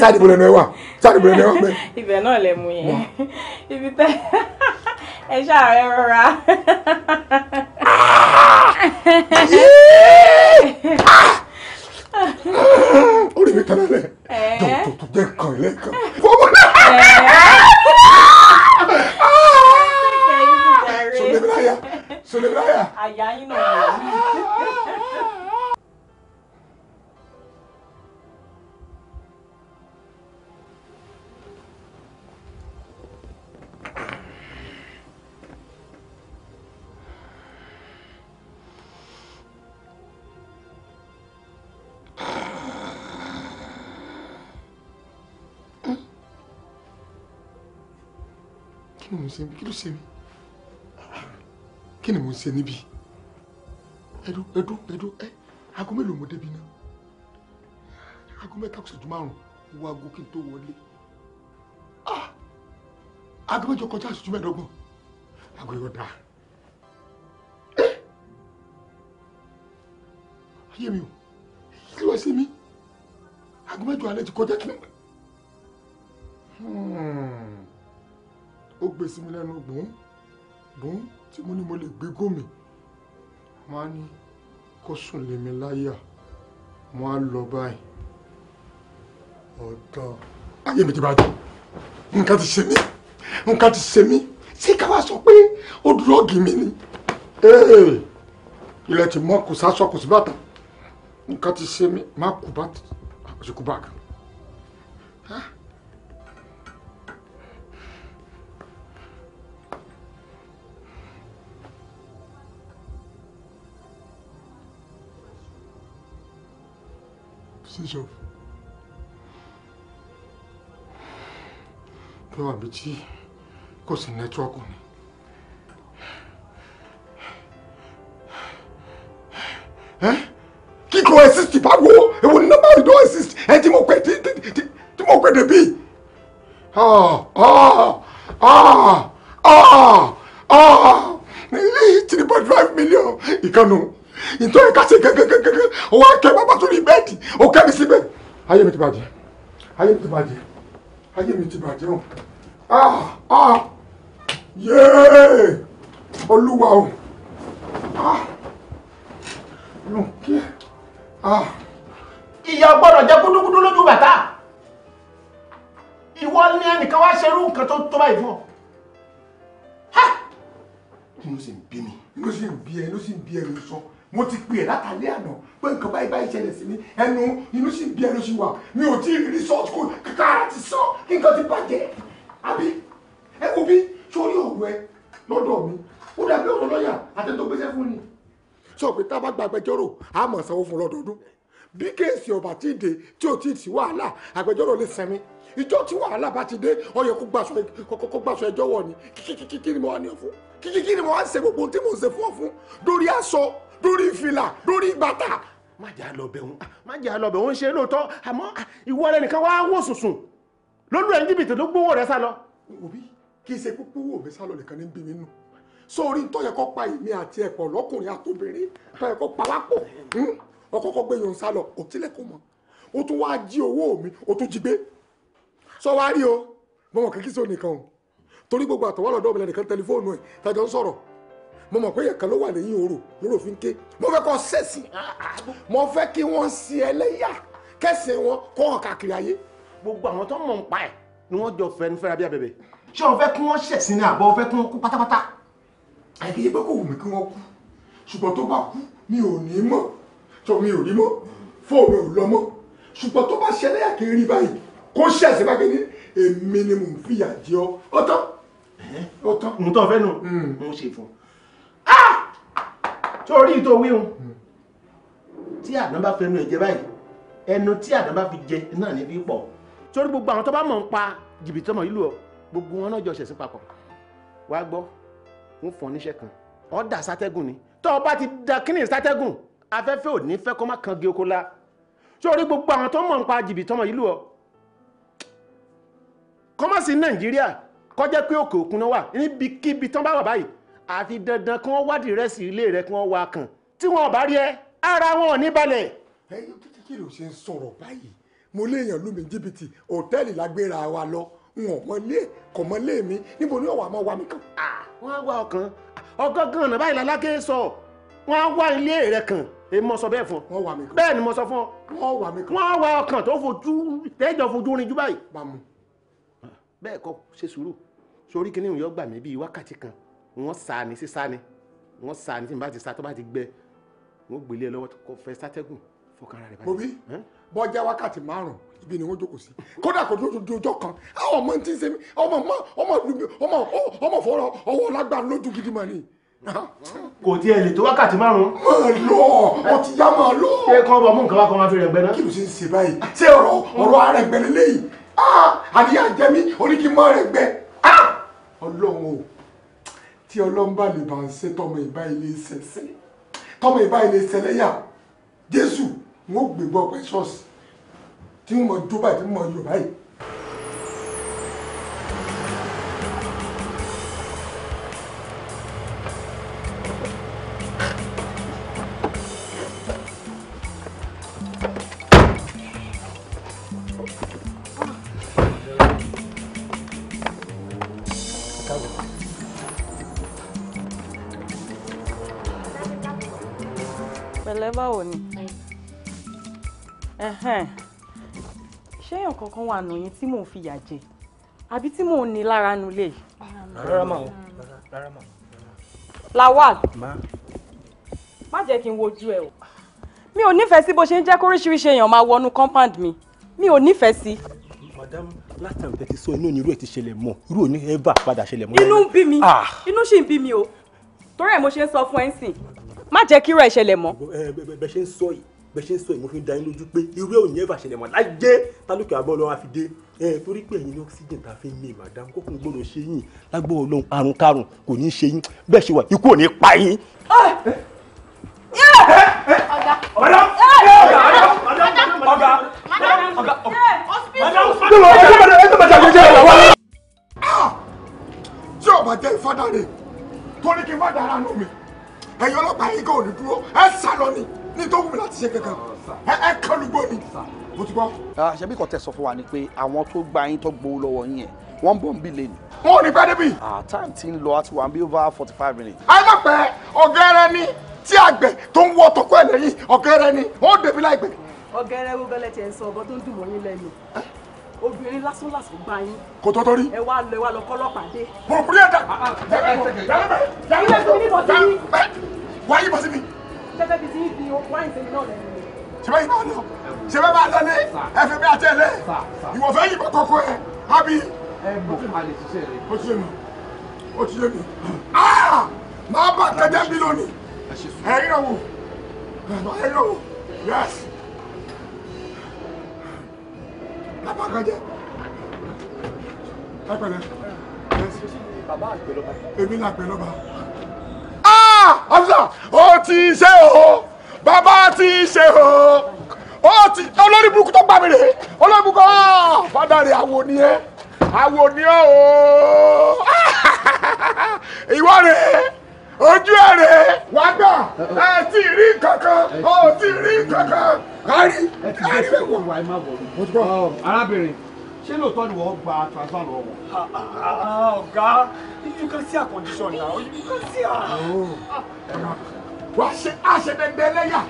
sáàdì bọ̀lẹ̀ náà wà sáàdì bọ̀lẹ̀ náà wà bẹ́ẹ̀. ibẹ̀ náà lè mú yẹn ibi tẹ́ ẹ ṣàárẹ̀ rọra. ó ah! rí mi tán lálẹ́ tòtòtò jẹ́ kan ilé kan. fọwọ́ náà. solebraya ah! solebraya. àyà yín náà. kí ni mo ṣe kí ló ṣe mí kí ni mo ṣe níbi ẹdú ẹdú ẹdú ẹ aago mélòó mo débi náà aago mẹ́ta kù ṣẹ́jú márùn-ún wo aago kí n tó wọlé aago mẹ́jọ kọjá ìṣẹ́jú mẹ́ẹ̀ẹ́dọ́gbọ̀n aago yóò dáa ayé mi o kí wá sí mi aago mẹ́jọ alẹ́ ti kọjá kí n. Hmm. ó gbèsè mi lẹ́nu gbòó gbòó tí mo ní mo lè gbé gómìn mo á ní kó sùn lé mi láyà mo á lọ báyìí ọ̀dọ́ ayé mi ti bàjẹ́ nǹkan ti ṣe mí nǹkan ti ṣe mí ṣé ká wá sọ pé ó dúróògì mi ni ilẹ̀ ti mọ́ kò sásọ kò sí bàtà nǹkan ti ṣe mí má kú bàtà àti kú bàgà. sísọ. Pé wà mí tí kò sí nẹ́tíwọ́ọ̀kù ni. kíkọ ẹ̀sìsì báwo èwo ni nọ́mbà ìdó ẹ̀sìsì ẹ̀ tí mo pè tí tí mo pè débí. Ah, ah, ah, three point five million ìkànnù ìtọ́ ẹ̀ka ṣe gẹ́gẹ́gẹ́gẹ́ owó akẹ́ bàbá tó ní bẹ́ẹ̀dì ó kẹ́mi síbẹ̀ ayé mi ti bàjẹ́ ayé mi ti bàjẹ́ ayé mi ti bàjẹ́ o yéé olúwa o lùkí ah! ah! ìyá gbọ́dọ̀ jẹ́ gúdúgúdú lójú bàtà ìwọ ní ẹnìkan wá ṣerú nǹkan tó tó báyìí fún ọ inú sì ń bí mi inú sì ń bí ẹ inú sì ń bí ẹ ló sọ mo ti pè é látàlẹ́ àná pé nǹkan báyìí báyìí ṣẹlẹ̀ sí mi ẹnu inú sì ń bí ẹ ló ṣì wà mi ò tí ì rí sọ́ọ̀tù kò kíkà láti sọ kí nǹkan ti bàjẹ́ àbí ẹ kò bí sórí ọ̀rọ̀ ẹ lọ́dọ̀ mi ó dàbí ọ̀rọ̀ lọ́yà àti tó gbéṣẹ́ fún ni. sọ pé tá a bá gba agbẹjọ́rò a máa sanwó fún lọ́dọọdún bí kéèsì ọba tí ì dé tí ò tí ì sí wàhálà agbẹjọ́rò lè sẹ́mi ìjọ tí wàhálà bá ti dé ó yẹ kó gbàsọ ẹjọ́ wọ̀ ni kíkíkí ni mo wá ní ọ fún kíkíkí ni mo wá ń ṣe gbogbo tí mo ń ṣe fún ọ fún lórí aṣọ lórí ìfìlà lórí bàtà má jẹ́ àlọ́bẹ̀ òun má jẹ́ àlọ́bẹ̀ òun ṣe lóòótọ́ àmọ́ ìwọ rẹ nìkan wá wò sùsùn lólu ẹ̀ ń jìbìtì ló gbówó rẹ sá lọ. òbí kì í ṣe púpú wò mí sálọ nìkan ní bí mi nù sórí tó yẹ kó pa èmi àti ẹ̀pọ̀ lọ́kùnrin àtòbìnrin tó yẹ kó pa lápò ọkọ̀ọ̀kọ̀ gbé yòó sálọ kò tilẹ̀ kó mọ̀ ó tún wáá jí owó mi ó tún jí gbé sọ wá rí o mo mọ̀ kékeré sóò nìkan o torí gbogbo àtọwọ́ lọ́dọ̀ ọ̀bìnrin nìkan tẹlifóònù ẹ̀ tàjọ ń sọ̀rọ̀ mo mọ̀ pé ẹ̀ka ló wà lẹ́yìn òru lóró fi ń ké mo fẹ́ kọ́ sẹ́sì mo fẹ́ kí wọ́n sin ẹlẹ́yà kẹ́sìn wọn kọ́ hàn káàkiri ayé. gbogbo àwọn tó mọ̀ ń pa ẹ̀ ni wọ́n jọ fẹ́ ní abẹ́bẹ́ ṣé o fẹ́ kí wọ́n ṣẹ̀sìn ní àbọ̀ o fẹ́ kí wọ́n kú pátápátá. àìkèyí pé kò wù mí kí wọ́n kú ṣùgbọ́n tó bá kú mi ò ní mọ̀ tó mi ò ní mọ̀ fóònù ò lọ mọ́ ṣùgbọ́n tó bá ṣẹlẹ̀ àkèrè báyìí kó ṣẹ̀sìn bá kéde èmi ni mò ń fìyà jẹ ọ́ ó tán ó tán. mo tán fẹ́ nù hmm. mo ṣe fún un. torí ah! tó wíhun tí àdán bá fẹnu ẹ̀ jẹ báyìí ẹnu tí àdán bá fi jẹ náà ní bí pọ̀. torí gbogbo àwọn tó bá mọ̀ ń pa jìbìtì ọmọ ìlú ọ gbogbo wọn náà jọ ṣẹ̀sìn papọ̀ wá gbọ́ ń fọn níṣẹ́ kan ọ́ dà sátẹ́gùn ni tọ́ ọ bá ti da kíní sátẹ́gùn afẹ́fẹ́ ò ní fẹ́ kó má kan gé oko la sórí gbogbo àwọn tó mọ̀ ń pa jìbìtì ọmọ yìí lù ọ́ kọ́mọ̀sí nàìjíríà kọjá pé òkè òkun náà wà níbikíbi tán bá wà báyìí àfi dandan kí wọ́n wádìí rẹ̀ sí ilé rẹ̀ kí wọ́n wá kàn tí wọn bá rí ẹ ara wọn ò ní balẹ̀. ẹ kí ló ṣe ń sọ̀rọ̀ báyìí mo léèyàn lù mí jìbìtì òtẹ́ẹ̀lì lágbéra wa lọ n ò mọlé kò mọlé mi níbo ni ọwọ́ àmọ́ wa mi kàn. wọ́n á wá ọkàn ọgọ́gàn ọ̀nà báyìí lálákè sọ wọ́n á wá ilé rẹ kàn èmi mọ sọ bẹ́ẹ̀ fún ọ bẹ́ẹ̀ ni mo sọ fún ọ wọ́n wá mi kàn wọ́n á wá ọkàn tó fojú tẹ́jọ́ fojú orin jú báyìí. bàmú. bẹ́ẹ̀ kọ́ ṣe sùúrù sórí kínní ìyọ́ gbà mí bíi wákàtí kan wọ́n sá ni sí sá ni wọ́n sá ni tí n bá ti sá tó bá ti gbẹ wọ́n gbélé e lọ́wọ́ kó fẹ́ ibi ni wọ́n jókòó sí kódà kò dúró ọjọ́ kan àwọn ọmọ tí ń ṣe mí ọmọ ọmọ ọmọ ọmọ fọwọ́ ọwọ́ lágbára lójú gidi mà ni. kò tiẹ̀ lè tó wákàtí márùn-ún. máa lọ ọ ti yá máa lọ. ṣé kán bọ mú nǹkan wá kan máa fi rẹ̀ gbẹ́ná. kí ló ṣe ń ṣe báyìí ṣé ọ̀rọ̀ ọ̀rọ̀ ara ẹ̀gbẹ́ lélẹ́yìí àníyàn jẹ́ mi oníkì mọ́ rẹ̀ gbẹ́ ọlọ́run o tí ọlọ́run bá lè bá ń ṣe tọmọ ìbá ilé ṣẹ̀ṣẹ̀ tọmọ ìbá ilé ṣẹlẹ́yà jésù wọn ò gbégbọ́ pẹ́ ṣọ́ọ̀ṣì tí mo jó báyìí tí mo yọ báyìí. pẹ̀lẹ́ báwo ni ṣéyàn kankan wà nù yín tí mò ń fìyà jẹ àbí tí mò ń ní lára nu lè. rárá mà ó rárá mà ó. Lawal má jẹ́ kí n wojú ẹ o mi ò nífẹ̀ẹ́ sí bó ṣe ń jẹ́ kóríṣiríṣi èèyàn máa wọnú compound mi mi ò nífẹ̀ẹ́ sí. madam látàn tẹ ti sọ inú onírú ẹ ti ṣẹlẹ̀ mọ́ irú òní ever padà ṣẹlẹ̀ mọ́. inú ń bí mi ah. inú sì ń bí mi o torí ẹ mo ṣe ń sọ fún ẹ ń sìn má jẹ́ kí irú ẹ ṣẹlẹ̀ mọ́. bẹ ṣe ń sọ yìí bẹ́ẹ̀ ṣe ń sọ ìmúfin dání lójú pé irú ẹ̀ ò ní ẹ̀fà ṣẹlẹ̀ mọ́ láyé tálùkì àbọ̀ ọlọ́run àfi dé ẹ torí pé ẹ̀yin ní oxygen tá a fi mí madam kó kún gbọ́dọ̀ ṣe yín lágbó ọlọ́run àrùn karùn kò ní ṣe yín bẹ́ẹ̀ ṣe wà ikú ò ní pa yín. ọ̀gá ọ̀gá ọ̀gá ọ̀gá ọ̀gá tí ọba jẹ́ ìfádà rẹ̀ tó ní kí n má dára nù mí ẹ̀yin ọlọ́pàá yìí kò ní dúró ẹ̀ sálọ ni ní tó wù mí láti ṣe kankan ẹ kàn lùgbò mi mo ti gbọ́. ṣebí kan tẹ sọ fún wa ni pé àwọn tó gba yín tó gbowó lọ́wọ́ yín yẹn wọ́n ń bí lé ni. wọn ò ní pẹ́ débi. time ti ń lọ àti wà ń bí over forty five minutes. alápẹ̀ ọ̀gẹ́rẹ́ ni tí àgbẹ̀ tó ń wọ tọkọ ẹ̀ lẹ́yìn ọ̀gẹ́rẹ́ ni wọ́n débi láìpẹ́. ọ̀gẹ́rẹ́ wo bẹ́lẹ̀ tiẹ̀ ń sọ ọgbọ́n tó ń dùn mọ́ yín lẹ́nu obìnrin lásán lásán gba yín. kò tó torí. ẹ wá lọ ẹ wá lọ kọlọpàá dé. mo kúrẹ́ dà. yàrá ṣẹ́fẹ́ fi sí ibi wáìn sí náà lẹ́nu. ṣé báyìí lọ ṣé ẹ fi bí a tẹ̀lé ìwọ fẹ́ yìnbọn kọ́kọ́ ẹ ẹ bó kí màá ti yé mi ti yé mi ah! máa bá kẹjẹ bí lónìí ẹ yín náà ẹ yín náà wò yẹs máa kẹjẹ ẹ pẹ̀lẹ́ èmi là pẹ lọba ọfisa ó ti ṣe o bàbá ti ṣe o ó ti olórí burúkú tó gbà mí re olórí burúkú ọ fada rè ni ẹ àwò ni o ìwọ rè ojú ẹ rè wá gbà ẹ ti rí kankan ó ti rí kankan kárí kárí bẹ wọ. arábìnrin ṣé lóòótọ́ ni wọ́n gba transfer lọ wọ̀. Ah, ah, ah, ọ̀gá you can see her condition now you can see her. Oh. wà á ṣe àṣẹdẹdẹ ẹlẹ́yà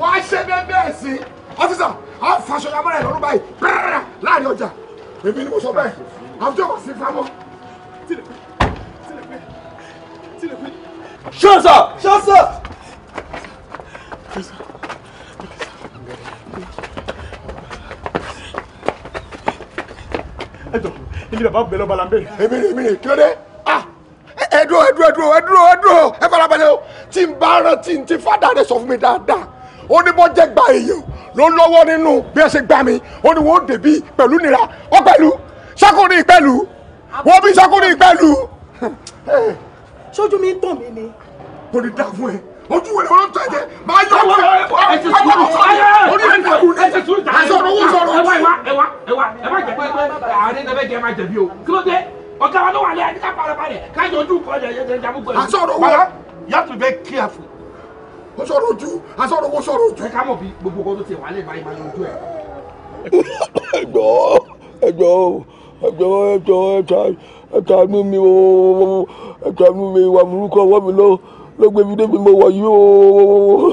wà á ṣe dẹdẹ ẹ̀sìn ọ́fíìsà á faṣọ yamọ́ rẹ̀ lọ́rùn báyìí pẹ́rẹ́rẹ́ láàrin ọjà èmi ni mo sọ bẹ́ẹ̀ àwùjọ wà sí fámọ́. Shut up! Shut up! Shut ilé bàbá bẹ̀rẹ̀ lọ́ba làǹbẹ̀. èmi rè èmi rè kí ló dé ah! ẹ dúró ẹ dúró ẹ dúró ẹ dúró ẹ dúró ẹ fara balẹ̀ o tí n bá rántí tí fádà rẹ sọ fún mi dáadáa ó ní bọ́jẹ́ gba èèyàn ló lọ́wọ́ nínú bí ẹ ṣe gbà mí ó ní wọ́n dèbí pẹ̀lú nira ọ pẹ̀lú sọ́kùnrin pẹ̀lú wọ́n bí sọ́kùnrin pẹ̀lú. sójú mi ń tàn mí ni. kò ní dá fún ẹ ojú wẹ̀rẹ̀ wọn tó ẹ̀jẹ̀ máa yọ ọ̀pẹ ọ̀pọ̀ sọ̀rọ̀ orí ẹ̀jẹ̀ kù ní àṣọ̀rọ̀ owó sọ̀rọ̀ owó. ẹwà ẹwà ẹwà ẹwà jẹ pé àárín ẹgbẹ́ jẹ máa jẹ̀bi o kí ló dé ọ̀gá wa ló wà lẹ́yìn ká para balẹ̀ ká yọ ojú kọ ẹ̀jẹ̀ ẹ̀jẹ̀ jàmú pẹ̀lú. àṣọ̀rọ̀ owó you have to be careful. ó sọ̀rọ̀ ojú àṣọ̀rọ̀ owó sọ̀rọ̀ ojú. ẹ ká mọ̀ bí gbogbo ọkọ tó ti wà lẹ́ ẹgbọ́ ẹgbọ́ ẹgbọ́ ẹgbọ́ ẹta ẹta nú mi ooo ẹta nú mi wà múlùkọ́ wọ́ mi lọ́wọ́ ló gbé mi débi mo wọ̀ yìí ooo.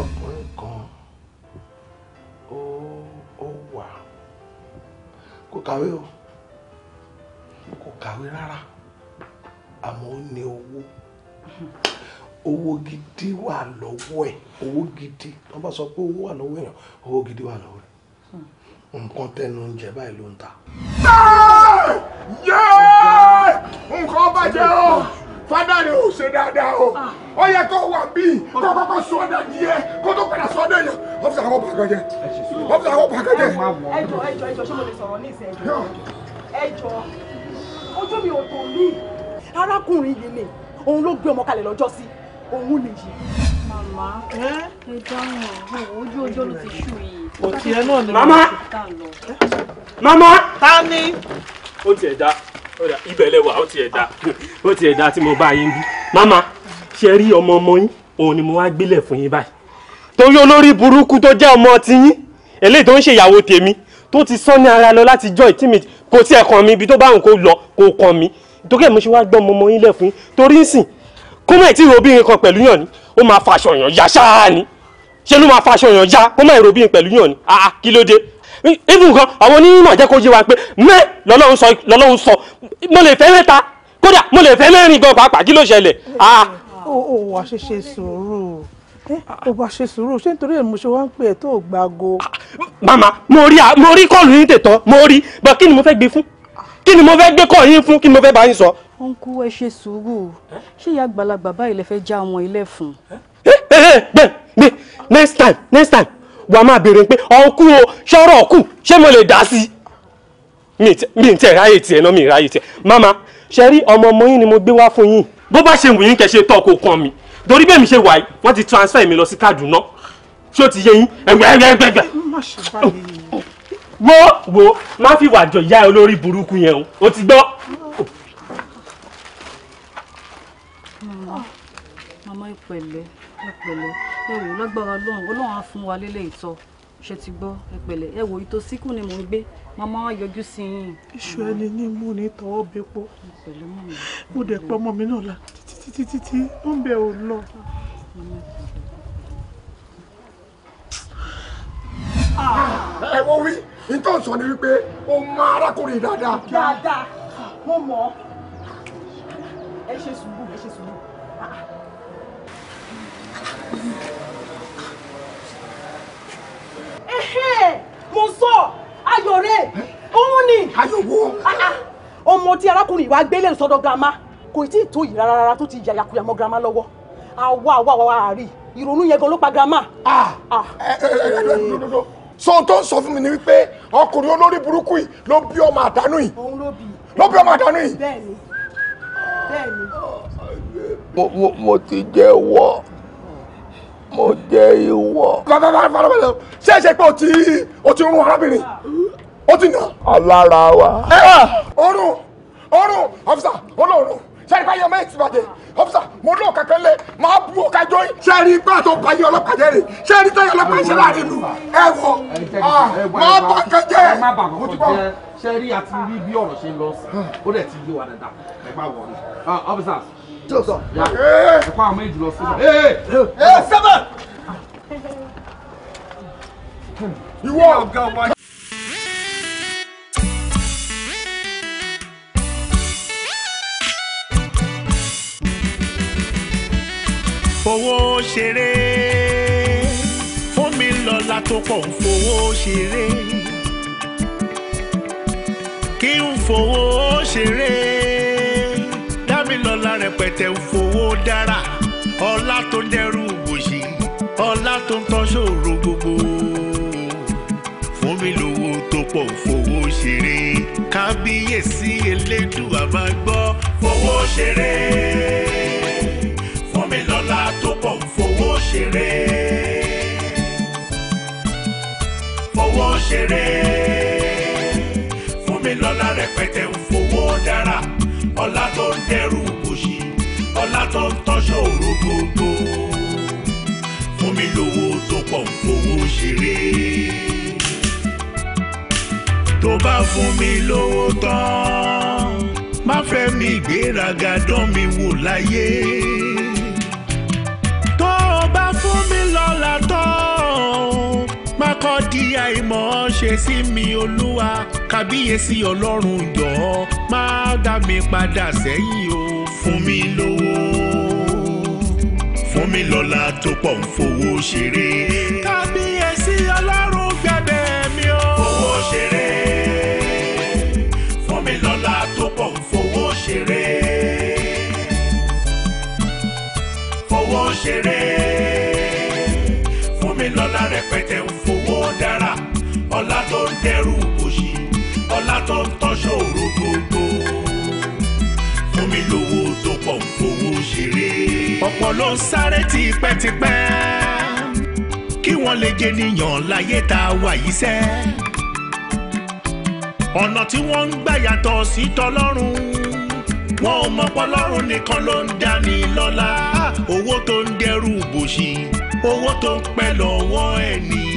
ọkùnrin kan ó ó wà kò kàwé o kò kàwé rárá àmọ́ ó ní owó owó gidi wà lọ́wọ́ ẹ̀ owó gidi wọ́n bá sọ pé owó wà lọ́wọ́ èèyàn owó gidi wà lọ́wọ́ ẹ̀ nǹkan tẹnu ń jẹ báyìí ló ń ta. nǹkan bàjẹ́ o fada rẹ ò ṣe dáadáa o ah. ó yẹ kó wà bíi ah. kó kọ́kọ́ sọ ọ́dà díẹ̀ kó tó padà sọ ọ́dà yẹn ọ́fíìsì àwọn bàgà jẹ ọ́fíìsì àwọn bàgà jẹ. ẹjọ ẹjọ ẹjọ ṣé mo lè sọ̀rọ̀ ní ìsìn ẹjọ ẹjọ ojú mi ò tó mí. arákùnrin yìí ni òun ló gbé ọmọ kalẹ̀ lọ́jọ́ sí òun nìyí. màmá ẹ dáhùn ọ̀hún ojú ojú ló ti ṣù yìí. kò tiẹ̀ náà ni. màmá màmá ta ni. ó tiẹ̀ dá ibẹ̀ lẹ wà ó tiẹ̀ da ó tiẹ̀ da tí mo bá yín bí mama ṣe rí ọmọ ọmọ yín òun ni mo wá gbélé fún yín báyìí. torí olórí burúkú tó jẹ́ ọmọ tiyín eléyìí tó ń ṣe ìyàwó tèmi tó ti sọ ní ara lọ láti jọ ìtìmí kò tiẹ̀ kàn mí ibi tó bá ń kó lọ kò kàn mí torí ẹ̀ mo ṣe wá gbọ́ ọmọ ọmọ yín lẹ̀ fún yín torí ń sìn kúmọ̀ tí ìròbìnrin kan pẹ̀lú yàn ni ó máa fa aṣọ yàn ya ṣáá ni ṣé ló máa fa aṣọ yàn ya kúmọ̀ ìròbìnrin pẹ̀lú yàn ni àá kí ló dé even gan àwọn onímọ̀ jẹ́ kó yé wa pé mẹ́ lọ́lọ́run sọ lọ́lọ́run sọ mo lè fẹ́ mẹ́ta kódà mo lè fẹ́ mẹ́rin gan pàápàá kí ló ṣẹlẹ̀. o wàá ṣe ṣe sùúrù ó wàá ṣe sùúrù ṣé nítorí ẹ̀ mo ṣe wá ń pè ẹ́ tó gbàgo. màmá mo rí mo rí kọ́ọ̀lù yín tètò mo rí bọ́ kí ni mo fẹ́ gbé fún kí ni mo fẹ́ gbé kọ́ọ̀lù yín fún kí ni mo fẹ́ bá yín sọ. ọ̀nkú ẹ ṣe sùúrù ṣé ìyá àgbàlagbà báyìí lè fẹ́ já wọn ilé fún. gbẹ gbẹ next time next time wàá máa béèrè pé ọkú o ṣọ́rọ̀ ọkù ṣé mo lè dá sí mi ń tẹ̀ ráyè tiẹ̀ náà mi ráyè tiẹ̀ mama ṣe rí ọmọ ọmọ yín ni mo gbé wá fún yín bó bá ṣe wù yín kẹ́ ṣe tọ́ kó kàn mí torí bẹ́ẹ̀ mi ṣe wà yìí wọ́n ti transfer mi lọ sí Kaduna ṣé o ti yé yín ẹgbẹ́gbẹ́gbẹ́ wo wo má fi wàjọ ìyá olórí burúkú yẹn o o ti gbọ́. mama ipò ẹ̀lẹ́ ẹ pẹ̀lẹ́ ẹ wò lọ́gbọ́ra ọlọ́run á fún wa lélẹ̀ ìtọ́ ṣe ti gbọ́ ẹ pẹ̀lẹ́ ìtò síkù ni mò ń gbé màmá yọjú sí yín. iṣu ẹni ní mú ní tọwọ́ bepo mo dẹ̀ pé ọmọ mi náà la títí ó ń bẹ ò lọ. ẹ wọ́n wí nítorí ni wípé ó mọ arákùnrin dáadáa. dáadáa mo mọ̀ ọ́ ẹ ṣe sùúrù ẹ ṣe sùúrù mo sọ ayọ̀ rẹ̀ òun ni. ayọ̀ wo. Ah, ah, ọmọ tí arákùnrin ìwà gbélé sọ́dọ̀ girama kò tí ì tó yìí rárá rárá tó ti yàyàkuyà mọ́ girama lọ́wọ́ àwa àwa àwa àárí ìrònú yẹn gan ló pa girama. sọ tó ń sọ fún mi ni wípé ọkùnrin olórí burúkú yìí ló bí ọmọ àdánù yìí ló bí ọmọ àdánù yìí. mo ti jẹ́wọ́ mo jẹ ìwọ. farabalẹ̀ ṣe é ṣe pé o ti o ti rún arábìnrin o ti nà. alára wa. ẹ wá oorun oorun ọfisa olóorun sẹ́ni bá yẹ mọ́ ètí ìbàdàn ọfisa mo lóò kankan lé máa bu ọ̀ka jọ yìí. sẹ́ni bá tó bá yẹ ọlọ́pàá jẹ́ rè sẹ́ni tó yẹ ọlọ́pàá ṣe láàrin nù ẹ wọ ah, máa bá kan jẹ́ o àti rí bí ọ̀rọ̀ ṣe lọ sí ó dẹ̀ ti yé wa dáadáa ẹ má wọlé officers. Ah, tóòtọ. Eh. ẹ̀kọ́ àwọn méjì lọ síbẹ̀. ẹ sẹ́bẹ̀. ìwọ ọ̀gá wa. fowó ṣeré fún mi lọ́la tó pọ̀ ń fowó ṣeré kí n fowó ṣeré rẹpẹtẹ ń fowó dára ọlá tó ń dẹrù òṣì ọlá tó ń tán ṣòro gbogbo fún mi lówó tó pọ̀ fowó ṣeré kábíyèsí elédùà máa gbọ́ fowó ṣeré fún mi lọ́lá tó pọ̀ fowó ṣeré fowó ṣeré fún mi lọ́lá rẹpẹtẹ fowó dára ọlá tó ń dẹrù pátá tó ń tọ́ṣọ́ òrogbòǹgbò fún mi lówó tó pọ̀ ń fowó ṣeré tó bá fún mi lówó tán má fẹ́ mi ìgbéraga dán mi wò láyé tó bá fún mi lọ́lá tán fi àìmọ̀ ṣe sí mi olúwa kábíyèsí ọlọ́run jọ̀ọ́ má dá mi padà sẹ́yìn o fún mi lówó fún mi lọ́lá tó pọ̀ ń fowó ṣeré. kábíyèsí ọlọ́run gbẹ̀bẹ̀ mi o. fowó ṣeré fún mi lọ́lá tó pọ̀ ń fowó ṣeré. fowó ṣeré rẹpẹtẹ ń fowó dára ọlá tó ń dẹrù òṣì ọlá tó ń tọ́ṣọ òru gbogbo fún mi lówó tó pọ̀ ń fowó ṣeré. ọ̀pọ̀ ló ń sáré tipẹ́tipẹ́ kí wọ́n lè jẹ láyé tá a wà yìí sẹ́ ọ̀nà tí wọ́n ń gbà yàtọ̀ sí tọlọ́run wọn ò mọ̀ pọ́lọ́run nìkan ló ń dání lọ́lá owó tó ń dẹrù bòṣì owó tó ń pẹ́ lọ́wọ́ ẹni.